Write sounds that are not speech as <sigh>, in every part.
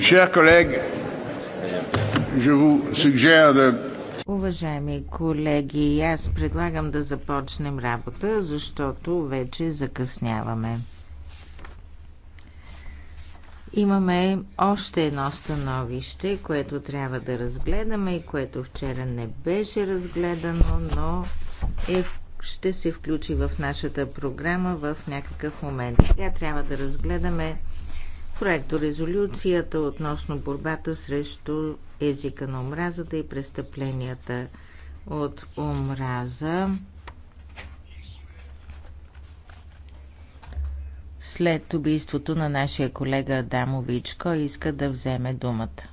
Chers collègues, je vous suggère de Уважаеми колеги, аз предлагам да започнем работа, защото вече закъсняваме. Имаме още едно становище, което трябва да разгледаме и което вчера не беше разгледано, но е, ще се включи в нашата програма в някакъв момент. Сега трябва да разгледаме проекторезолюцията относно борбата срещу езика на омразата и престъпленията от омраза. След убийството на нашия колега Адамович, кой иска да вземе думата?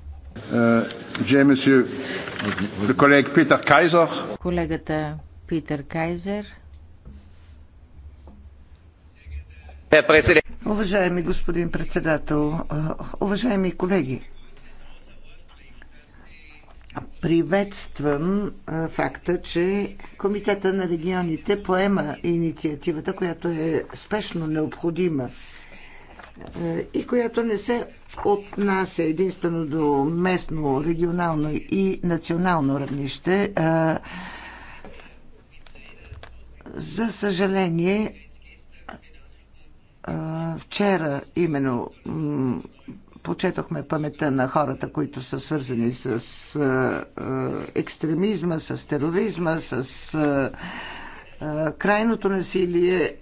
Е, Колегата Питър Кайзер. Е, уважаеми господин председател, е, уважаеми колеги, приветствам е, факта, че Комитета на регионите поема инициативата, която е спешно необходима и която не се отнася единствено до местно, регионално и национално равнище. За съжаление, вчера именно почетохме паметта на хората, които са свързани с екстремизма, с тероризма, с крайното насилие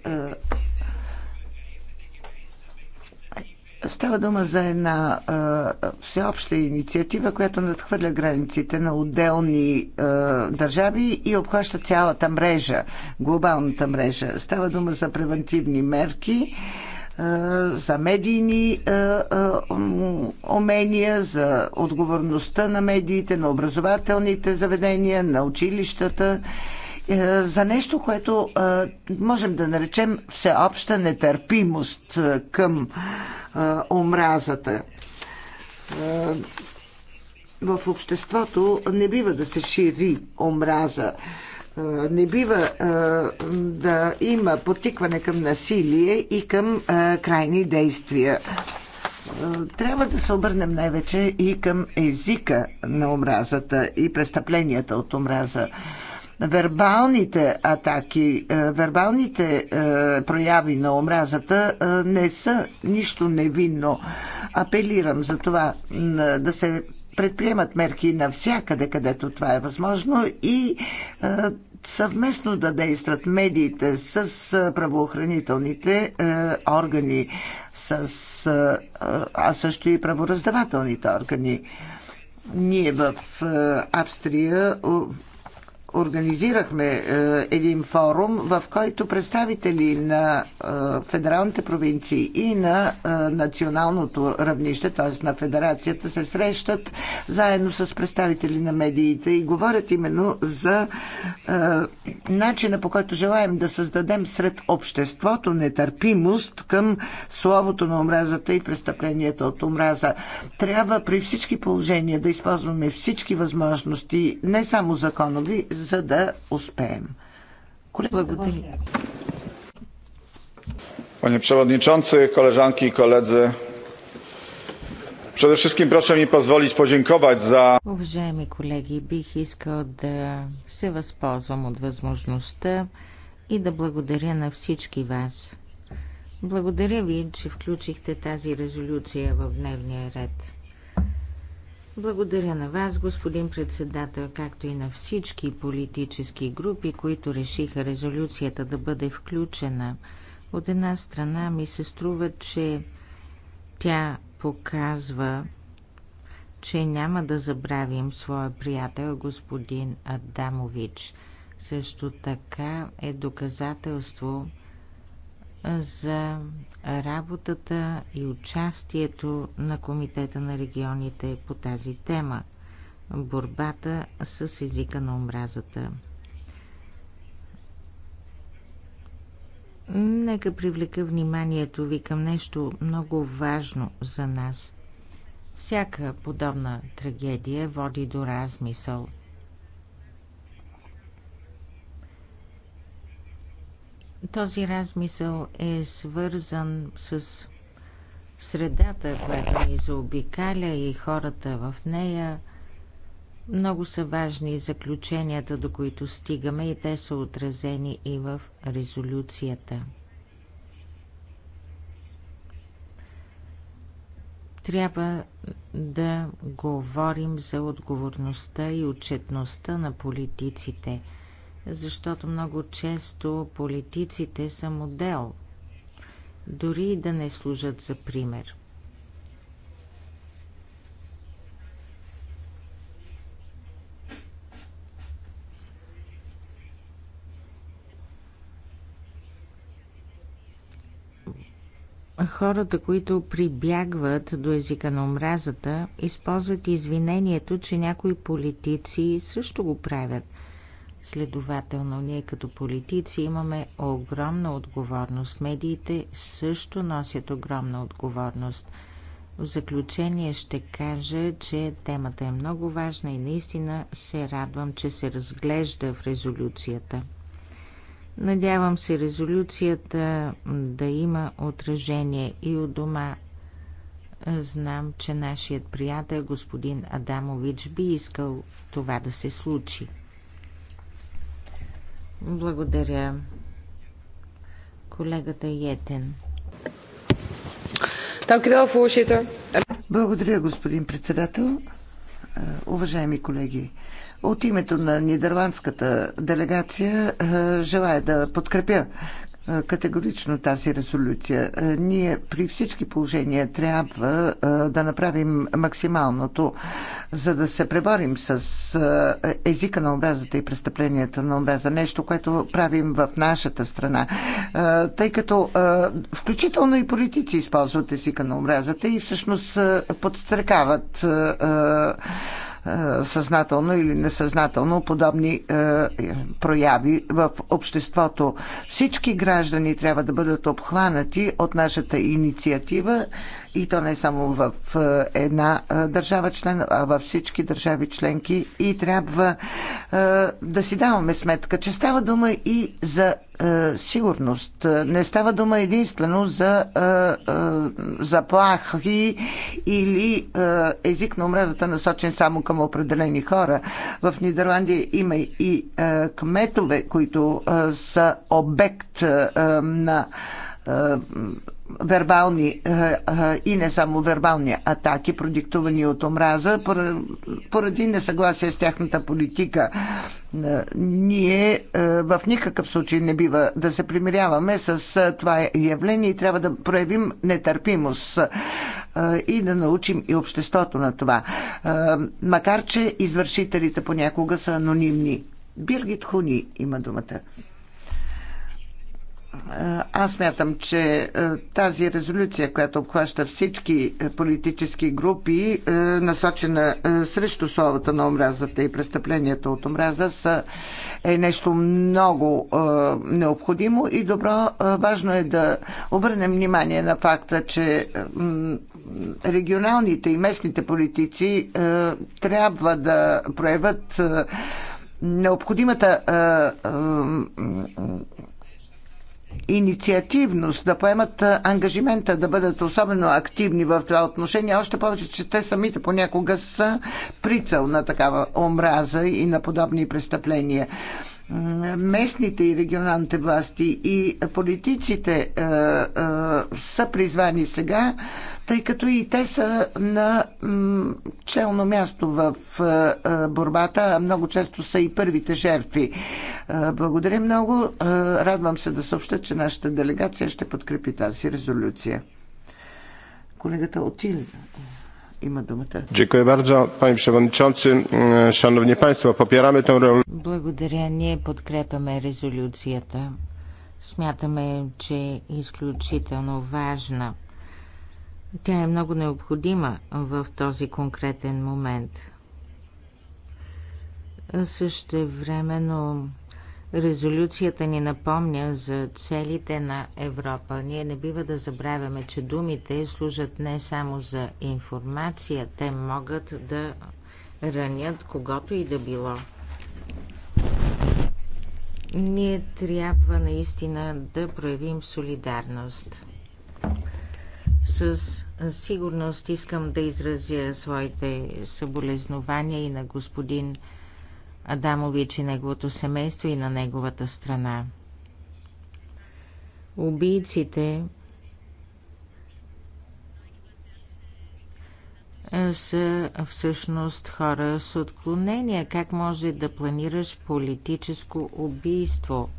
Става дума за една а, всеобща инициатива, която надхвърля границите на отделни а, държави и обхваща цялата мрежа, глобалната мрежа. Става дума за превентивни мерки, а, за медийни а, а, умения, за отговорността на медиите, на образователните заведения, на училищата за нещо, което можем да наречем всеобща нетърпимост към омразата. В обществото не бива да се шири омраза. Не бива да има потикване към насилие и към крайни действия. Трябва да се обърнем най-вече и към езика на омразата и престъпленията от омраза вербалните атаки, е, вербалните е, прояви на омразата е, не са нищо невинно. Апелирам за това да се предприемат мерки навсякъде, където това е възможно и съвместно да действат медиите с правоохранителните органи, с, а също и правораздавателните органи. Ние в Австрия организирахме е, един форум, в който представители на е, федералните провинции и на е, националното равнище, т.е. на федерацията, се срещат заедно с представители на медиите и говорят именно за начина по който желаем да създадем сред обществото нетърпимост към словото на омразата и престъпленията от омраза. Трябва при всички положения да използваме всички възможности, не само законови, за да успеем. Колега, благодаря. Panie Przewodniczący, koleżanki i koledzy. Przede wszystkim proszę mi pozwolić podziękować za... Уважаеми колеги, бих искал да се възползвам от възможността и да благодаря на всички вас. Благодаря ви, че включихте тази резолюция в дневния ред. Благодаря на вас, господин председател, както и на всички политически групи, които решиха резолюцията да бъде включена. От една страна ми се струва, че тя показва, че няма да забравим своя приятел господин Адамович. Също така е доказателство, за работата и участието на Комитета на регионите по тази тема – борбата с езика на омразата. Нека привлека вниманието ви към нещо много важно за нас. Всяка подобна трагедия води до размисъл – Този размисъл е свързан с средата, която ни заобикаля и хората в нея. Много са важни заключенията, до които стигаме и те са отразени и в резолюцията. Трябва да говорим за отговорността и отчетността на политиците – защото много често политиците са модел, дори и да не служат за пример. Хората, които прибягват до езика на омразата, използват извинението, че някои политици също го правят – Следователно, ние като политици имаме огромна отговорност. Медиите също носят огромна отговорност. В заключение ще кажа, че темата е много важна и наистина се радвам, че се разглежда в резолюцията. Надявам се резолюцията да има отражение и у дома. Знам, че нашият приятел господин Адамович би искал това да се случи. Благодаря. Колегата Йетен. Благодаря, господин председател. Е, уважаеми колеги, от името на нидерландската делегация е, желая да подкрепя категорично тази резолюция. Ние при всички положения трябва да направим максималното, за да се преборим с езика на образата и престъпленията на образа. Нещо, което правим в нашата страна. Тъй като включително и политици използват езика на образата и всъщност подстрекават е, съзнателно или несъзнателно подобни е, прояви в обществото. Всички граждани трябва да бъдат обхванати от нашата инициатива и то не само в една държава член, а във всички държави членки и трябва да си даваме сметка, че става дума и за сигурност. Не става дума единствено за заплахи или език на омразата насочен само към определени хора. В Нидерландия има и кметове, които са обект на е, вербални е, е, и не само вербални атаки, продиктувани от омраза, поради несъгласие с тяхната политика. Ние в никакъв случай не бива да се примиряваме с това явление и трябва да проявим нетърпимост и да научим и обществото на това. Макар, че извършителите понякога са анонимни. Биргит Хуни има думата. Е, аз мятам, че е, тази резолюция, която обхваща всички е, политически групи, насочена срещу словата на омразата и престъпленията от омраза, е нещо много необходимо и добро. Важно е да обърнем внимание на факта, че регионалните и местните политици трябва да проявят необходимата инициативност, да поемат ангажимента да бъдат особено активни в това отношение, още повече, че те самите понякога са прицел на такава омраза и на подобни престъпления местните и регионалните власти и политиците е, е, са призвани сега, тъй като и те са на челно място в е, борбата, а много често са и първите жертви. благодаря много. радвам се да съобща, че нашата делегация ще подкрепи тази резолюция. Колегата Отил думата. Mm, Благодаря, ние подкрепяме резолюцията. Смятаме, че е изключително важна. Тя е много необходима в този конкретен момент. Също времено Резолюцията ни напомня за целите на Европа. Ние не бива да забравяме, че думите служат не само за информация, те могат да ранят когото и да било. Ние трябва наистина да проявим солидарност. Със сигурност искам да изразя своите съболезнования и на господин Адамович и неговото семейство и на неговата страна. Убийците е, са всъщност хора с отклонения. Как може да планираш политическо убийство?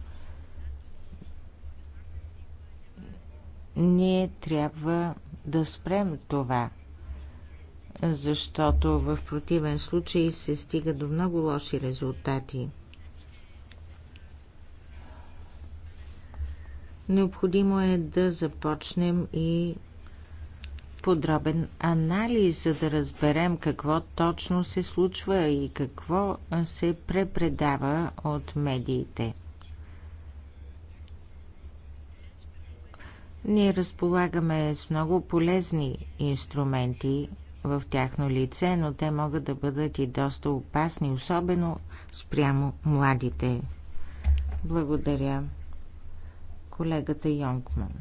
Ние трябва да спрем това защото в противен случай се стига до много лоши резултати. Необходимо е да започнем и подробен анализ, за да разберем какво точно се случва и какво се препредава от медиите. Ние разполагаме с много полезни инструменти в тяхно лице, но те могат да бъдат и доста опасни, особено спрямо младите. Благодаря. Колегата Йонгман.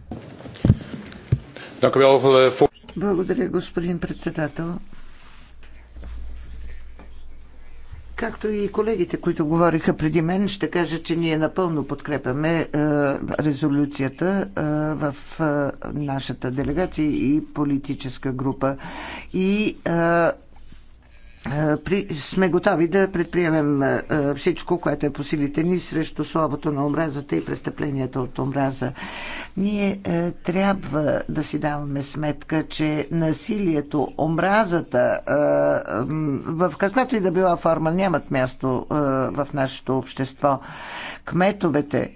Благодаря, господин председател. Както и колегите, които говориха преди мен, ще кажа, че ние напълно подкрепяме е, резолюцията е, в е, нашата делегация и политическа група. И е, при, сме готови да предприемем всичко, което е по силите ни срещу словото на омразата и престъпленията от омраза. Ние трябва да си даваме сметка, че насилието, омразата, в каквато и да била форма, нямат място в нашето общество. Кметовете,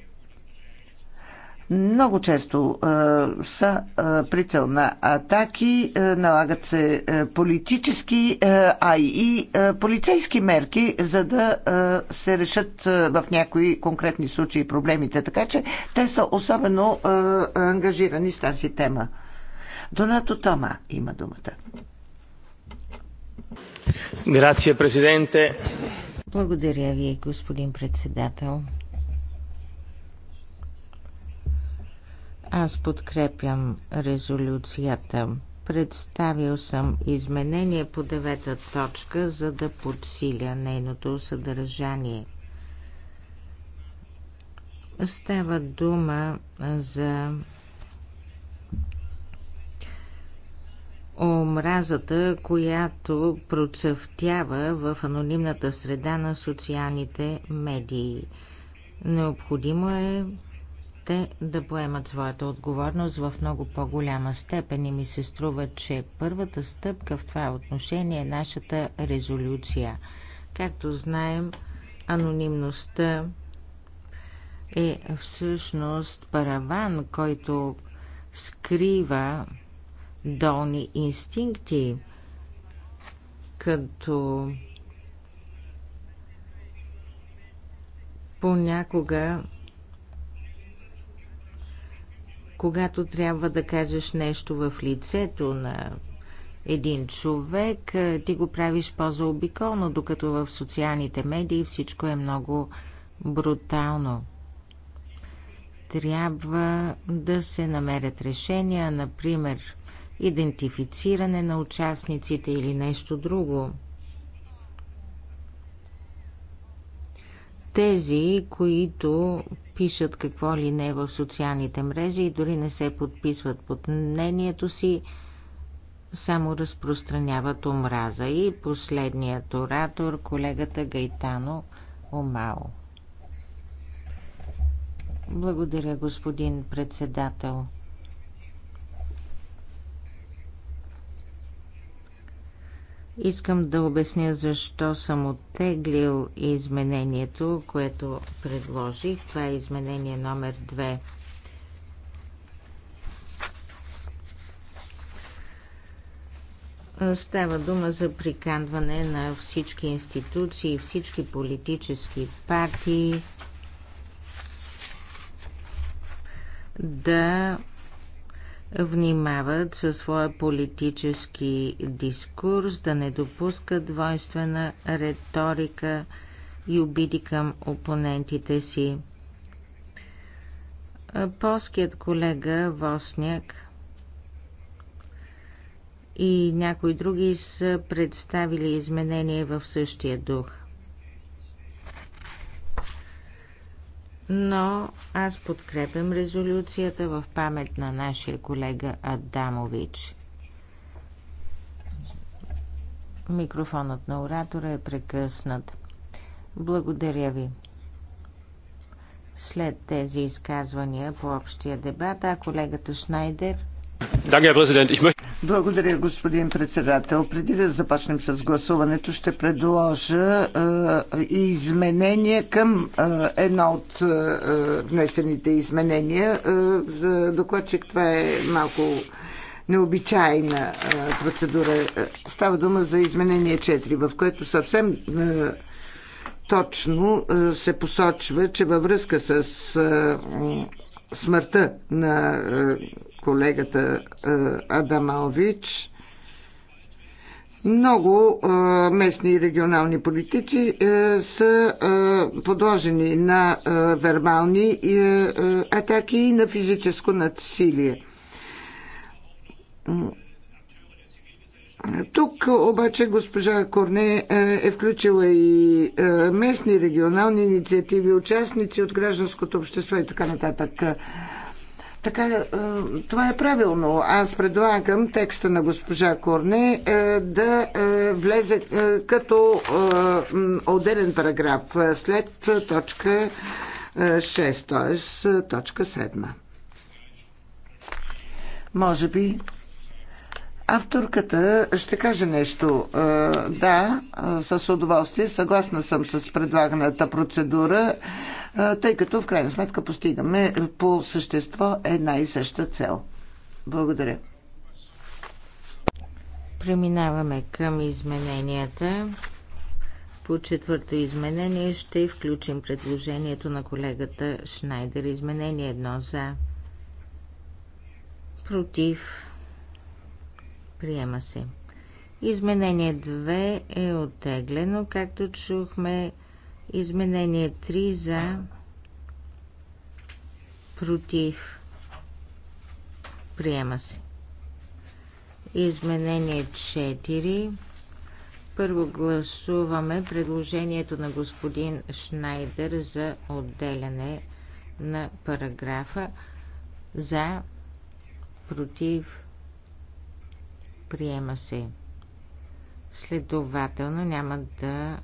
много често а, е, са а, е, прицел на атаки, а, е, налагат се а, политически, а и а, полицейски мерки, за да а, се решат а, в някои конкретни случаи проблемите. Така че те са особено а, ангажирани с тази тема. Донато Тома има думата. Грация, президенте. Благодаря ви, господин председател. Аз подкрепям резолюцията. Представил съм изменение по девета точка, за да подсиля нейното съдържание. Става дума за омразата, която процъфтява в анонимната среда на социалните медии. Необходимо е те да поемат своята отговорност в много по-голяма степен и ми се струва, че първата стъпка в това отношение е нашата резолюция. Както знаем, анонимността е всъщност параван, който скрива долни инстинкти, като понякога когато трябва да кажеш нещо в лицето на един човек, ти го правиш по-заобиколно, докато в социалните медии всичко е много брутално. Трябва да се намерят решения, например, идентифициране на участниците или нещо друго. Тези, които пишат какво ли не в социалните мрежи и дори не се подписват под мнението си, само разпространяват омраза. И последният оратор, колегата Гайтано Омао. Благодаря, господин председател. Искам да обясня защо съм оттеглил изменението, което предложих. Това е изменение номер 2. Става дума за приканване на всички институции, всички политически партии да внимават със своя политически дискурс, да не допускат двойствена риторика и обиди към опонентите си. Полският колега Восняк и някои други са представили изменения в същия дух. но аз подкрепям резолюцията в памет на нашия колега Адамович. Микрофонът на оратора е прекъснат. Благодаря ви. След тези изказвания по общия дебат, а колегата Шнайдер. Благодаря, господин председател. Преди да започнем с гласуването, ще предложа е, изменение към е, едно от е, внесените изменения. Е, за докладчик това е малко необичайна е, процедура. Става дума за изменение 4, в което съвсем. Е, точно е, се посочва, че във връзка с е, смъртта на е, колегата е, Адамалвич. Много е, местни и регионални политици е, са подложени на вербални атаки и на физическо насилие. Тук обаче госпожа Корне е включила и местни регионални инициативи, участници от гражданското общество и така нататък. Така, е, това е правилно. Аз предлагам текста на госпожа Корне е, да е, влезе като отделен параграф след точка 6, т.е. точка 7. Може би авторката ще каже нещо. Да, с удоволствие. Съгласна съм с предлаганата процедура тъй като в крайна сметка постигаме по същество една и съща цел. Благодаря. Преминаваме към измененията. По четвърто изменение ще включим предложението на колегата Шнайдер. Изменение едно за. Против. Приема се. Изменение 2 е оттеглено, както чухме. Изменение 3 за против. Приема се. Изменение 4. Първо гласуваме предложението на господин Шнайдер за отделяне на параграфа за против приема се. Следователно няма да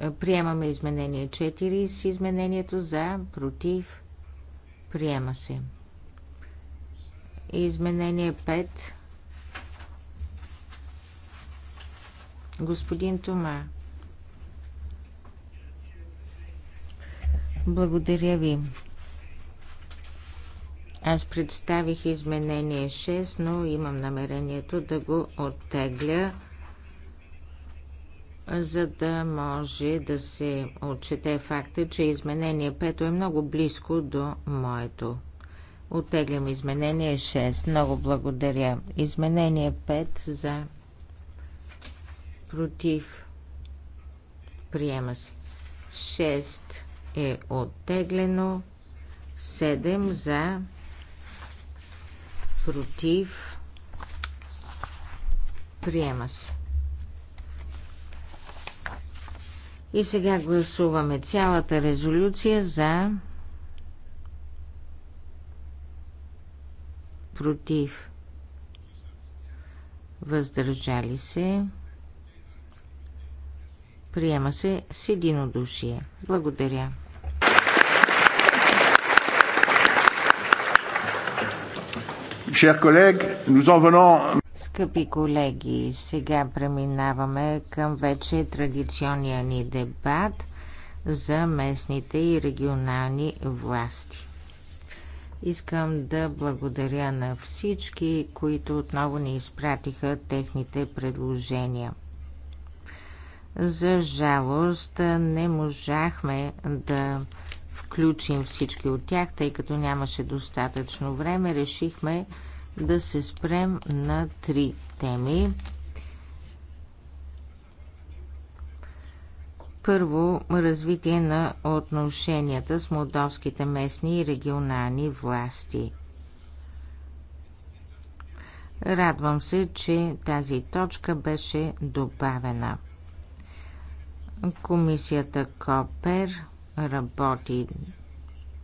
е, приемаме изменение 4 с изменението за, против, приема се. Изменение 5. Господин Тома. Благодаря ви. Аз представих изменение 6, но имам намерението да го оттегля за да може да се отчете факта, че изменение 5 е много близко до моето. Оттеглям изменение 6. Много благодаря. Изменение 5 за против. Приема се. 6 е оттеглено. 7 за против. Приема се. И сега гласуваме цялата резолюция за против въздържали се приема се с единодушие. Благодаря. Chers collègues, nous en venons Скъпи колеги, сега преминаваме към вече традиционния ни дебат за местните и регионални власти. Искам да благодаря на всички, които отново ни изпратиха техните предложения. За жалост не можахме да включим всички от тях, тъй като нямаше достатъчно време. Решихме да се спрем на три теми. Първо, развитие на отношенията с молдовските местни и регионални власти. Радвам се, че тази точка беше добавена. Комисията КОПЕР работи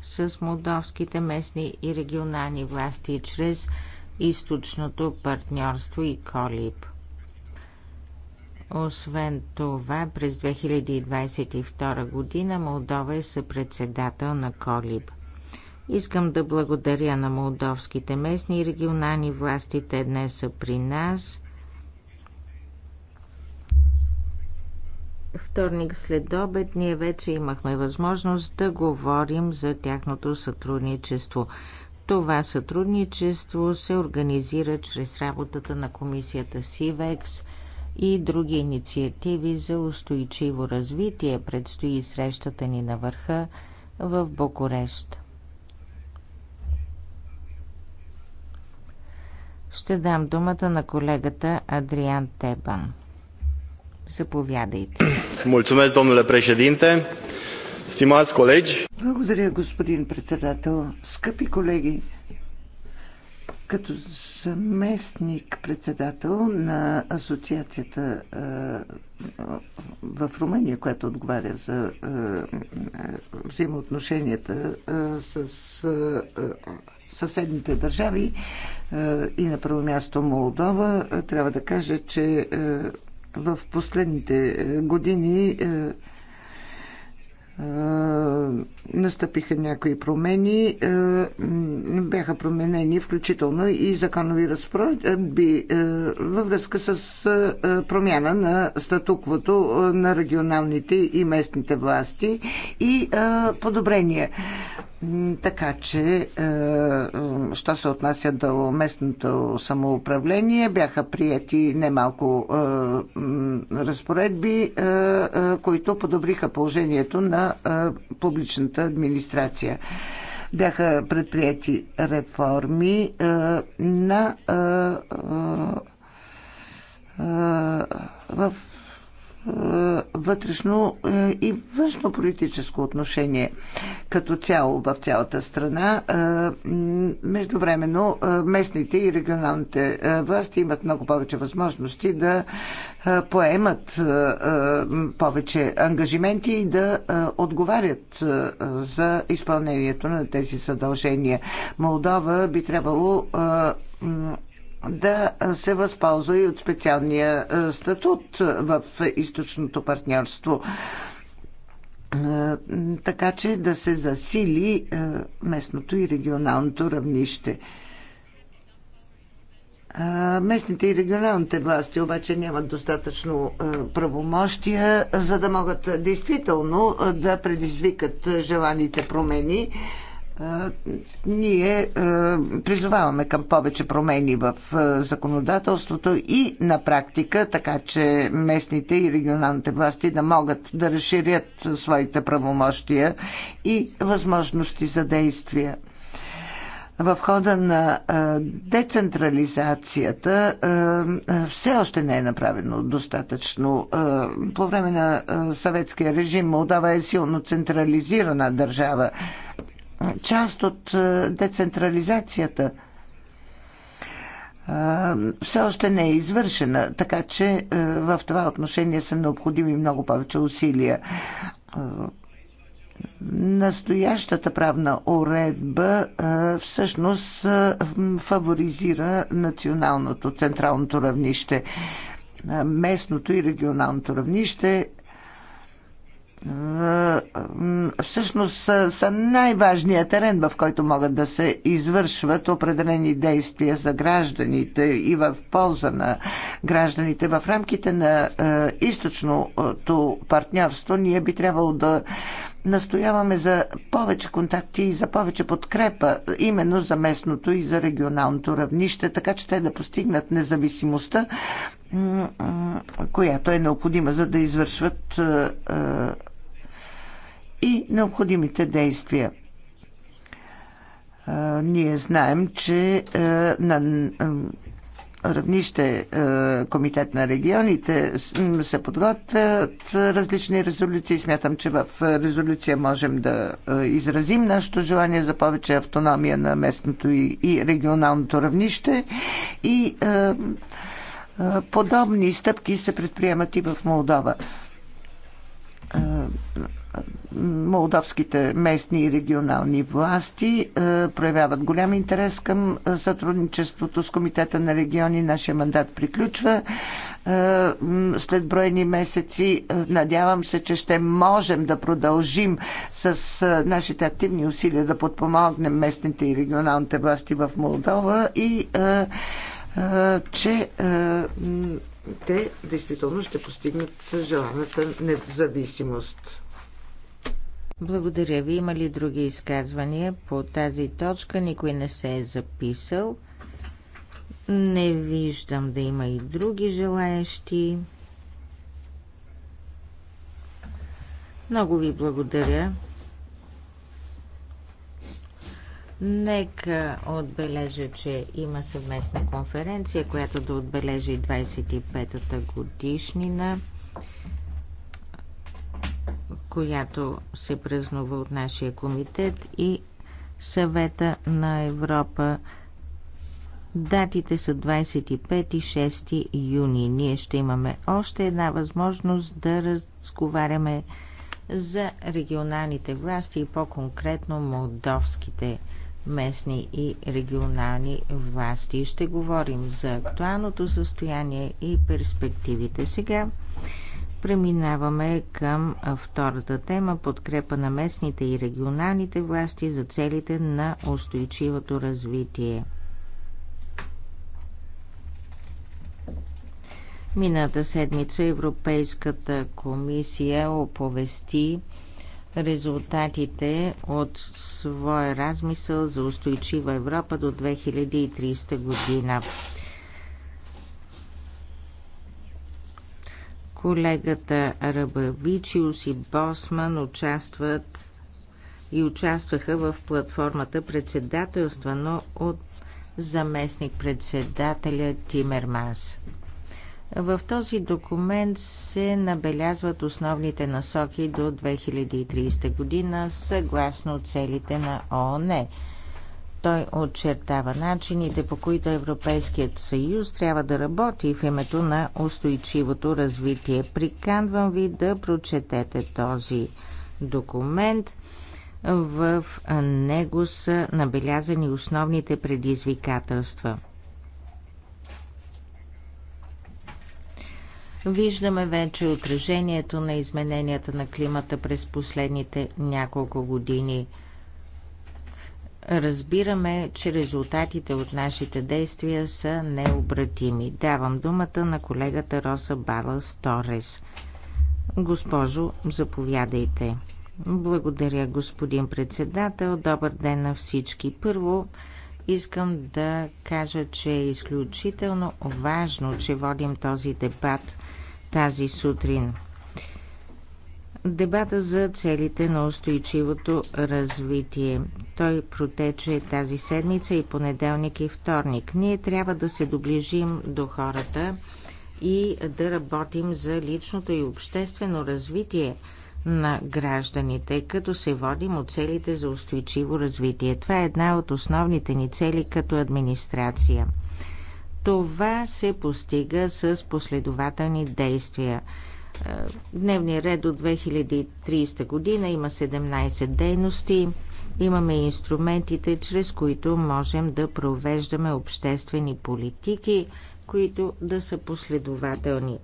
с молдовските местни и регионални власти чрез източното партньорство и Колиб. Освен това, през 2022 година Молдова е съпредседател на Колиб. Искам да благодаря на молдовските местни и регионални власти. Те днес са при нас. Вторник след обед ние вече имахме възможност да говорим за тяхното сътрудничество. Това сътрудничество се организира чрез работата на комисията СИВЕКС и други инициативи за устойчиво развитие. Предстои срещата ни на върха в Букурещ. Ще дам думата на колегата Адриан Тебан. Заповядайте. Мулцумес, domnule președinte. Стимаți colegi! Благодаря, господин председател. Скъпи колеги, като заместник председател на асоциацията в Румъния, която отговаря за взаимоотношенията с съседните държави и на първо място Молдова, трябва да кажа, че в последните години настъпиха някои промени, бяха променени включително и законови разпоредби във връзка с промяна на статуквото на регионалните и местните власти и подобрения. Така че, що се отнася до местното самоуправление, бяха прияти немалко разпоредби, които подобриха положението на а, публичната администрация. Бяха предприяти реформи на в е, вътрешно е, и външно политическо отношение като цяло в цялата страна. Е, междувременно местните и регионалните власти имат много повече възможности да поемат повече ангажименти и да отговарят за изпълнението на тези задължения. Молдова би трябвало да се възползва и от специалния е, статут в източното партньорство. Е, така че да се засили е, местното и регионалното равнище. Местните и регионалните власти обаче нямат достатъчно правомощия, за да могат действително да предизвикат желаните промени ние призоваваме към повече промени в законодателството и на практика, така че местните и регионалните власти да могат да разширят своите правомощия и възможности за действия. В хода на децентрализацията все още не е направено достатъчно. По време на съветския режим Молдова е силно централизирана държава част от е, децентрализацията е, все още не е извършена, така че е, в това отношение са необходими много повече усилия. Настоящата правна уредба всъщност фаворизира националното, централното равнище. Местното и регионалното равнище е, всъщност са, са най-важният терен, в който могат да се извършват определени действия за гражданите и в полза на гражданите. В рамките на е, източното партньорство ние би трябвало да настояваме за повече контакти и за повече подкрепа именно за местното и за регионалното равнище, така че те да постигнат независимостта, която е необходима за да извършват е, е, и необходимите действия. Ние знаем, че на равнище Комитет на регионите се подготвят различни резолюции. Смятам, че в резолюция можем да изразим нашето желание за повече автономия на местното и регионалното равнище и подобни стъпки се предприемат и в Молдова молдовските местни и регионални власти е, проявяват голям интерес към е, сътрудничеството с Комитета на региони. Нашия мандат приключва е, след броени месеци. Надявам се, че ще можем да продължим с нашите активни усилия да подпомогнем местните и регионалните власти в Молдова и че те действително ще постигнат желаната независимост. Благодаря ви. Има ли други изказвания по тази точка? Никой не се е записал. Не виждам да има и други желаещи. Много ви благодаря. Нека отбележа, че има съвместна конференция, която да отбележи 25-та годишнина която се празнува от нашия комитет и съвета на Европа. Датите са 25 и 6 юни. Ние ще имаме още една възможност да разговаряме за регионалните власти и по-конкретно молдовските местни и регионални власти. Ще говорим за актуалното състояние и перспективите. Сега Преминаваме към втората тема подкрепа на местните и регионалните власти за целите на устойчивото развитие. Мината седмица Европейската комисия оповести резултатите от своя размисъл за устойчива Европа до 2030 година. Колегата Рабавичиус и Босман участват и участваха в платформата председателствано от заместник-председателя Тимермас. В този документ се набелязват основните насоки до 2030 година съгласно целите на ООН. Той очертава начините, по които Европейският съюз трябва да работи в името на устойчивото развитие. Приканвам ви да прочетете този документ. В него са набелязани основните предизвикателства. Виждаме вече отражението на измененията на климата през последните няколко години – Разбираме, че резултатите от нашите действия са необратими. Давам думата на колегата Роса Балас Торес. Госпожо, заповядайте. Благодаря, господин председател. Добър ден на всички. Първо, искам да кажа, че е изключително важно, че водим този дебат тази сутрин. Дебата за целите на устойчивото развитие. Той протече тази седмица и понеделник и вторник. Ние трябва да се доближим до хората и да работим за личното и обществено развитие на гражданите, като се водим от целите за устойчиво развитие. Това е една от основните ни цели като администрация. Това се постига с последователни действия – е, Дневния ред до 2030 година има 17 дейности. Имаме инструментите, чрез които можем да провеждаме обществени политики, които да са последователни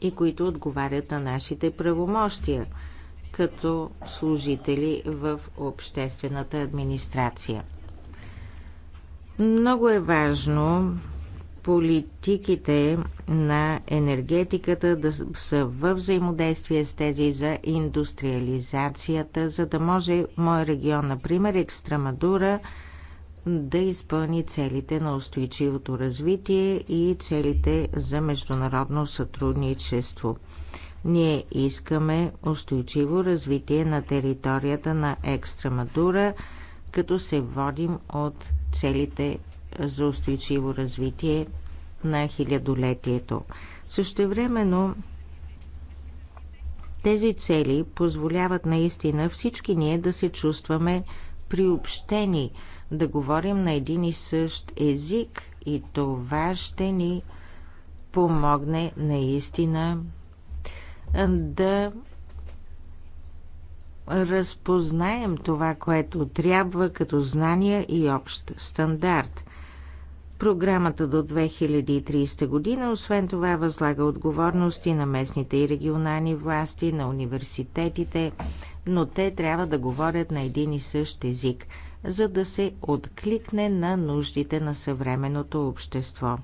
и които отговарят на нашите правомощия като служители в обществената администрация. Много е важно политиките на енергетиката да са в взаимодействие с тези за индустриализацията, за да може мой регион, например Екстрамадура, да изпълни целите на устойчивото развитие и целите за международно сътрудничество. Ние искаме устойчиво развитие на територията на Екстрамадура, като се водим от целите за устойчиво развитие на хилядолетието. Също времено тези цели позволяват наистина всички ние да се чувстваме приобщени, да говорим на един и същ език и това ще ни помогне наистина да разпознаем това, което трябва като знания и общ стандарт програмата до 2030 година. Освен това възлага отговорности на местните и регионални власти, на университетите, но те трябва да говорят на един и същ език, за да се откликне на нуждите на съвременното общество.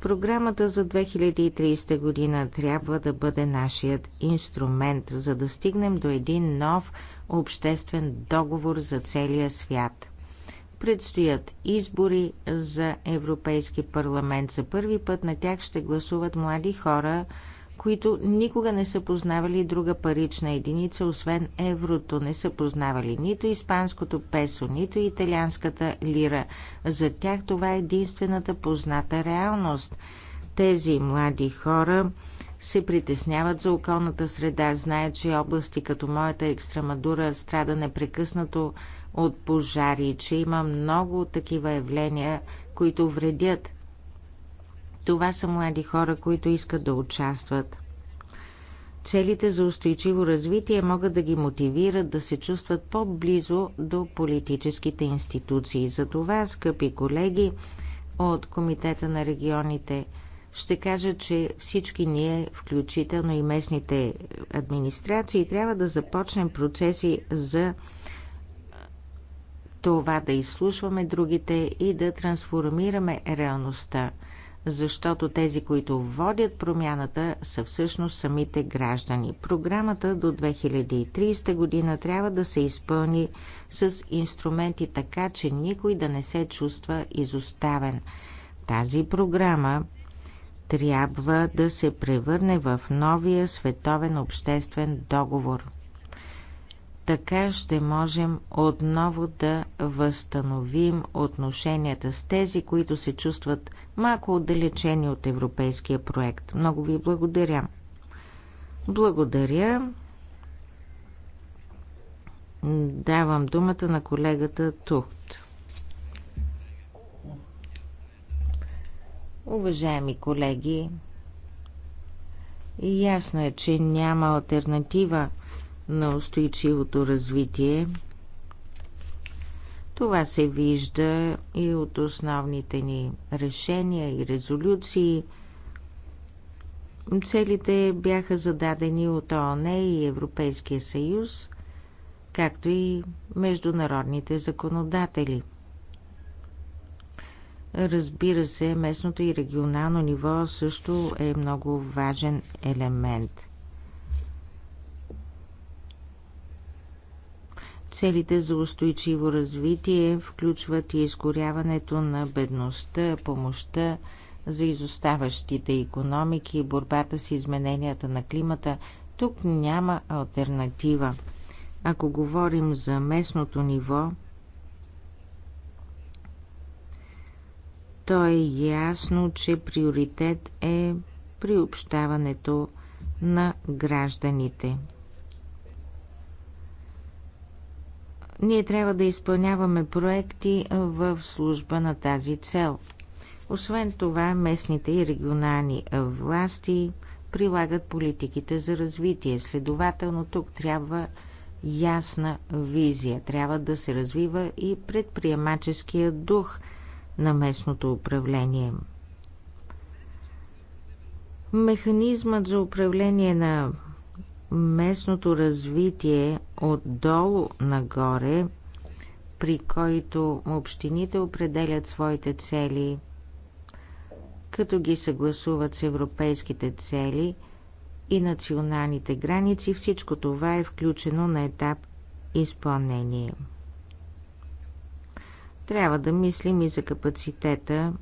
Програмата за 2030 година трябва да бъде нашият инструмент, за да стигнем до един нов обществен договор за целия свят – Предстоят избори за Европейски парламент. За първи път на тях ще гласуват млади хора, които никога не са познавали друга парична единица, освен еврото. Не са познавали нито испанското песо, нито италианската лира. За тях това е единствената позната реалност. Тези млади хора се притесняват за околната среда, знаят, че области като моята Екстрамадура страда непрекъснато от пожари, че има много такива явления, които вредят. Това са млади хора, които искат да участват. Целите за устойчиво развитие могат да ги мотивират да се чувстват по-близо до политическите институции. За това, скъпи колеги от Комитета на регионите, ще кажа, че всички ние, включително и местните администрации, трябва да започнем процеси за това да изслушваме другите и да трансформираме реалността, защото тези, които водят промяната, са всъщност самите граждани. Програмата до 2030 година трябва да се изпълни с инструменти така, че никой да не се чувства изоставен. Тази програма трябва да се превърне в новия световен обществен договор. Така ще можем отново да възстановим отношенията с тези, които се чувстват малко отдалечени от европейския проект. Много ви благодаря. Благодаря. Давам думата на колегата Тухт. Уважаеми колеги, ясно е, че няма альтернатива – на устойчивото развитие. Това се вижда и от основните ни решения и резолюции. Целите бяха зададени от ООН и Европейския съюз, както и международните законодатели. Разбира се, местното и регионално ниво също е много важен елемент – Целите за устойчиво развитие включват и изкоряването на бедността, помощта за изоставащите економики, борбата с измененията на климата. Тук няма альтернатива. Ако говорим за местното ниво, то е ясно, че приоритет е приобщаването на гражданите. Ние трябва да изпълняваме проекти в служба на тази цел. Освен това, местните и регионални власти прилагат политиките за развитие. Следователно, тук трябва ясна визия. Трябва да се развива и предприемаческия дух на местното управление. Механизмът за управление на местното развитие отдолу нагоре, при който общините определят своите цели, като ги съгласуват с европейските цели и националните граници, всичко това е включено на етап изпълнение. Трябва да мислим и за капацитета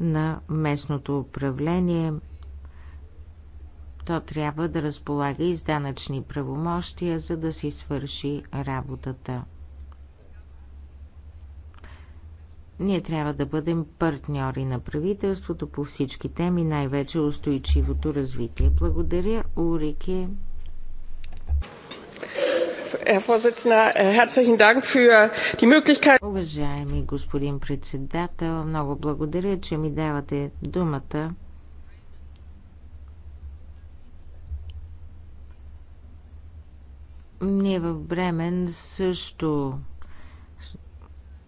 на местното управление – то трябва да разполага и с данъчни правомощия, за да си свърши работата. Ние трябва да бъдем партньори на правителството по всички теми, най-вече устойчивото развитие. Благодаря, Урике. Äh, Уважаеми господин председател, много благодаря, че ми давате думата. Ние в Бремен също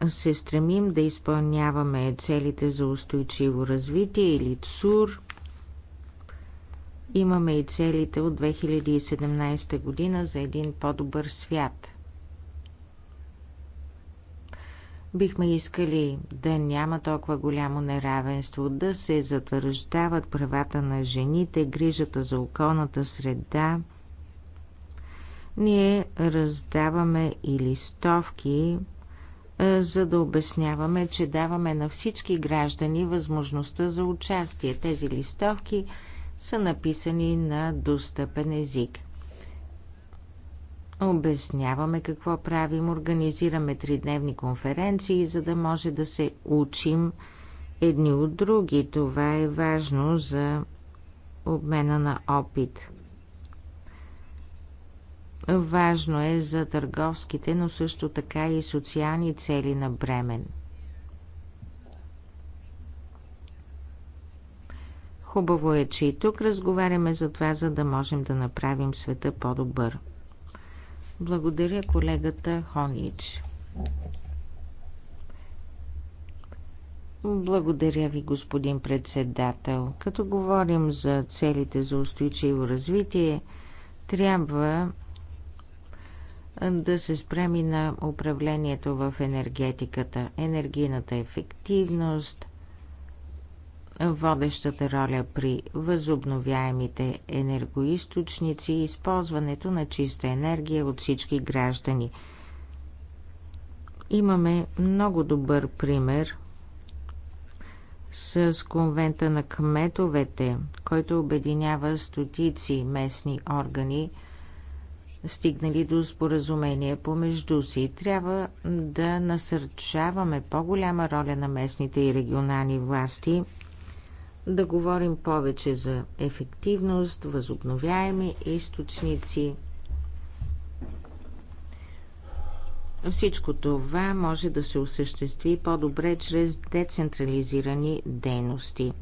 се стремим да изпълняваме целите за устойчиво развитие или ЦУР. Имаме и целите от 2017 година за един по-добър свят. Бихме искали да няма толкова голямо неравенство, да се затвърждават правата на жените, грижата за околната среда – ние раздаваме и листовки, за да обясняваме, че даваме на всички граждани възможността за участие. Тези листовки са написани на достъпен език. Обясняваме какво правим, организираме тридневни конференции, за да може да се учим едни от други. Това е важно за обмена на опит. Важно е за търговските, но също така и социални цели на Бремен. Хубаво е, че и тук разговаряме за това, за да можем да направим света по-добър. Благодаря колегата Хонич. Благодаря ви, господин председател. Като говорим за целите за устойчиво развитие, трябва да се спреми на управлението в енергетиката, енергийната ефективност, водещата роля при възобновяемите енергоисточници и използването на чиста енергия от всички граждани. Имаме много добър пример с конвента на кметовете, който обединява стотици местни органи – стигнали до споразумение помежду си. Трябва да насърчаваме по-голяма роля на местните и регионални власти, да говорим повече за ефективност, възобновяеми източници. Всичко това може да се осъществи по-добре чрез децентрализирани дейности.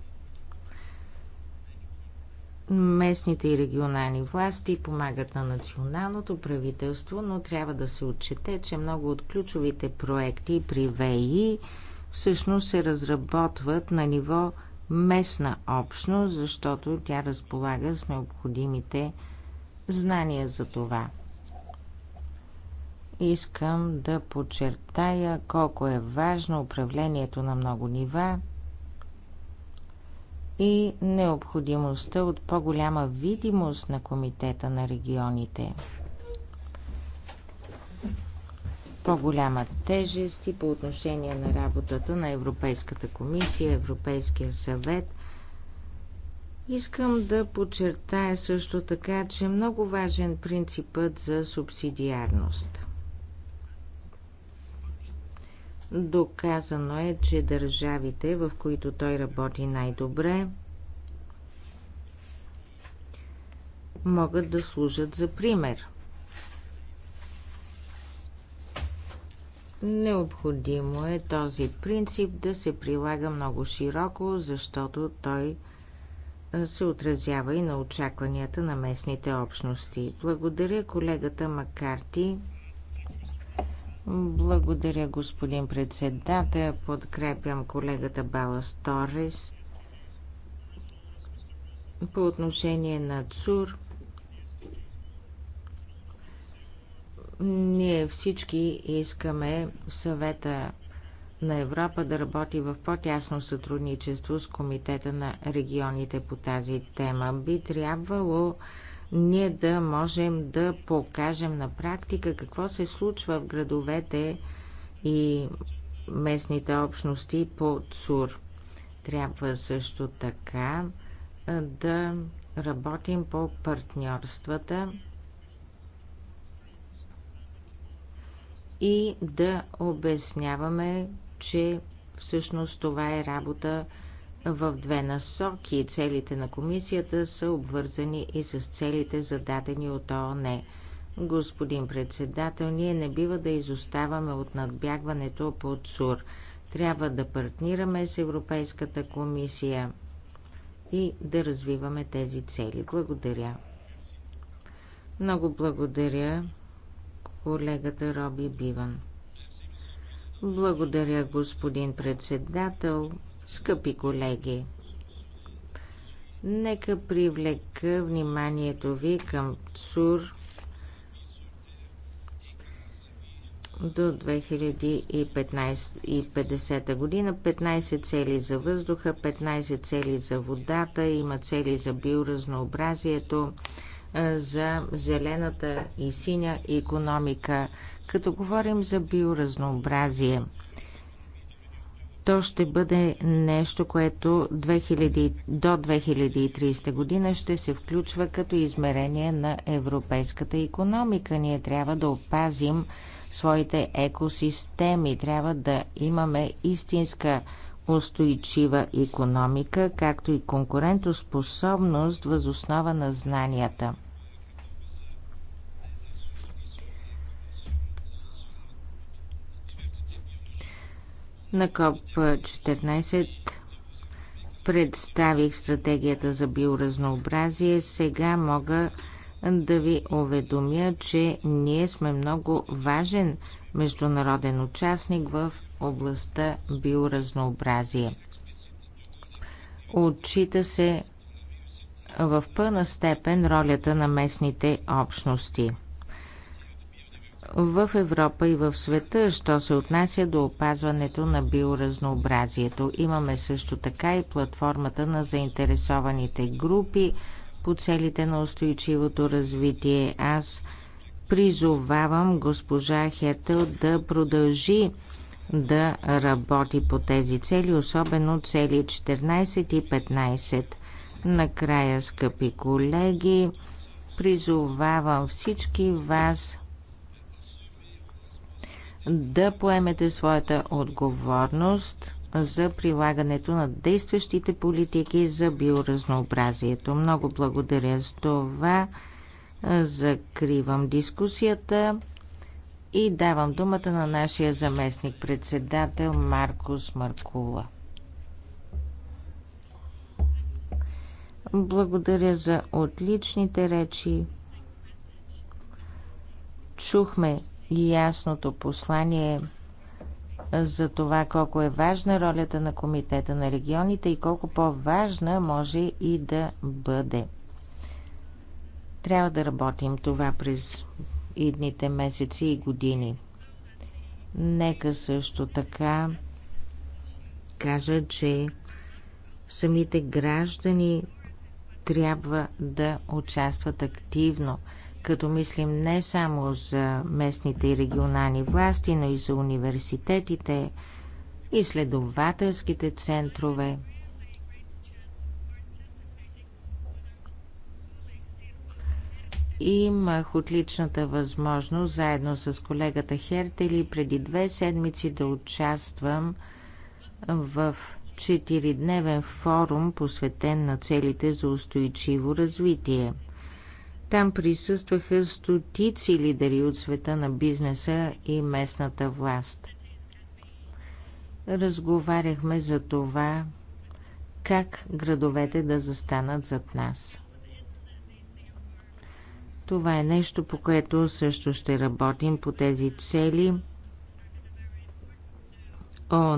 Местните и регионални власти помагат на националното правителство, но трябва да се отчете, че много от ключовите проекти при ВИ всъщност се разработват на ниво местна общност, защото тя разполага с необходимите знания за това. Искам да подчертая колко е важно управлението на много нива и необходимостта от по-голяма видимост на Комитета на регионите. По-голяма тежест и по отношение на работата на Европейската комисия, Европейския съвет. Искам да подчертая също така, че е много важен принципът за субсидиарност – Доказано е, че държавите, в които той работи най-добре, могат да служат за пример. Необходимо е този принцип да се прилага много широко, защото той се отразява и на очакванията на местните общности. Благодаря колегата Макарти. Благодаря, господин председател. Подкрепям колегата Балас Торес. По отношение на ЦУР, ние всички искаме съвета на Европа да работи в по-тясно сътрудничество с Комитета на регионите по тази тема. Би трябвало ние да можем да покажем на практика какво се случва в градовете и местните общности по ЦУР. Трябва също така да работим по партньорствата и да обясняваме, че всъщност това е работа в две насоки. Целите на комисията са обвързани и с целите зададени от ООН. Господин председател, ние не бива да изоставаме от надбягването под СУР. Трябва да партнираме с Европейската комисия и да развиваме тези цели. Благодаря. Много благодаря колегата Роби Биван. Благодаря, господин председател. Скъпи колеги, нека привлека вниманието ви към ЦУР до 2050 година. 15 цели за въздуха, 15 цели за водата, има цели за биоразнообразието, за зелената и синя економика. Като говорим за биоразнообразие – то ще бъде нещо, което 2000, до 2030 година ще се включва като измерение на европейската економика. Ние трябва да опазим своите екосистеми, трябва да имаме истинска устойчива економика, както и конкурентоспособност възоснова на знанията. На КОП-14 представих стратегията за биоразнообразие. Сега мога да ви уведомя, че ние сме много важен международен участник в областта биоразнообразие. Отчита се в пълна степен ролята на местните общности – в Европа и в света, що се отнася до опазването на биоразнообразието. Имаме също така и платформата на заинтересованите групи по целите на устойчивото развитие. Аз призовавам госпожа Хертел да продължи да работи по тези цели, особено цели 14 и 15. Накрая, скъпи колеги, призовавам всички вас да поемете своята отговорност за прилагането на действащите политики за биоразнообразието. Много благодаря за това. Закривам дискусията и давам думата на нашия заместник председател Маркус Маркула. Благодаря за отличните речи. Чухме ясното послание за това колко е важна ролята на Комитета на регионите и колко по-важна може и да бъде. Трябва да работим това през идните месеци и години. Нека също така кажа, че самите граждани трябва да участват активно – като мислим не само за местните и регионални власти, но и за университетите, и следователските центрове. Имах отличната възможност заедно с колегата Хертели преди две седмици да участвам в четиридневен форум, посветен на целите за устойчиво развитие – там присъстваха стотици лидери от света на бизнеса и местната власт. Разговаряхме за това, как градовете да застанат зад нас. Това е нещо, по което също ще работим по тези цели.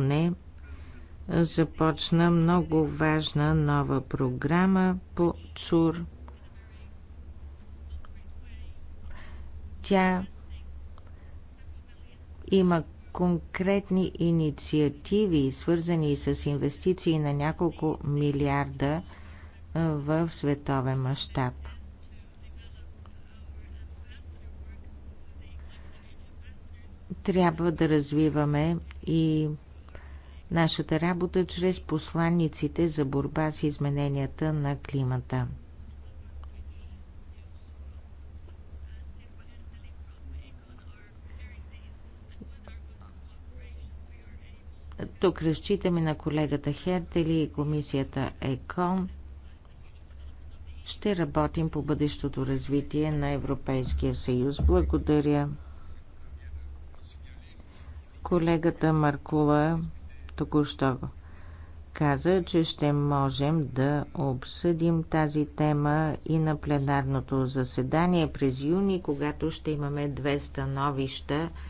не! започна много важна нова програма по ЦУР – Тя има конкретни инициативи, свързани с инвестиции на няколко милиарда в световен мащаб. Трябва да развиваме и нашата работа чрез посланниците за борба с измененията на климата. Тук разчитаме на колегата Хертели и комисията ЕКОН. Ще работим по бъдещото развитие на Европейския съюз. Благодаря. Колегата Маркула току-що каза, че ще можем да обсъдим тази тема и на пленарното заседание през юни, когато ще имаме две становища –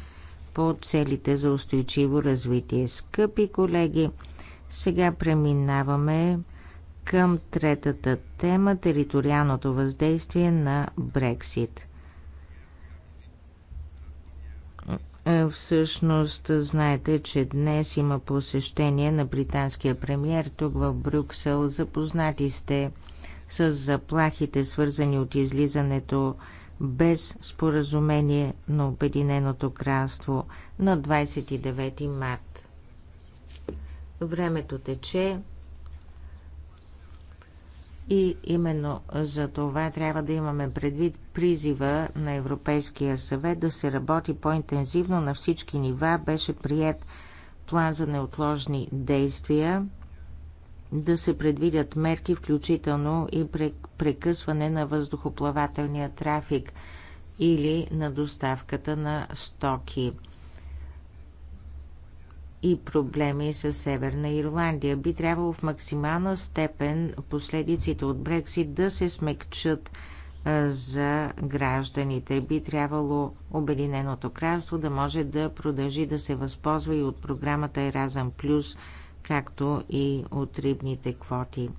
по целите за устойчиво развитие. Скъпи колеги, сега преминаваме към третата тема териториалното въздействие на Брексит. Е, всъщност, знаете, че днес има посещение на британския премьер тук в Брюксел. Запознати сте с заплахите, свързани от излизането без споразумение на Обединеното кралство на 29 март. Времето тече и именно за това трябва да имаме предвид призива на Европейския съвет да се работи по-интензивно на всички нива. Беше прият план за неотложни действия – да се предвидят мерки, включително и прекъсване на въздухоплавателния трафик или на доставката на стоки и проблеми с Северна Ирландия. Би трябвало в максимална степен последиците от Брексит да се смекчат за гражданите. Би трябвало Обединеното кралство да може да продължи да се възползва и от програмата Еразъм Плюс – както и от рибните квоти.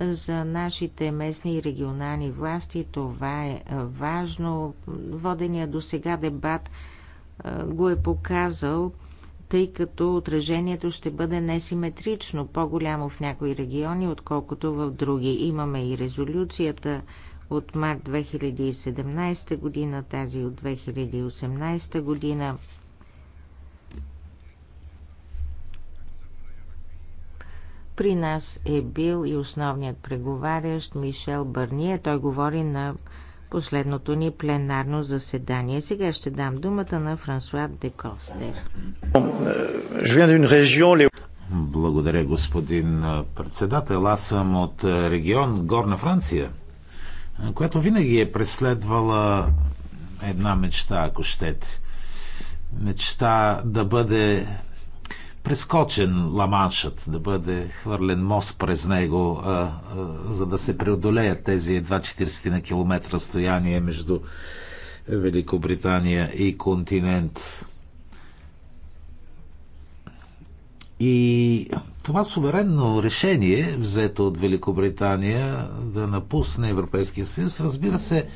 За нашите местни и регионални власти това е важно. Водения до сега дебат е, го е показал, тъй като отражението ще бъде несиметрично, по-голямо в някои региони, отколкото в други. Имаме и резолюцията от март 2017 година, тази от 2018 година. При нас е бил и основният преговарящ Мишел Бърние. Той говори на последното ни пленарно заседание. Сега ще дам думата на Франсуа де Костер. Благодаря, господин председател. Аз съм от регион Горна Франция, която винаги е преследвала една мечта, ако щете. Мечта да бъде прескочен ламаншът, да бъде хвърлен мост през него, а, а, за да се преодолеят тези едва 40 на километра разстояние между Великобритания и континент. И това суверенно решение, взето от Великобритания да напусне Европейския съюз, разбира се,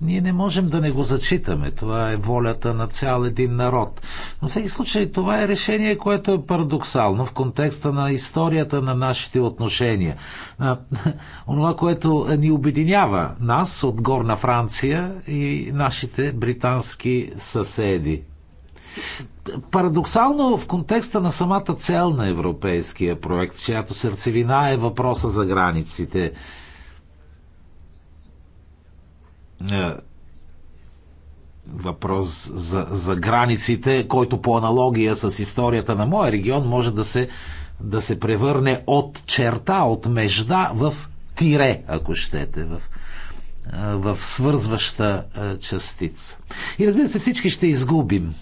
ние не можем да не го зачитаме. Това е волята на цял един народ. Но в всеки случай това е решение, което е парадоксално в контекста на историята на нашите отношения. А, <laughs> онова, което ни обединява нас от Горна Франция и нашите британски съседи. Парадоксално в контекста на самата цел на европейския проект, в чиято сърцевина е въпроса за границите – е, въпрос за, за границите, който по аналогия с историята на моя регион може да се, да се превърне от черта, от межда в тире, ако щете, в, е, в свързваща е, частица. И разбира се, всички ще изгубим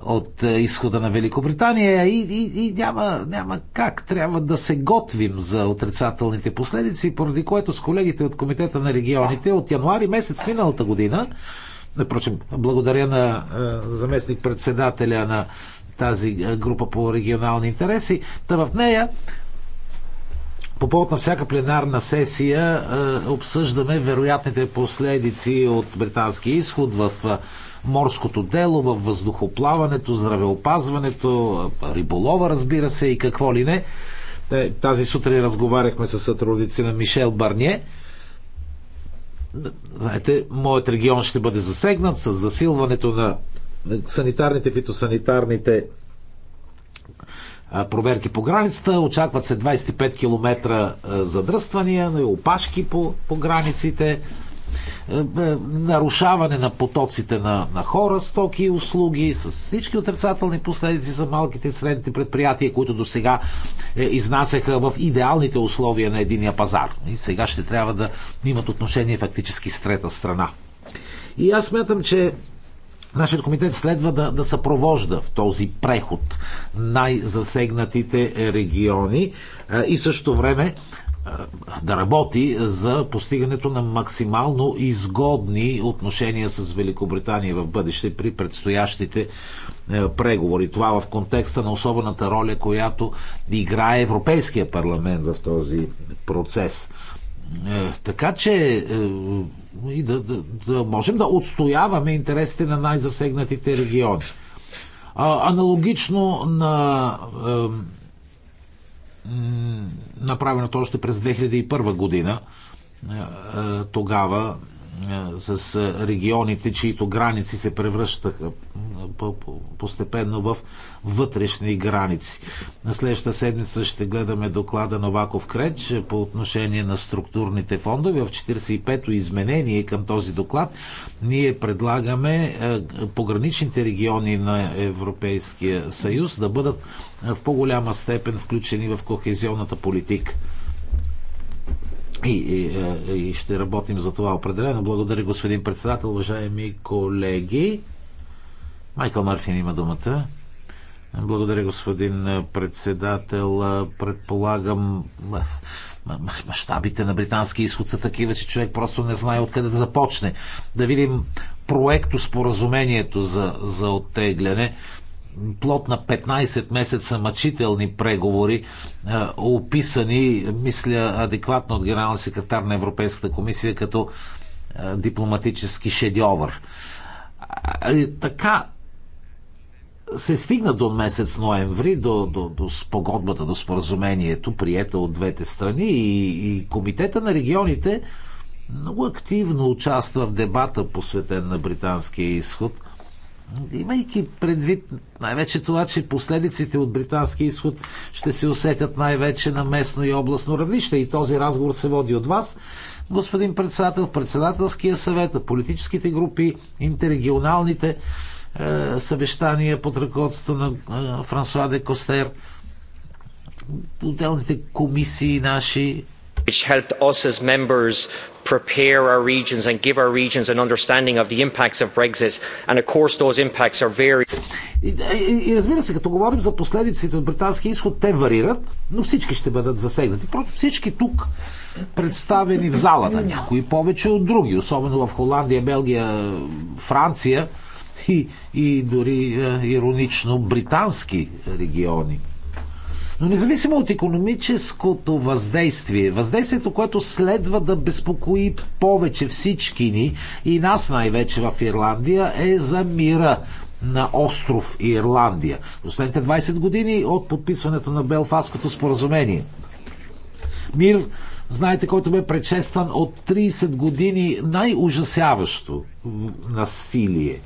от е, изхода на Великобритания и, и, и няма, няма как. Трябва да се готвим за отрицателните последици, поради което с колегите от Комитета на регионите от януари месец миналата година, напрочем, е, благодаря на е, заместник-председателя на тази е, група по регионални интереси, та в нея по повод на всяка пленарна сесия е, обсъждаме вероятните последици от британския изход в е, морското дело, във въздухоплаването, здравеопазването, риболова, разбира се, и какво ли не. Е, тази сутрин разговаряхме с сътрудници на Мишел Барние. Знаете, моят регион ще бъде засегнат с засилването на санитарните, фитосанитарните проверки по границата. Очакват се 25 км задръствания, опашки по, по границите е, е, нарушаване на потоците на, на хора, стоки и услуги, с всички отрицателни последици за малките и средните предприятия, които до сега е, изнасяха в идеалните условия на единия пазар. И сега ще трябва да имат отношение фактически с трета страна. И аз смятам, че Нашият комитет следва да, да съпровожда в този преход най-засегнатите региони е, и също време да работи за постигането на максимално изгодни отношения с Великобритания в бъдеще при предстоящите е, преговори. Това в контекста на особената роля, която играе Европейския парламент в този процес. Е, така че е, и да, да, да можем да отстояваме интересите на най-засегнатите региони. Аналогично на направеното още през 2001 година. Е, е, тогава е, с е, регионите, чието граници се превръщаха е, постепенно в вътрешни граници. На следващата седмица ще гледаме доклада Новаков Креч по отношение на структурните фондове. В 45-то изменение към този доклад ние предлагаме пограничните региони на Европейския съюз да бъдат в по-голяма степен включени в кохезионната политика. И, и, е, е, и ще работим за това определено. Благодаря, господин председател, уважаеми колеги. Майкъл Марфин има думата. Благодаря, господин председател. Предполагам, мащабите на британски изход са такива, че човек просто не знае откъде да започне. Да видим проекто споразумението за, за оттегляне плод на 15 месеца мъчителни преговори, е, описани, мисля, адекватно от генералния секретар на Европейската комисия като е, дипломатически шедьовър. Така се стигна до месец ноември, до, до, до спогодбата, до споразумението, прието от двете страни и, и Комитета на регионите много активно участва в дебата, посветен на британския изход – имайки предвид най-вече това, че последиците от британски изход ще се усетят най-вече на местно и областно равнище. И този разговор се води от вас, господин председател, в председателския съвет, политическите групи, интеррегионалните е, съвещания под ръководството на е, Франсуа де Костер, отделните комисии наши, which helped us as members prepare our regions and give our regions an understanding of the impacts of Brexit. And of course those impacts are very... И, и, и разбира се, като говорим за последиците от британския изход, те варират, но всички ще бъдат засегнати. Просто всички тук представени в залата, някои повече от други, особено в Холандия, Белгия, Франция и, и дори е, иронично британски региони. Но независимо от економическото въздействие, въздействието, което следва да безпокои повече всички ни и нас най-вече в Ирландия, е за мира на остров Ирландия. Последните 20 години от подписването на Белфаското споразумение. Мир, знаете, който бе предшестван от 30 години най-ужасяващо насилие.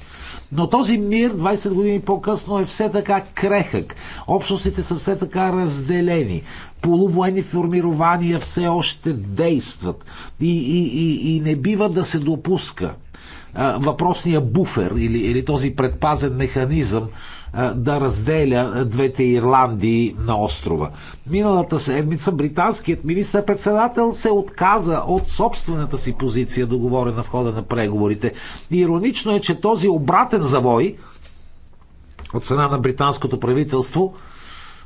Но този мир 20 години по-късно е все така крехък. Общностите са все така разделени. Полувоенни формирования все още действат. И, и, и, и не бива да се допуска въпросния буфер или, или този предпазен механизъм да разделя двете Ирландии на острова. Миналата седмица британският министр-председател се отказа от собствената си позиция, договорена в хода на преговорите. Иронично е, че този обратен завой от страна на британското правителство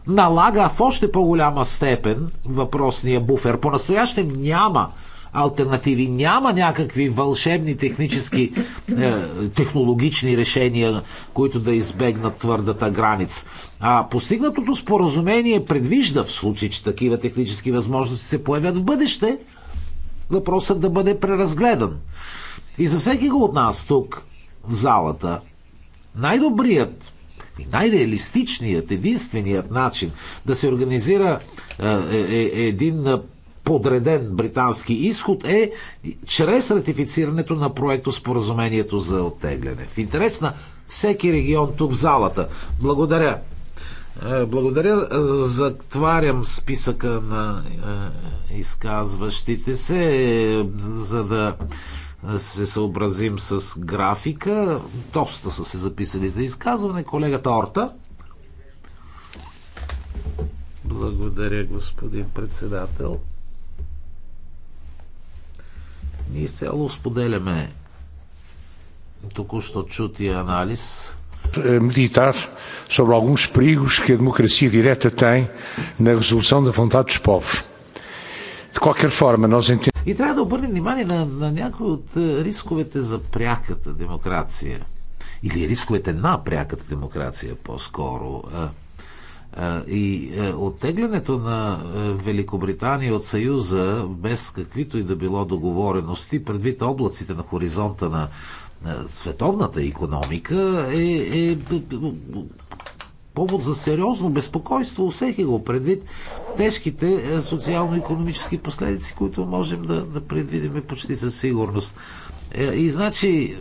налага в още по-голяма степен въпросния буфер. По-настоящем няма альтернативи. Няма някакви вълшебни технически, е, технологични решения, които да избегнат твърдата граница. А постигнатото споразумение предвижда в случай, че такива технически възможности се появят в бъдеще, въпросът да бъде преразгледан. И за всеки го от нас тук, в залата, най-добрият и най-реалистичният, единственият начин да се организира е, е, е един подреден британски изход е чрез ратифицирането на проекто споразумението за оттегляне. В интерес на всеки регион тук в залата. Благодаря. Е, благодаря. Е, затварям списъка на е, изказващите се, за да се съобразим с графика. Доста са се записали за изказване. Колегата Орта. Благодаря, господин председател. Ние изцяло споделяме току-що чутия анализ. Meditar е, sobre alguns perigos que a democracia direta tem na resolução da vontade dos povos. De qualquer forma, nós entendemos. И трябва да обърнем внимание на, на някои от е, рисковете за пряката демокрация. Или рисковете на пряката демокрация по-скоро. Е. И е, оттеглянето на е, Великобритания от Съюза без каквито и да било договорености, предвид облаците на хоризонта на е, световната економика, е, е повод за сериозно безпокойство у всеки го предвид тежките социално-економически последици, които можем да, да предвидим почти със сигурност. И значи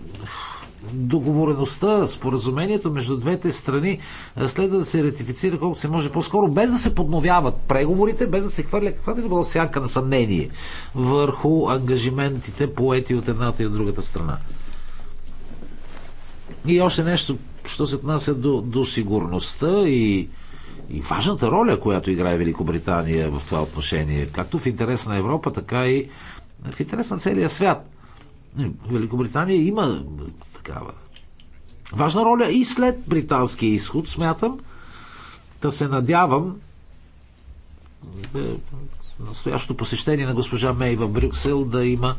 договореността, споразумението между двете страни следва да се ратифицира колкото се може по-скоро, без да се подновяват преговорите, без да се хвърля каквато и да било сянка на съмнение върху ангажиментите поети от едната и от другата страна. И още нещо, що се отнася до, до сигурността и, и важната роля, която играе Великобритания в това отношение, както в интерес на Европа, така и в интерес на целия свят. Великобритания има такава. Важна роля и след британския изход, смятам, да се надявам е, настоящото посещение на госпожа Мей в Брюксел да има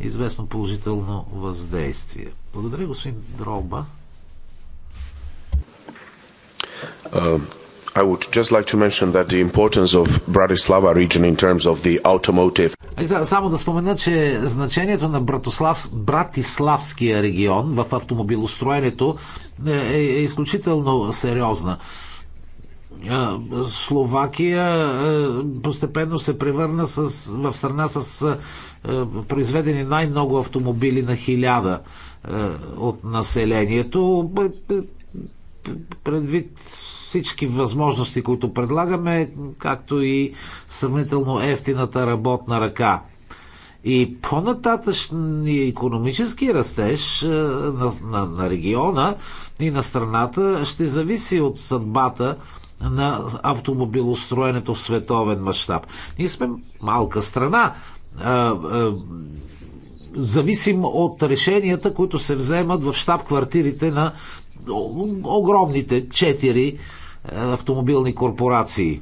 известно положително въздействие. Благодаря, господин Дроба. I would just like to mention that the importance of Bratislava region in terms of the automotive. Само да спомена, че значението на Братослав, Братиславския регион в автомобилостроенето е, е изключително сериозна. Словакия постепенно се превърна с, в страна с произведени най-много автомобили на хиляда от населението. Предвид всички възможности, които предлагаме, както и сравнително ефтината работна ръка. И по-нататъчния економически растеж е, на, на, на региона и на страната ще зависи от съдбата на автомобилостроенето в световен мащаб. Ние сме малка страна. А, е, а, е, зависим от решенията, които се вземат в штаб квартирите на огромните четири е, автомобилни корпорации. Е,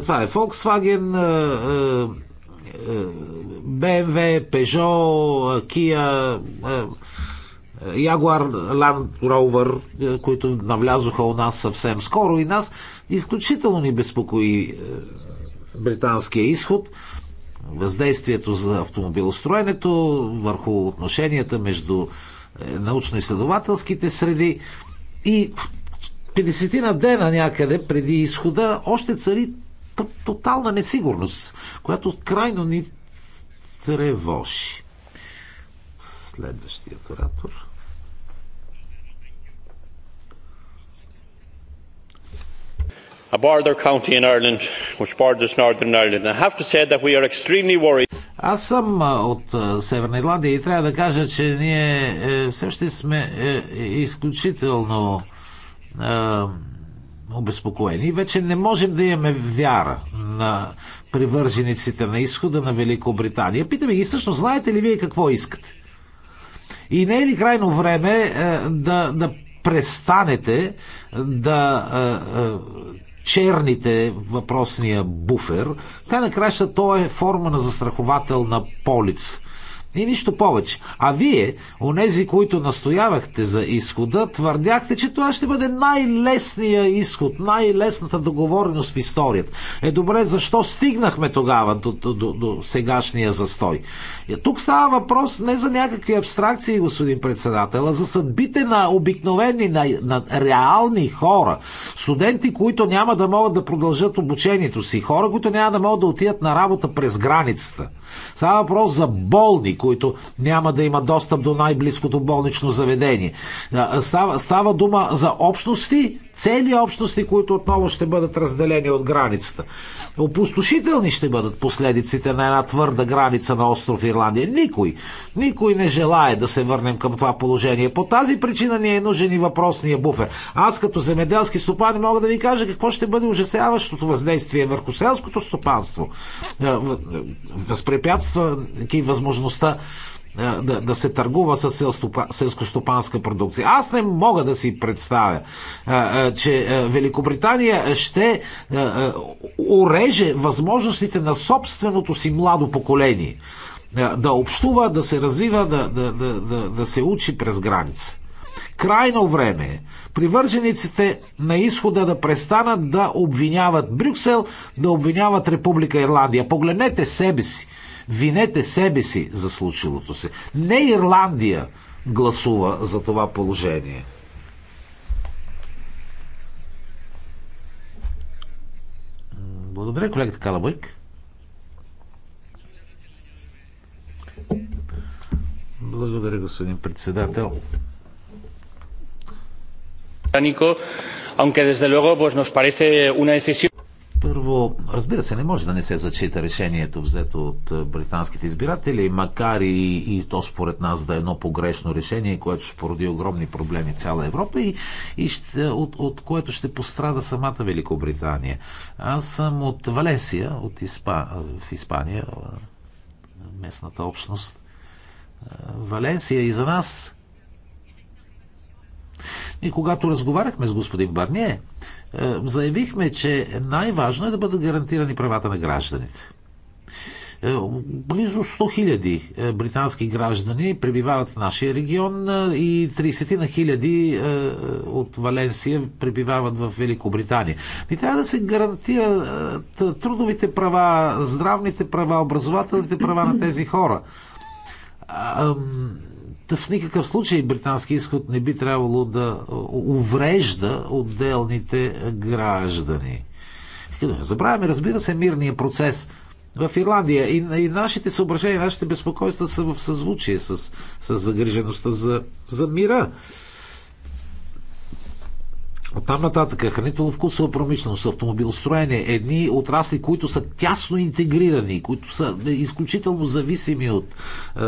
това е Volkswagen, BMW, е, Peugeot, Kia, Jaguar Land Rover, които навлязоха у нас съвсем скоро и нас изключително ни безпокои британския изход, въздействието за автомобилостроенето върху отношенията между научно-изследователските среди. И 50 на дена някъде преди изхода още цари тотална несигурност, която крайно ни тревожи. Следващият оратор. a border county in Ireland which borders Northern Ireland. I have to say that we are extremely worried. Аз съм от Северна Ирландия и трябва да кажа, че ние е, все още сме е, изключително обезпокоени. Вече не можем да имаме вяра на привържениците на изхода на Великобритания. Питаме ги всъщност, знаете ли вие какво искате? И не е ли крайно време е, да, да престанете да черните въпросния буфер. Така накрая той е форма на застрахователна полица и нищо повече. А вие, онези, които настоявахте за изхода, твърдяхте, че това ще бъде най-лесния изход, най-лесната договореност в историята. Е добре, защо стигнахме тогава до, до, до, до сегашния застой? И е, тук става въпрос не за някакви абстракции, господин председател, а за съдбите на обикновени, на, на реални хора. Студенти, които няма да могат да продължат обучението си, хора, които няма да могат да отидат на работа през границата. Става въпрос за болни, които няма да има достъп до най-близкото болнично заведение. Става, става дума за общности, цели общности, които отново ще бъдат разделени от границата. Опустошителни ще бъдат последиците на една твърда граница на остров Ирландия. Никой, никой не желая да се върнем към това положение. По тази причина ни е нужен и въпросния буфер. Аз като земеделски стопани мога да ви кажа какво ще бъде ужасяващото въздействие върху селското стопанство. Е, възпрепятствайки възможността е, да, да, се търгува с селскостопанска продукция. Аз не мога да си представя, е, е, че Великобритания ще уреже възможностите на собственото си младо поколение да общува, да се развива, да, да, да, да, да се учи през граница. Крайно време е привържениците на изхода да престанат да обвиняват Брюксел, да обвиняват Република Ирландия. Погледнете себе си. Винете себе си за случилото се. Не Ирландия гласува за това положение. Благодаря, колегата Калабойк. Благодаря, господин председател. Аunque desde luego pues nos parece una decisión първо, разбира се, не може да не се зачита решението взето от е, британските избиратели, макар и, и то според нас да е едно погрешно решение, което ще породи огромни проблеми цяла Европа и, и ще, от, от което ще пострада самата Великобритания. Аз съм от Валесия, от Испа, в Испания, е, местната общност. Е, Валенсия и за нас. И когато разговаряхме с господин Барние, е, заявихме, че най-важно е да бъдат гарантирани правата на гражданите. Е, близо 100 хиляди е, британски граждани пребивават в нашия регион и 30 на хиляди от Валенсия пребивават в Великобритания. И трябва да се гарантират трудовите права, здравните права, образователните права на тези хора в никакъв случай британски изход не би трябвало да уврежда отделните граждани. Забравяме, разбира се, мирния процес в Ирландия. И, и нашите съображения, нашите безпокойства са в съзвучие с, с загрижеността за, за мира. От там нататък хранително-вкусова промишленост, автомобилостроение, едни отрасли, които са тясно интегрирани, които са изключително зависими от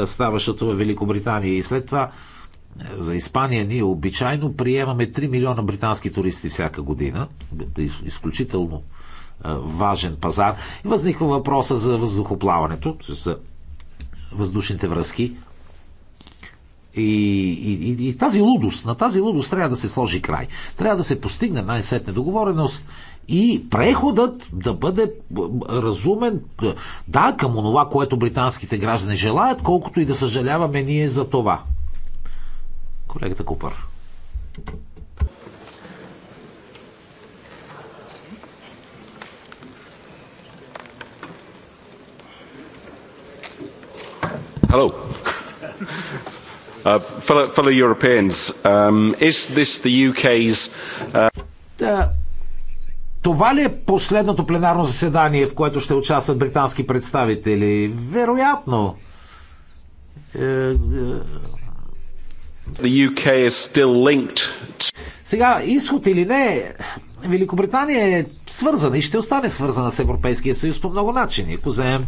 е, ставащото в Великобритания. И след това е, за Испания ние обичайно приемаме 3 милиона британски туристи всяка година. Изключително е, важен пазар. И възниква въпроса за въздухоплаването, за въздушните връзки. И, и, и тази лудост, на тази лудост трябва да се сложи край. Трябва да се постигне най-сетне договореност и преходът да бъде е, разумен, е, да, към онова, което британските граждани желаят, колкото и да съжаляваме ние за това. Колегата Купър. Hello. Uh, fellow Europeans, um, is this the UK's... Uh, това ли е последното пленарно заседание, в което ще участват британски представители? Вероятно. Е, е. The UK is still linked. Сега, изход или не, Великобритания е свързана и ще остане свързана с Европейския съюз по много начини. Ако вземем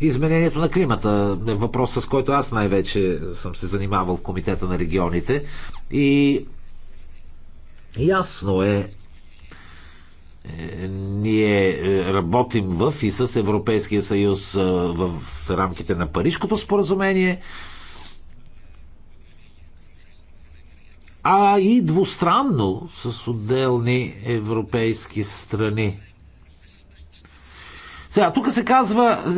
изменението на климата, е въпрос с който аз най-вече съм се занимавал в Комитета на регионите. И ясно е, е ние е, работим в и с Европейския съюз е, в рамките на Парижкото споразумение – а и двустранно с отделни европейски страни. Сега, тук се казва, да,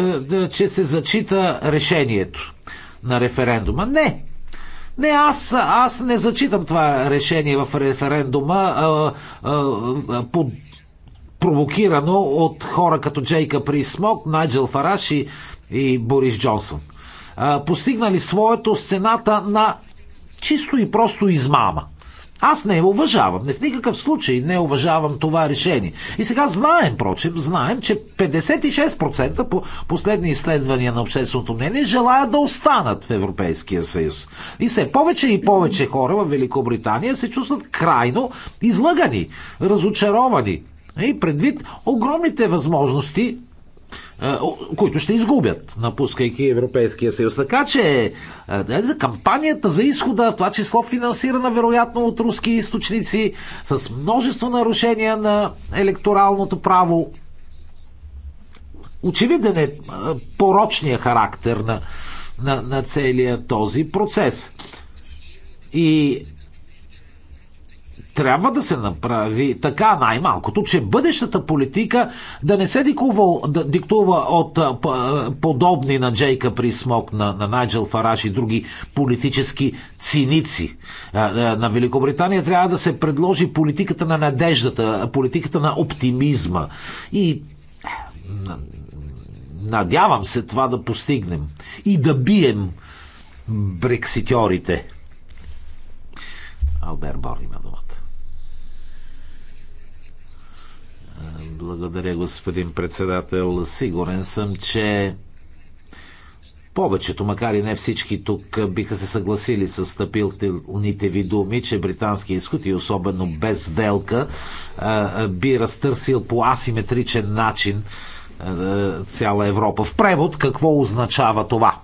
е, да, е, е, че се зачита решението на референдума. Не. Не, аз, аз не зачитам това решение в референдума, а, а, а, под, провокирано от хора като Джейка Присмок, Найджел Фараш и, и Борис Джонсън. А, постигнали своето сцената на чисто и просто измама. Аз не уважавам, не в никакъв случай не уважавам това решение. И сега знаем, прочим, знаем, че 56% по последни изследвания на общественото мнение желаят да останат в Европейския съюз. И все повече и повече хора в Великобритания се чувстват крайно излъгани, разочаровани. И предвид огромните възможности които ще изгубят, напускайки Европейския съюз. Така че за кампанията за изхода, в това число финансирана вероятно от руски източници, с множество нарушения на електоралното право, очевиден е порочния характер на, на, на целия този процес. И трябва да се направи така най-малкото, че бъдещата политика да не се диктува, да диктува от подобни на Джейка при Смок, на, на Найджел Фараш и други политически циници. На Великобритания трябва да се предложи политиката на надеждата, политиката на оптимизма. И надявам се това да постигнем и да бием брекситьорите. Албер Борни на думата. Благодаря, господин председател. Сигурен съм, че повечето, макар и не всички тук, биха се съгласили с стъпилните ви думи, че британски изход и особено без сделка би разтърсил по асиметричен начин е, цяла Европа. В превод какво означава това?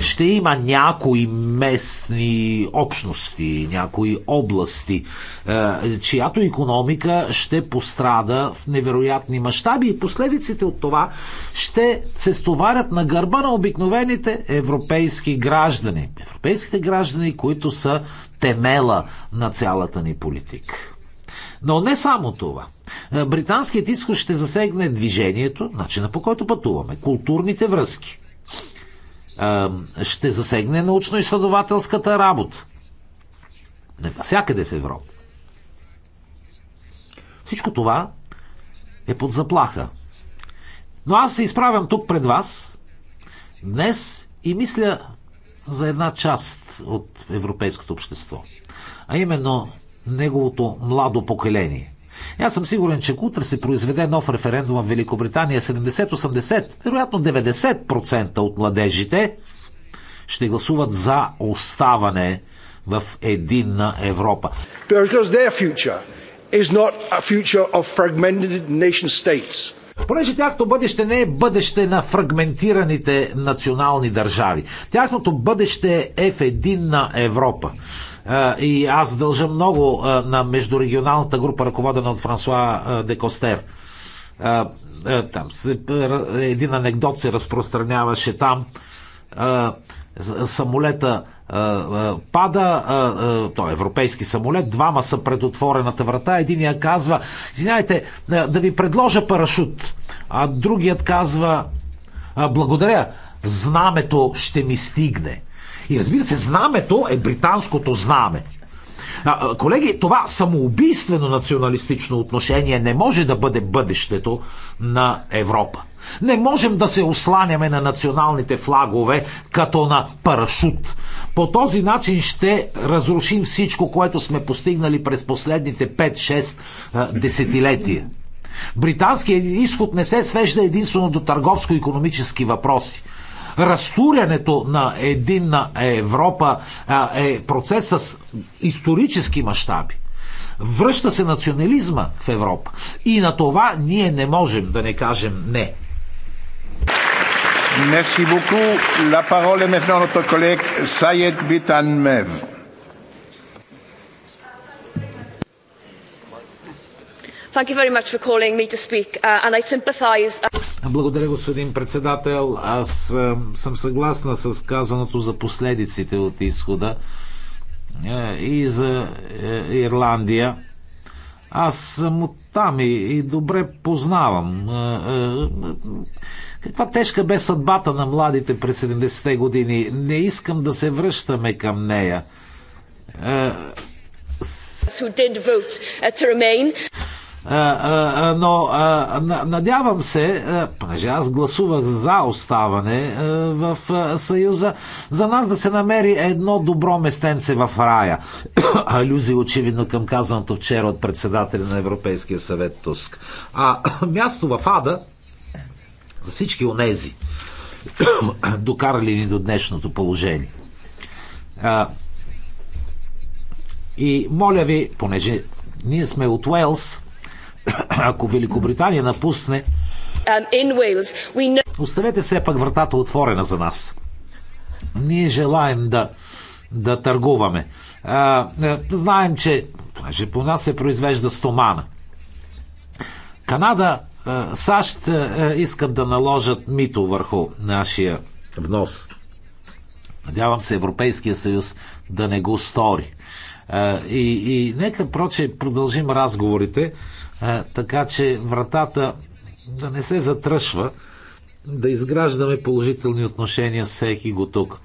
Ще има някои местни общности, някои области, е, чиято економика ще пострада в невероятни мащаби и последиците от това ще се стоварят на гърба на обикновените европейски граждани. Европейските граждани, които са темела на цялата ни политика. Но не само това. Е, британският изход ще засегне движението, начина по който пътуваме, културните връзки. Е, ще засегне научно-изследователската работа. Навсякъде в Европа. Всичко това е под заплаха. Но аз се изправям тук пред вас днес и мисля за една част от европейското общество. А именно неговото младо поколение. аз съм сигурен, че утре се произведе нов референдум в Великобритания 70-80, вероятно 90% от младежите ще гласуват за оставане в единна Европа. Понеже тяхното бъдеще не е бъдеще на фрагментираните национални държави. Тяхното бъдеще е в единна Европа. И аз дължа много на междурегионалната група, ръководена от Франсуа Декостер. Там се, един анекдот се разпространяваше там. Самолета пада, той е европейски самолет, двама са пред отворената врата, единия казва, извинявайте, да ви предложа парашут, а другият казва, благодаря, знамето ще ми стигне. И разбира се, знамето е британското знаме. Колеги, това самоубийствено националистично отношение не може да бъде бъдещето на Европа. Не можем да се осланяме на националните флагове като на парашут. По този начин ще разрушим всичко, което сме постигнали през последните 5-6 десетилетия. Британският изход не се свежда единствено до търговско-економически въпроси. Разтурянето на единна Европа е процес с исторически мащаби. Връща се национализма в Европа. И на това ние не можем да не кажем не. Merci beaucoup. La parole est maintenant à notre collègue Sayed Bitanmev. Thank you very much for calling me to speak uh, and I sympathize. Uh, Благодаря, господин председател. Аз съм съгласна с казаното за последиците от изхода е, и за е, Ирландия. Аз съм от там и, и добре познавам. Е, каква тежка бе съдбата на младите през 70-те години. Не искам да се връщаме към нея. Uh, но надявам се, понеже аз гласувах за оставане в Съюза, за нас да се намери едно добро местенце в рая. <coughs> Алюзия очевидно към казаното вчера от председателя на Европейския съвет Туск. А <coughs> място в Ада за всички онези, <coughs> докарали ни до днешното положение. И моля ви, понеже ние сме от Уелс, ако Великобритания напусне, оставете все пак вратата отворена за нас. Ние желаем да, да търгуваме. А, знаем, че по нас се произвежда стомана. Канада, САЩ искат да наложат мито върху нашия внос. Надявам се Европейския съюз да не го стори. И, и нека, проче, продължим разговорите така че вратата да не се затръшва, да изграждаме положителни отношения с всеки го тук.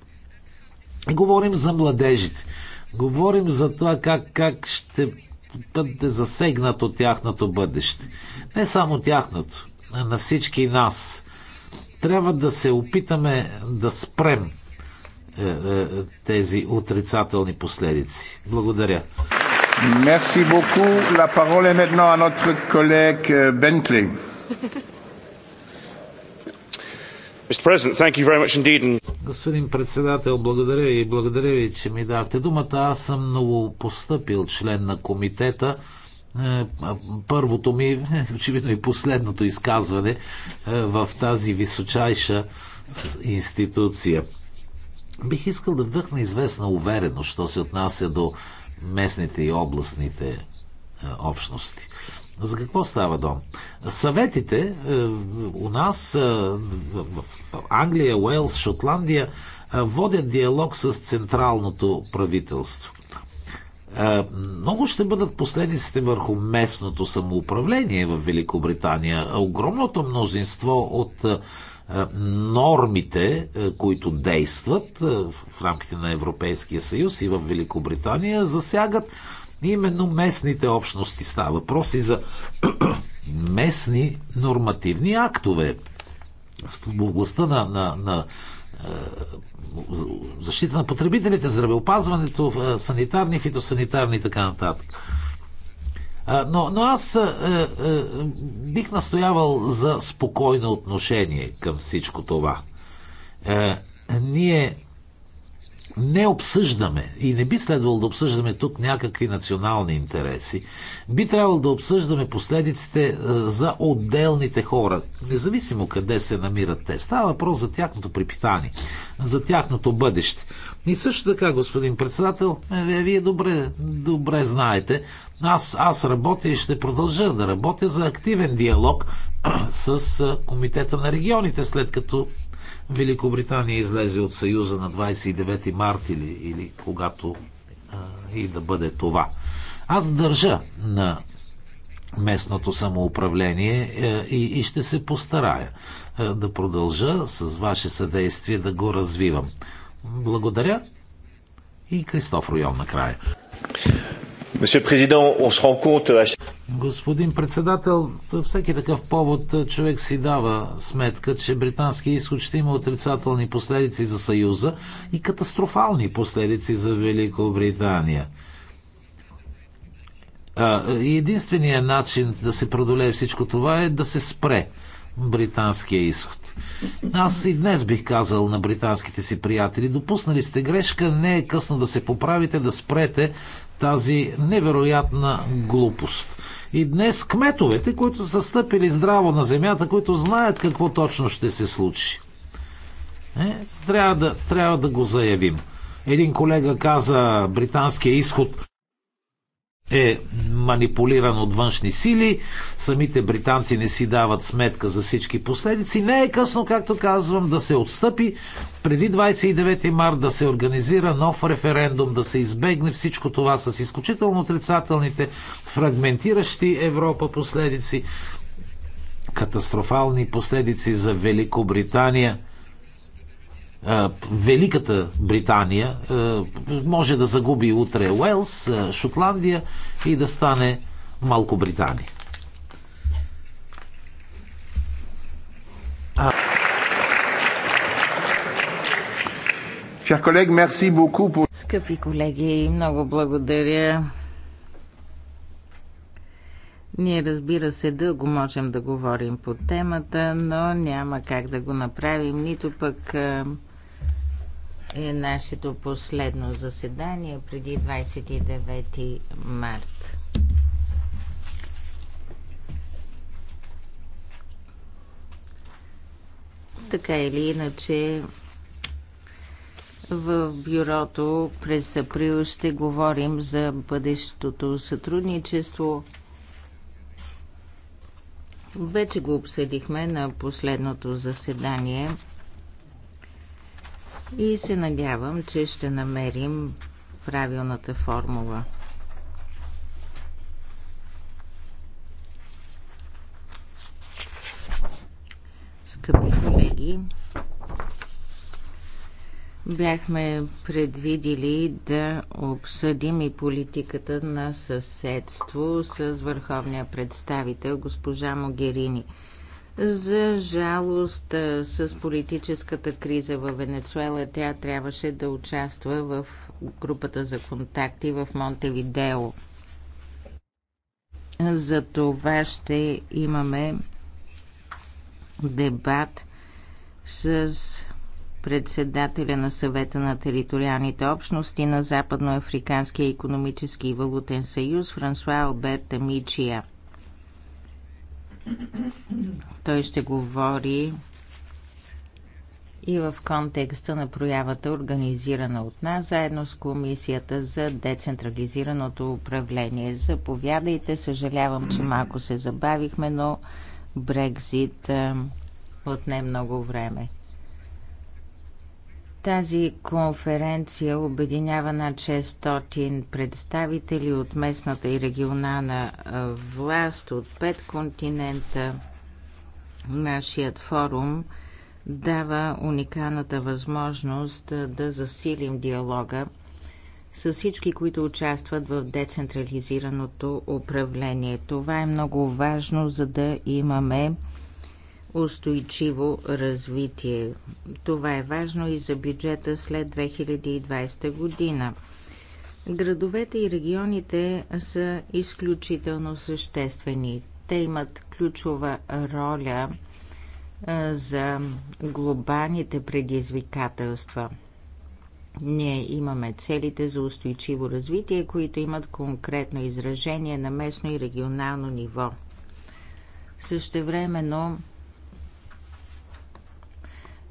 говорим за младежите. Говорим за това как, как ще бъде засегнато тяхното бъдеще. Не само тяхното, а на всички нас. Трябва да се опитаме да спрем е, е, тези отрицателни последици. Благодаря. Merci beaucoup. La parole est maintenant à notre collègue euh, Bentley. Господин председател, благодаря и благодаря ви, че ми дахте думата. Аз съм много постъпил член на комитета. Е, първото ми, е, очевидно и последното изказване е, в тази височайша институция. Бих искал да вдъхна известна увереност, що се отнася до местните и областните е, общности. За какво става дом? Съветите е, у нас е, в Англия, Уелс, Шотландия водят диалог с централното правителство. Много ще бъдат последиците върху местното самоуправление в Великобритания. Огромното мнозинство от нормите, които действат в рамките на Европейския съюз и в Великобритания, засягат именно местните общности. Става въпрос и за <clears throat> местни нормативни актове в областта на, на, на защита на потребителите, здравеопазването, санитарни, фитосанитарни и така нататък. Но, но аз е, е, бих настоявал за спокойно отношение към всичко това. Е, ние не обсъждаме и не би следвало да обсъждаме тук някакви национални интереси. Би трябвало да обсъждаме последиците за отделните хора, независимо къде се намират те. Става въпрос за тяхното припитание, за тяхното бъдеще. И също така, господин председател, е, вие, вие добре, добре знаете, аз, аз работя и ще продължа да работя за активен диалог <clears throat> с Комитета на регионите, след като Великобритания излезе от Съюза на 29 март или, или когато а, и да бъде това. Аз държа на местното самоуправление е, и, и ще се постарая е, да продължа с ваше съдействие да го развивам. Благодаря. И Кристоф Ройон накрая. Euh, Господин председател, всеки такъв повод е, човек си дава сметка, че британския изход ще има отрицателни последици за Съюза и катастрофални последици за Великобритания. единственият начин да се продолее всичко това е да се спре британския изход. Аз и днес бих казал на британските си приятели, допуснали сте грешка, не е късно да се поправите, да спрете тази невероятна глупост. И днес кметовете, които са стъпили здраво на земята, които знаят какво точно ще се случи. Е, трябва, да, трябва да го заявим. Един колега каза британския изход е манипулиран от външни сили, самите британци не си дават сметка за всички последици. Не е късно, както казвам, да се отстъпи преди 29 март да се организира нов референдум, да се избегне всичко това с изключително отрицателните, фрагментиращи Европа последици, катастрофални последици за Великобритания – Великата Британия може да загуби утре Уелс, Шотландия и да стане Малко Британия. Скъпи колеги, много благодаря. Ние разбира се дълго можем да говорим по темата, но няма как да го направим, нито пък е нашето последно заседание преди 29 март. Така или иначе, в бюрото през април ще говорим за бъдещото сътрудничество. Вече го обсъдихме на последното заседание и се надявам, че ще намерим правилната формула. Скъпи колеги, бяхме предвидили да обсъдим и политиката на съседство с върховния представител госпожа Могерини – за жалост, с политическата криза в Венецуела тя трябваше да участва в групата за контакти в Монтевидео. За това ще имаме дебат с председателя на съвета на териториалните общности на Западноафриканския економически и валутен съюз Франсуа Алберта Мичия. Той ще говори и в контекста на проявата, организирана от нас, заедно с Комисията за децентрализираното управление. Заповядайте, съжалявам, че малко се забавихме, но Брекзит отне много време. Тази конференция обединява над 600 представители от местната и регионална власт от пет континента. Нашият форум дава уникалната възможност да засилим диалога с всички, които участват в децентрализираното управление. Това е много важно, за да имаме устойчиво развитие. Това е важно и за бюджета след 2020 година. Градовете и регионите са изключително съществени. Те имат ключова роля за глобалните предизвикателства. Ние имаме целите за устойчиво развитие, които имат конкретно изражение на местно и регионално ниво. Същевременно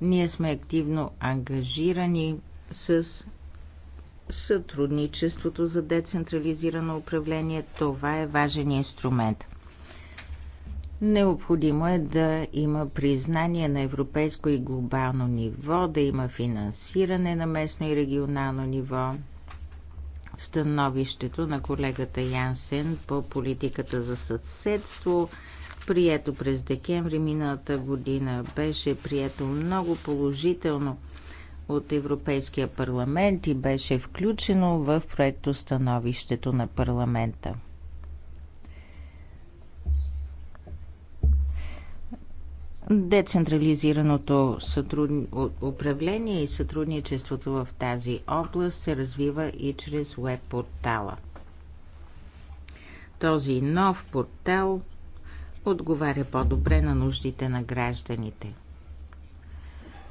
ние сме активно ангажирани с сътрудничеството за децентрализирано управление. Това е важен инструмент. Необходимо е да има признание на европейско и глобално ниво, да има финансиране на местно и регионално ниво. Становището на колегата Янсен по политиката за съседство – прието през декември миналата година. Беше прието много положително от Европейския парламент и беше включено в проекто становището на парламента. Децентрализираното сътруд... управление и сътрудничеството в тази област се развива и чрез веб-портала. Този нов портал – отговаря по-добре на нуждите на гражданите.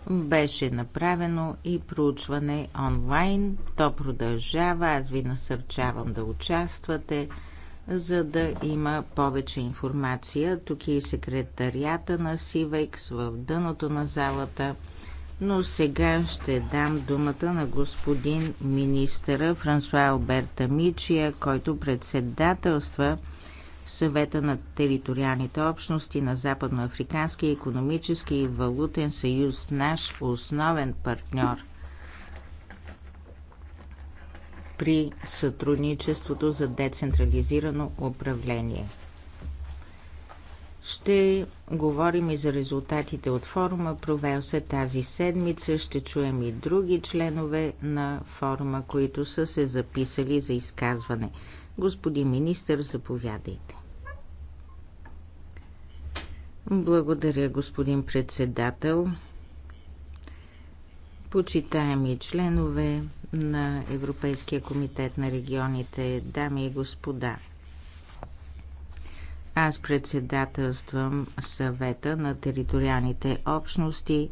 Беше направено и проучване онлайн. То продължава. Аз ви насърчавам да участвате, за да има повече информация. Тук е и секретарията на Сивекс в дъното на залата. Но сега ще дам думата на господин министъра Франсуа Алберта Мичия, който председателства – съвета на териториалните общности на Западноафриканския економически и валутен съюз, наш основен партньор при сътрудничеството за децентрализирано управление. Ще говорим и за резултатите от форума, провел се тази седмица. Ще чуем и други членове на форума, които са се записали за изказване. Господин министър, заповядайте. Благодаря, господин председател. Почитаеми членове на Европейския комитет на регионите, дами и господа. Аз председателствам съвета на териториалните общности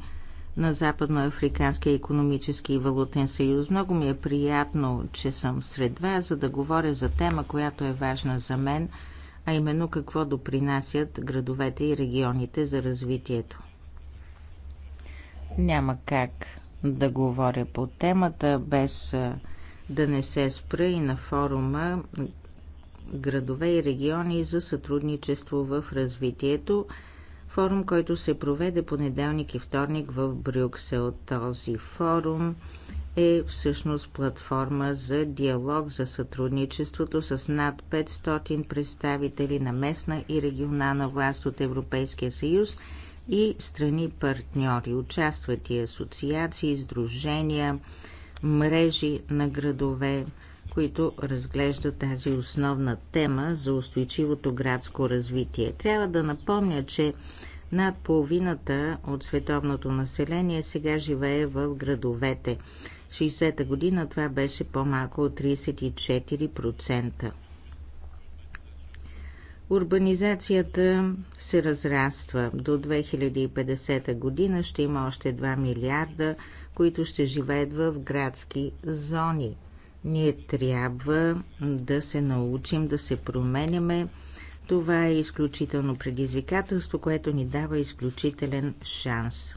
на Западноафриканския економически и валутен съюз. Много ми е приятно, че съм сред вас, за да говоря за тема, която е важна за мен – а именно какво допринасят градовете и регионите за развитието. Няма как да говоря по темата без да не се спра и на форума градове и региони за сътрудничество в развитието, форум, който се проведе понеделник и вторник в Брюксел. Този форум е всъщност платформа за диалог за сътрудничеството с над 500 представители на местна и регионална власт от Европейския съюз и страни партньори. Участват и асоциации, сдружения, мрежи на градове, които разглеждат тази основна тема за устойчивото градско развитие. Трябва да напомня, че над половината от световното население сега живее в градовете. 60-та година това беше по-малко от 34%. Урбанизацията се разраства. До 2050 година ще има още 2 милиарда, които ще живеят в градски зони. Ние трябва да се научим да се променяме. Това е изключително предизвикателство, което ни дава изключителен шанс.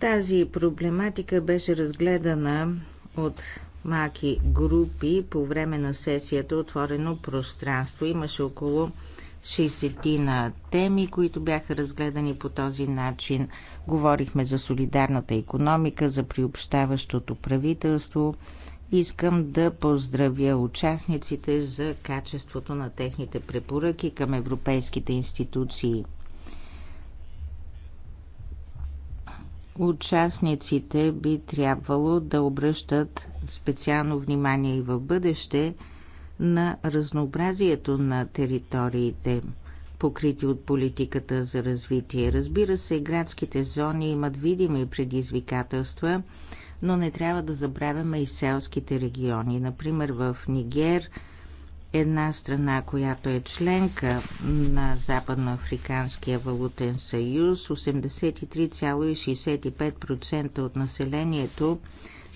Тази проблематика беше разгледана от малки групи по време на сесията Отворено пространство. Имаше около 60 на теми, които бяха разгледани по този начин. Говорихме за солидарната економика, за приобщаващото правителство. Искам да поздравя участниците за качеството на техните препоръки към европейските институции – Участниците би трябвало да обръщат специално внимание и в бъдеще на разнообразието на териториите, покрити от политиката за развитие. Разбира се, градските зони имат видими предизвикателства, но не трябва да забравяме и селските региони. Например, в Нигер – една страна, която е членка на Западноафриканския валутен съюз, 83,65% от населението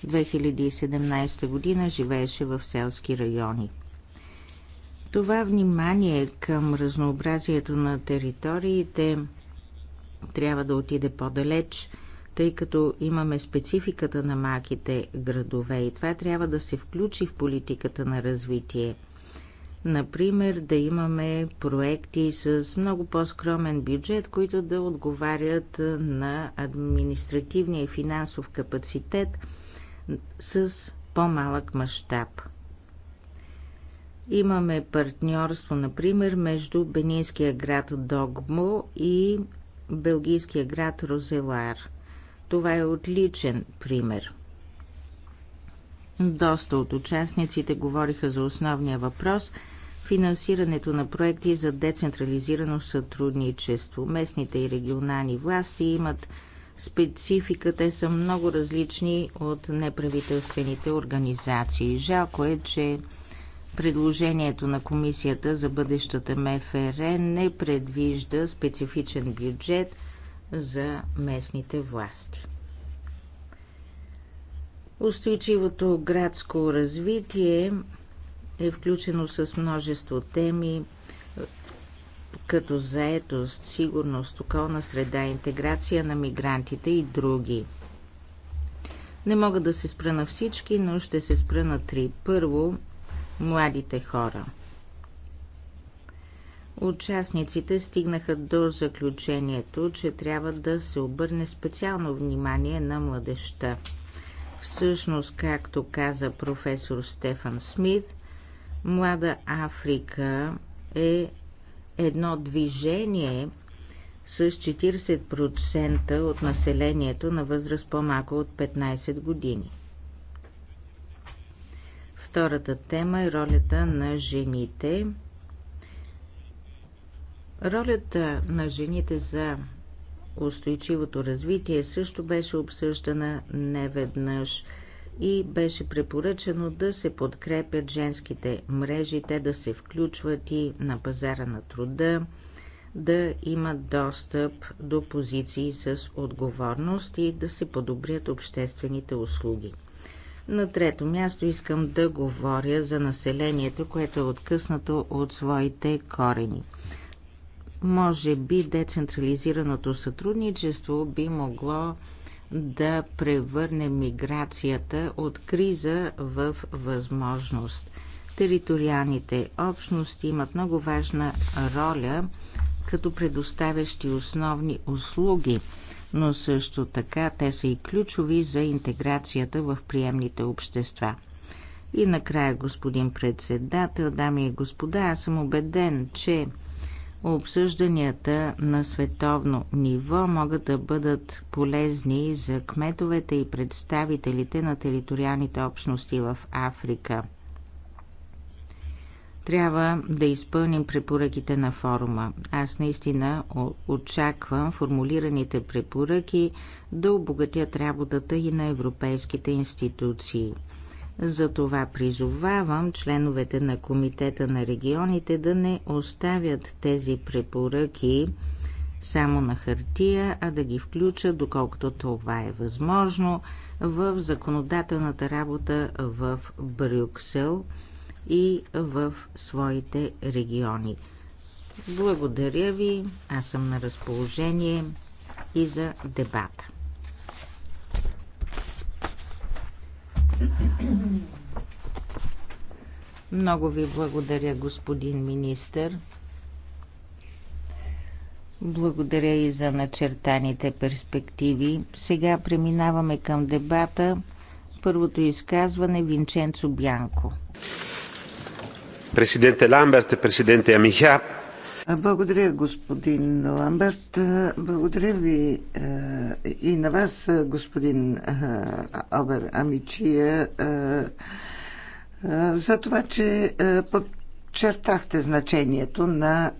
2017 година живееше в селски райони. Това внимание към разнообразието на териториите трябва да отиде по-далеч, тъй като имаме спецификата на малките градове и това трябва да се включи в политиката на развитие – Например, да имаме проекти с много по-скромен бюджет, които да отговарят на административния и финансов капацитет с по-малък мащаб. Имаме партньорство, например, между бенинския град Догмо и белгийския град Розелар. Това е отличен пример. Доста от участниците говориха за основния въпрос – финансирането на проекти за децентрализирано сътрудничество. Местните и регионални власти имат специфика, те са много различни от неправителствените организации. Жалко е, че предложението на Комисията за бъдещата МФР не предвижда специфичен бюджет за местните власти. Устойчивото градско развитие е включено с множество теми, като заетост, сигурност, околна среда, интеграция на мигрантите и други. Не мога да се спра на всички, но ще се спра на три. Първо, младите хора. Участниците стигнаха до заключението, че трябва да се обърне специално внимание на младеща. Всъщност, както каза професор Стефан Смит, Млада Африка е едно движение с 40% от населението на възраст по-малко от 15 години. Втората тема е ролята на жените. Ролята на жените за устойчивото развитие също беше обсъждана неведнъж. веднъж и беше препоръчено да се подкрепят женските мрежи, те да се включват и на пазара на труда, да имат достъп до позиции с отговорност и да се подобрят обществените услуги. На трето място искам да говоря за населението, което е откъснато от своите корени. Може би децентрализираното сътрудничество би могло да превърне миграцията от криза в възможност. Териториалните общности имат много важна роля като предоставящи основни услуги, но също така те са и ключови за интеграцията в приемните общества. И накрая, господин председател, дами и господа, аз съм убеден, че Обсъжданията на световно ниво могат да бъдат полезни за кметовете и представителите на териториалните общности в Африка. Трябва да изпълним препоръките на форума. Аз наистина очаквам формулираните препоръки да обогатят работата и на европейските институции – затова призовавам членовете на Комитета на регионите да не оставят тези препоръки само на хартия, а да ги включат, доколкото това е възможно, в законодателната работа в Брюксел и в своите региони. Благодаря ви, аз съм на разположение и за дебата. Много ви благодаря, господин министър. Благодаря и за начертаните перспективи. Сега преминаваме към дебата. Първото изказване Винченцо Бянко. Президенте Ламберт, президенте Амихя, благодаря, господин Ламберт. Благодаря ви е, и на вас, е, господин Обер е, Амичия, за това, че подчертахте значението на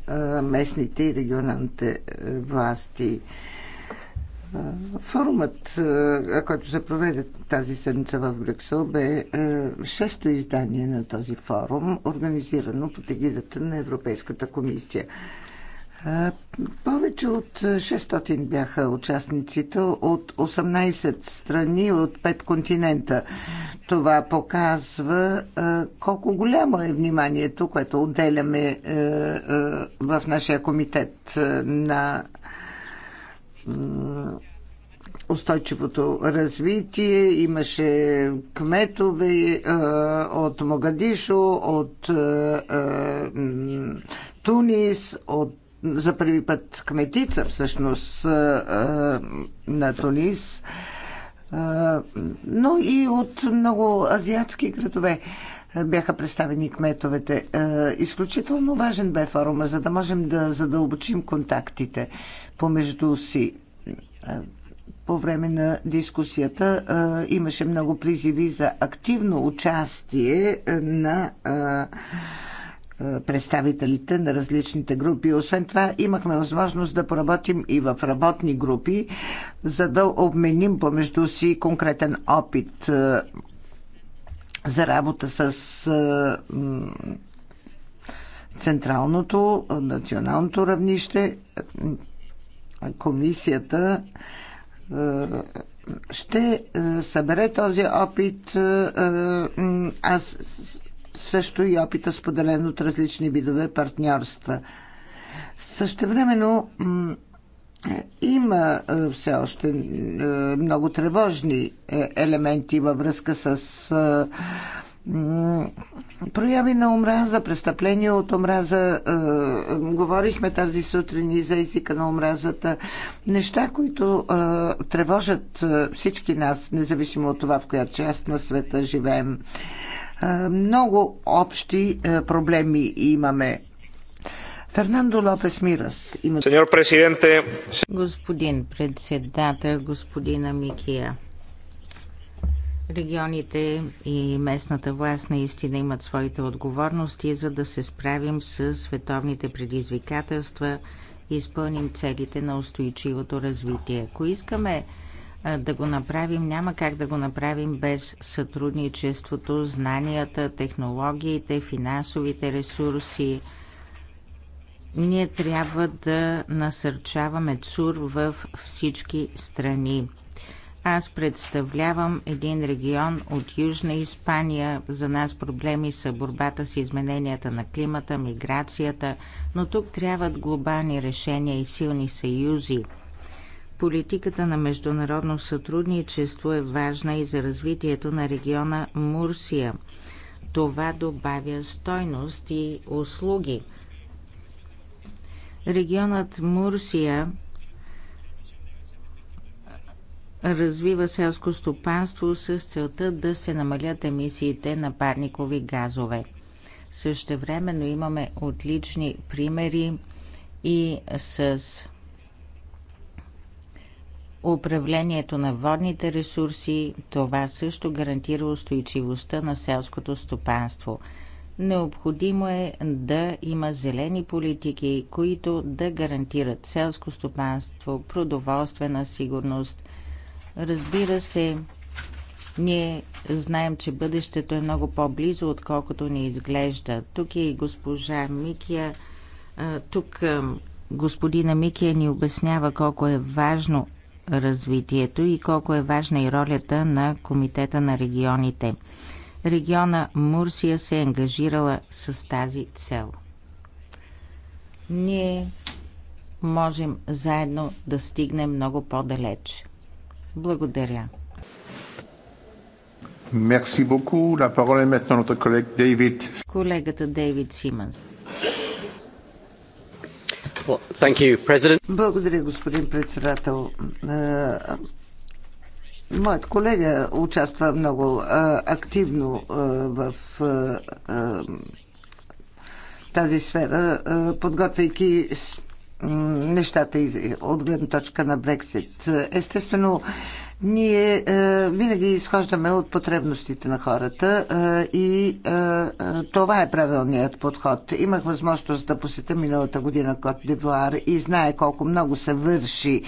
местните и регионалните власти. Форумът, който се проведе тази седмица в Брюксел, бе шесто издание на този форум, организирано под егидата на Европейската комисия. Повече от 600 бяха участниците от 18 страни от 5 континента. Това показва колко голямо е вниманието, което отделяме в нашия комитет на устойчивото развитие. Имаше кметове е, от Могадишо, от е, е, Тунис, от за първи път кметица всъщност на Тунис, но и от много азиатски градове бяха представени кметовете. Изключително важен бе форума, за да можем да задълбочим контактите помежду си. По време на дискусията имаше много призиви за активно участие на представителите на различните групи. Освен това, имахме възможност да поработим и в работни групи, за да обменим помежду си конкретен опит за работа с централното, националното равнище, комисията е, ще е, събере този опит, е, аз също и опита споделен от различни видове партньорства. Същевременно има все още много тревожни елементи във връзка с прояви на омраза, престъпления от омраза. Е, говорихме тази сутрин и за езика на омразата. Неща, които е, тревожат е, всички нас, независимо от това в коя част на света живеем. Е, много общи е, проблеми имаме. Фернандо Лопес Мирас. Има... Господин председател, господина Микия. Регионите и местната власт наистина имат своите отговорности, за да се справим с световните предизвикателства и изпълним целите на устойчивото развитие. Ако искаме да го направим, няма как да го направим без сътрудничеството, знанията, технологиите, финансовите ресурси. Ние трябва да насърчаваме ЦУР в всички страни. Аз представлявам един регион от Южна Испания. За нас проблеми са борбата с измененията на климата, миграцията, но тук трябват глобални решения и силни съюзи. Политиката на международно сътрудничество е важна и за развитието на региона Мурсия. Това добавя стойност и услуги. Регионът Мурсия – развива селско стопанство с целта да се намалят емисиите на парникови газове. Също но имаме отлични примери и с управлението на водните ресурси. Това също гарантира устойчивостта на селското стопанство. Необходимо е да има зелени политики, които да гарантират селско стопанство, продоволствена сигурност – Разбира се, ние знаем, че бъдещето е много по-близо, отколкото ни изглежда. Тук е и госпожа Микия. Тук господина Микия ни обяснява колко е важно развитието и колко е важна и ролята на Комитета на регионите. Региона Мурсия се е ангажирала с тази цел. Ние можем заедно да стигнем много по-далеч. Благодаря. Merci beaucoup. La parole est maintenant notre collègue David. Колегата Дейвид Симънс. Well, thank you, President. Благодаря, господин председател. Е, моят колега участва много е, активно е, в тази сфера, подготвяйки нещата от гледна точка на Брексит. Естествено, ние е, винаги изхождаме от потребностите на хората е, и е, е, това е правилният подход. Имах възможност да посетя миналата година Кот Дивуар и знае колко много се върши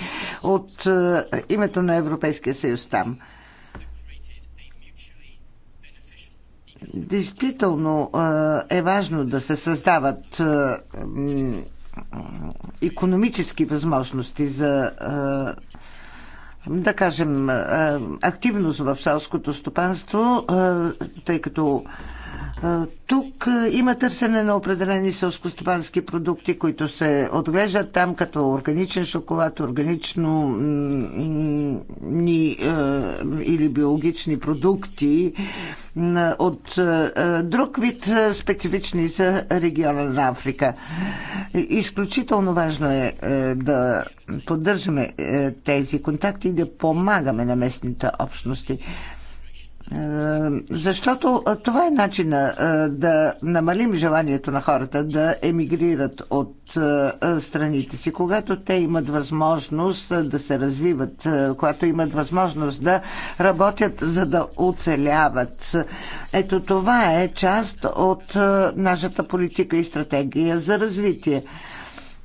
от е, името на Европейския съюз там. Действително е, е важно да се създават е, економически възможности за да кажем, активност в селското стопанство, тъй като тук има търсене на определени селскостопански продукти, които се отглеждат там като органичен шоколад, органично ни, или биологични продукти от друг вид специфични за региона на Африка. Изключително важно е да поддържаме тези контакти и да помагаме на местните общности. Защото това е начина да намалим желанието на хората да емигрират от страните си, когато те имат възможност да се развиват, когато имат възможност да работят, за да оцеляват. Ето това е част от нашата политика и стратегия за развитие.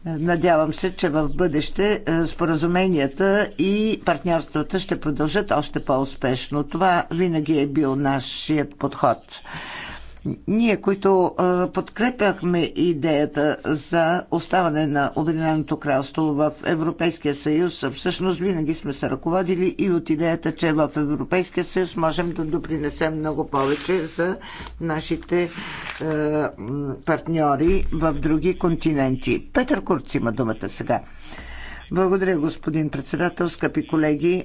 Надявам се, че в бъдеще е, споразуменията и партньорствата ще продължат още по-успешно. Това винаги е бил нашият подход. Ние, които подкрепяхме идеята за оставане на Обединеното кралство в Европейския съюз, всъщност винаги сме се ръководили и от идеята, че в Европейския съюз можем да допринесем много повече за нашите партньори в други континенти. Петър Курц има думата сега. Благодаря, господин председател, скъпи колеги. Е,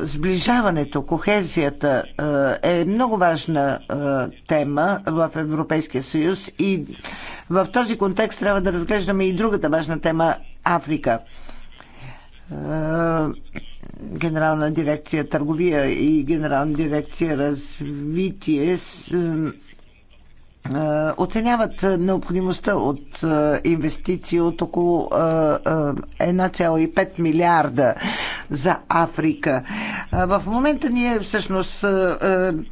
сближаването, кохезията е, е много важна е, тема в Европейския съюз и в този контекст трябва да разглеждаме и другата важна тема Африка генерална дирекция търговия и генерална дирекция развитие е, оценяват необходимостта от е, инвестиции от около 1,5 е, милиарда за Африка. В момента ние всъщност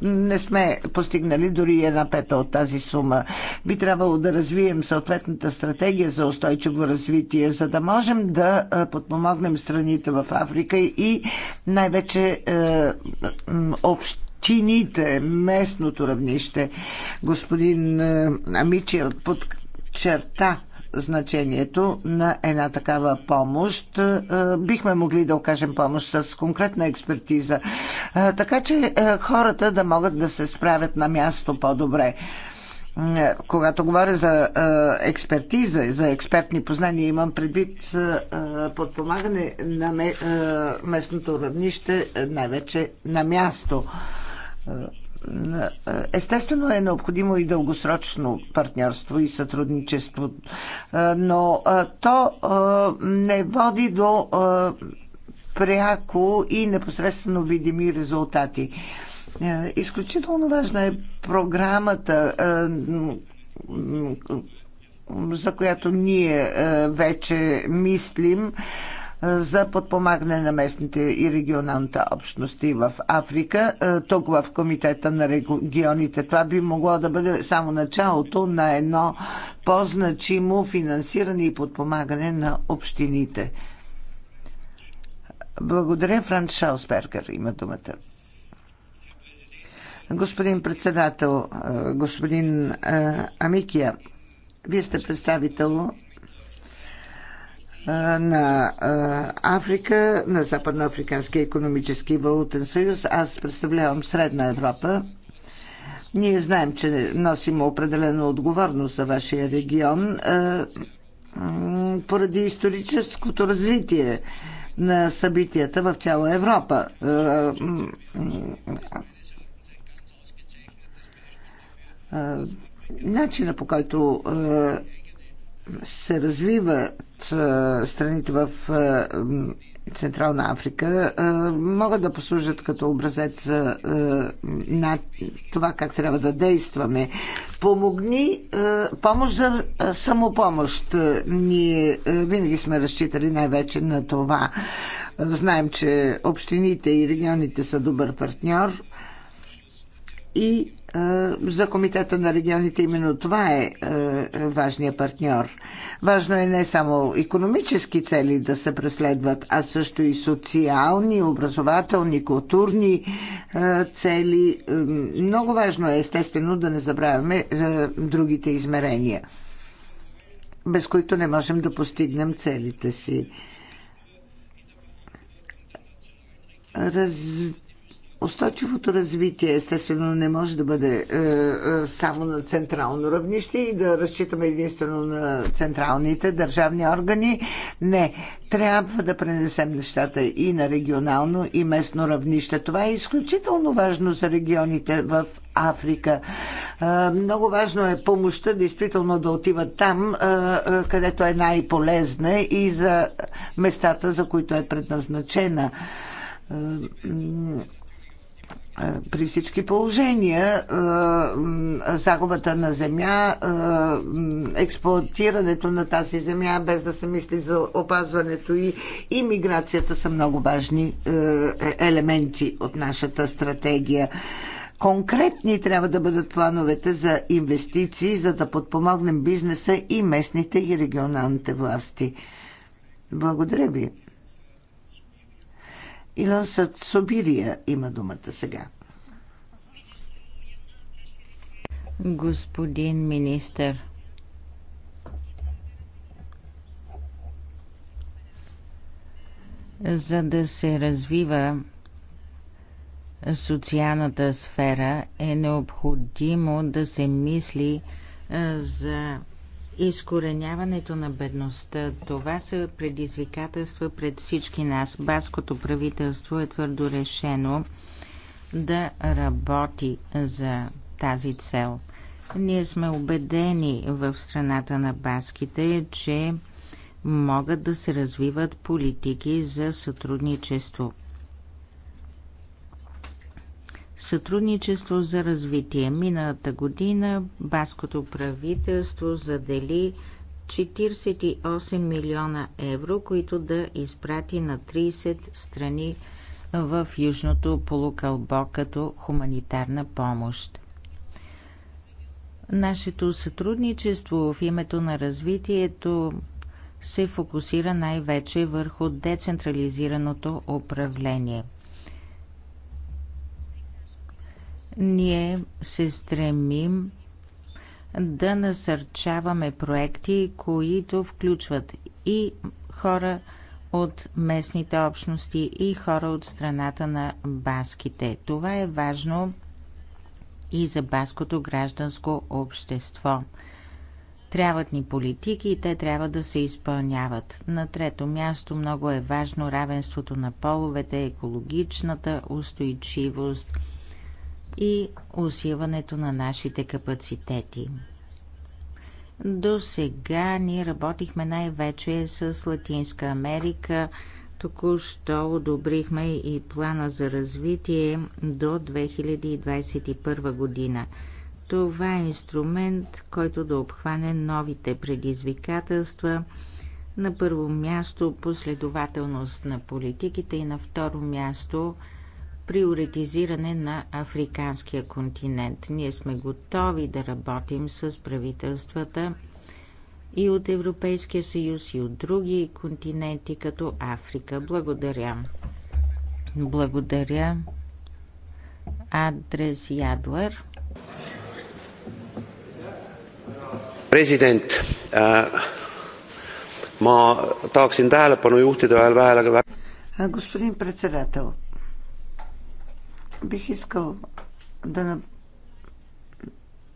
не сме постигнали дори една пета от тази сума. Би трябвало да развием съответната стратегия за устойчиво развитие, за да можем да подпомогнем страните в Африка и най-вече общ общините, местното равнище. Господин е, Амичи подчерта значението на една такава помощ. Е, бихме могли да окажем помощ с конкретна експертиза, е, така че хората да могат да се справят на място по-добре. Когато говоря за експертиза, и за експертни познания, имам предвид подпомагане на местното равнище, най-вече на място. Естествено е необходимо и дългосрочно партньорство и сътрудничество, но то не води до пряко и непосредствено видими резултати. Изключително важна е програмата, за която ние вече мислим за подпомагане на местните и регионалните общности в Африка. Тук в Комитета на регионите това би могло да бъде само началото на едно по-значимо финансиране и подпомагане на общините. Благодаря. Франц Шаусбергер има думата. Господин председател, господин Амикия, вие сте представител на Африка, на Западноафриканския економически и валутен съюз. Аз представлявам Средна Европа. Ние знаем, че носим определена отговорност за вашия регион поради историческото развитие на събитията в цяла Европа. Начина по който се развиват страните в Централна Африка могат да послужат като образец за на това как трябва да действаме. Помогни помощ за самопомощ. Ние винаги сме разчитали най-вече на това. Знаем, че общините и регионите са добър партньор и за Комитета на регионите именно това е важният партньор. Важно е не само економически цели да се преследват, а също и социални, образователни, културни цели. Много важно е, естествено, да не забравяме другите измерения, без които не можем да постигнем целите си. Раз Устойчивото развитие естествено не може да бъде е, е, само на централно равнище и да разчитаме единствено на централните държавни органи. Не, трябва да пренесем нещата и на регионално и местно равнище. Това е изключително важно за регионите в Африка. Е, много важно е помощта действително да отива там, е, е, където е най-полезна и за местата, за които е предназначена е, е, при всички положения е, загубата на земя, е, експлуатирането на тази земя, без да се мисли за опазването и иммиграцията са много важни елементи от нашата стратегия. Конкретни трябва да бъдат плановете за инвестиции, за да подпомогнем бизнеса и местните и регионалните власти. Благодаря ви. Илон Сацобирия има думата сега. Господин министър, за да се развива социалната сфера е необходимо да се мисли за Изкореняването на бедността – това са предизвикателства пред всички нас. Баското правителство е твърдо решено да работи за тази цел. Ние сме убедени в страната на баските, че могат да се развиват политики за сътрудничество сътрудничество за развитие. Миналата година баското правителство задели 48 милиона евро, които да изпрати на 30 страни в Южното полукълбо като хуманитарна помощ. Нашето сътрудничество в името на развитието се фокусира най-вече върху децентрализираното управление – Ние се стремим да насърчаваме проекти, които включват и хора от местните общности и хора от страната на баските. Това е важно и за баското гражданско общество. Трябват ни политики и те трябва да се изпълняват. На трето място много е важно равенството на половете, екологичната устойчивост – и усилването на нашите капацитети. До сега ние работихме най-вече с Латинска Америка. Току-що одобрихме и плана за развитие до 2021 година. Това е инструмент, който да обхване новите предизвикателства. На първо място последователност на политиките и на второ място – приоритизиране на африканския континент. Ние сме готови да работим с правителствата и от Европейския съюз, и от други континенти, като Африка. Благодаря. Благодаря. Адрес Ядлер. Президент, ма tahaksin tähelepanu juhtida veel vähele. Господин председател, Бих искал да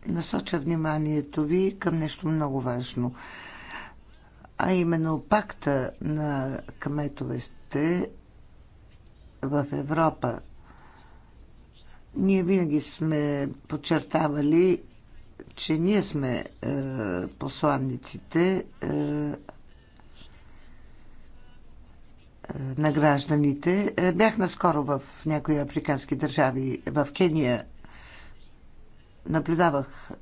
насоча вниманието ви към нещо много важно, а именно пакта на кметовете в Европа. Ние винаги сме подчертавали, че ние сме е, посланниците е, е, на гражданите. Е, бях наскоро в някои африкански държави. В Кения наблюдавах е,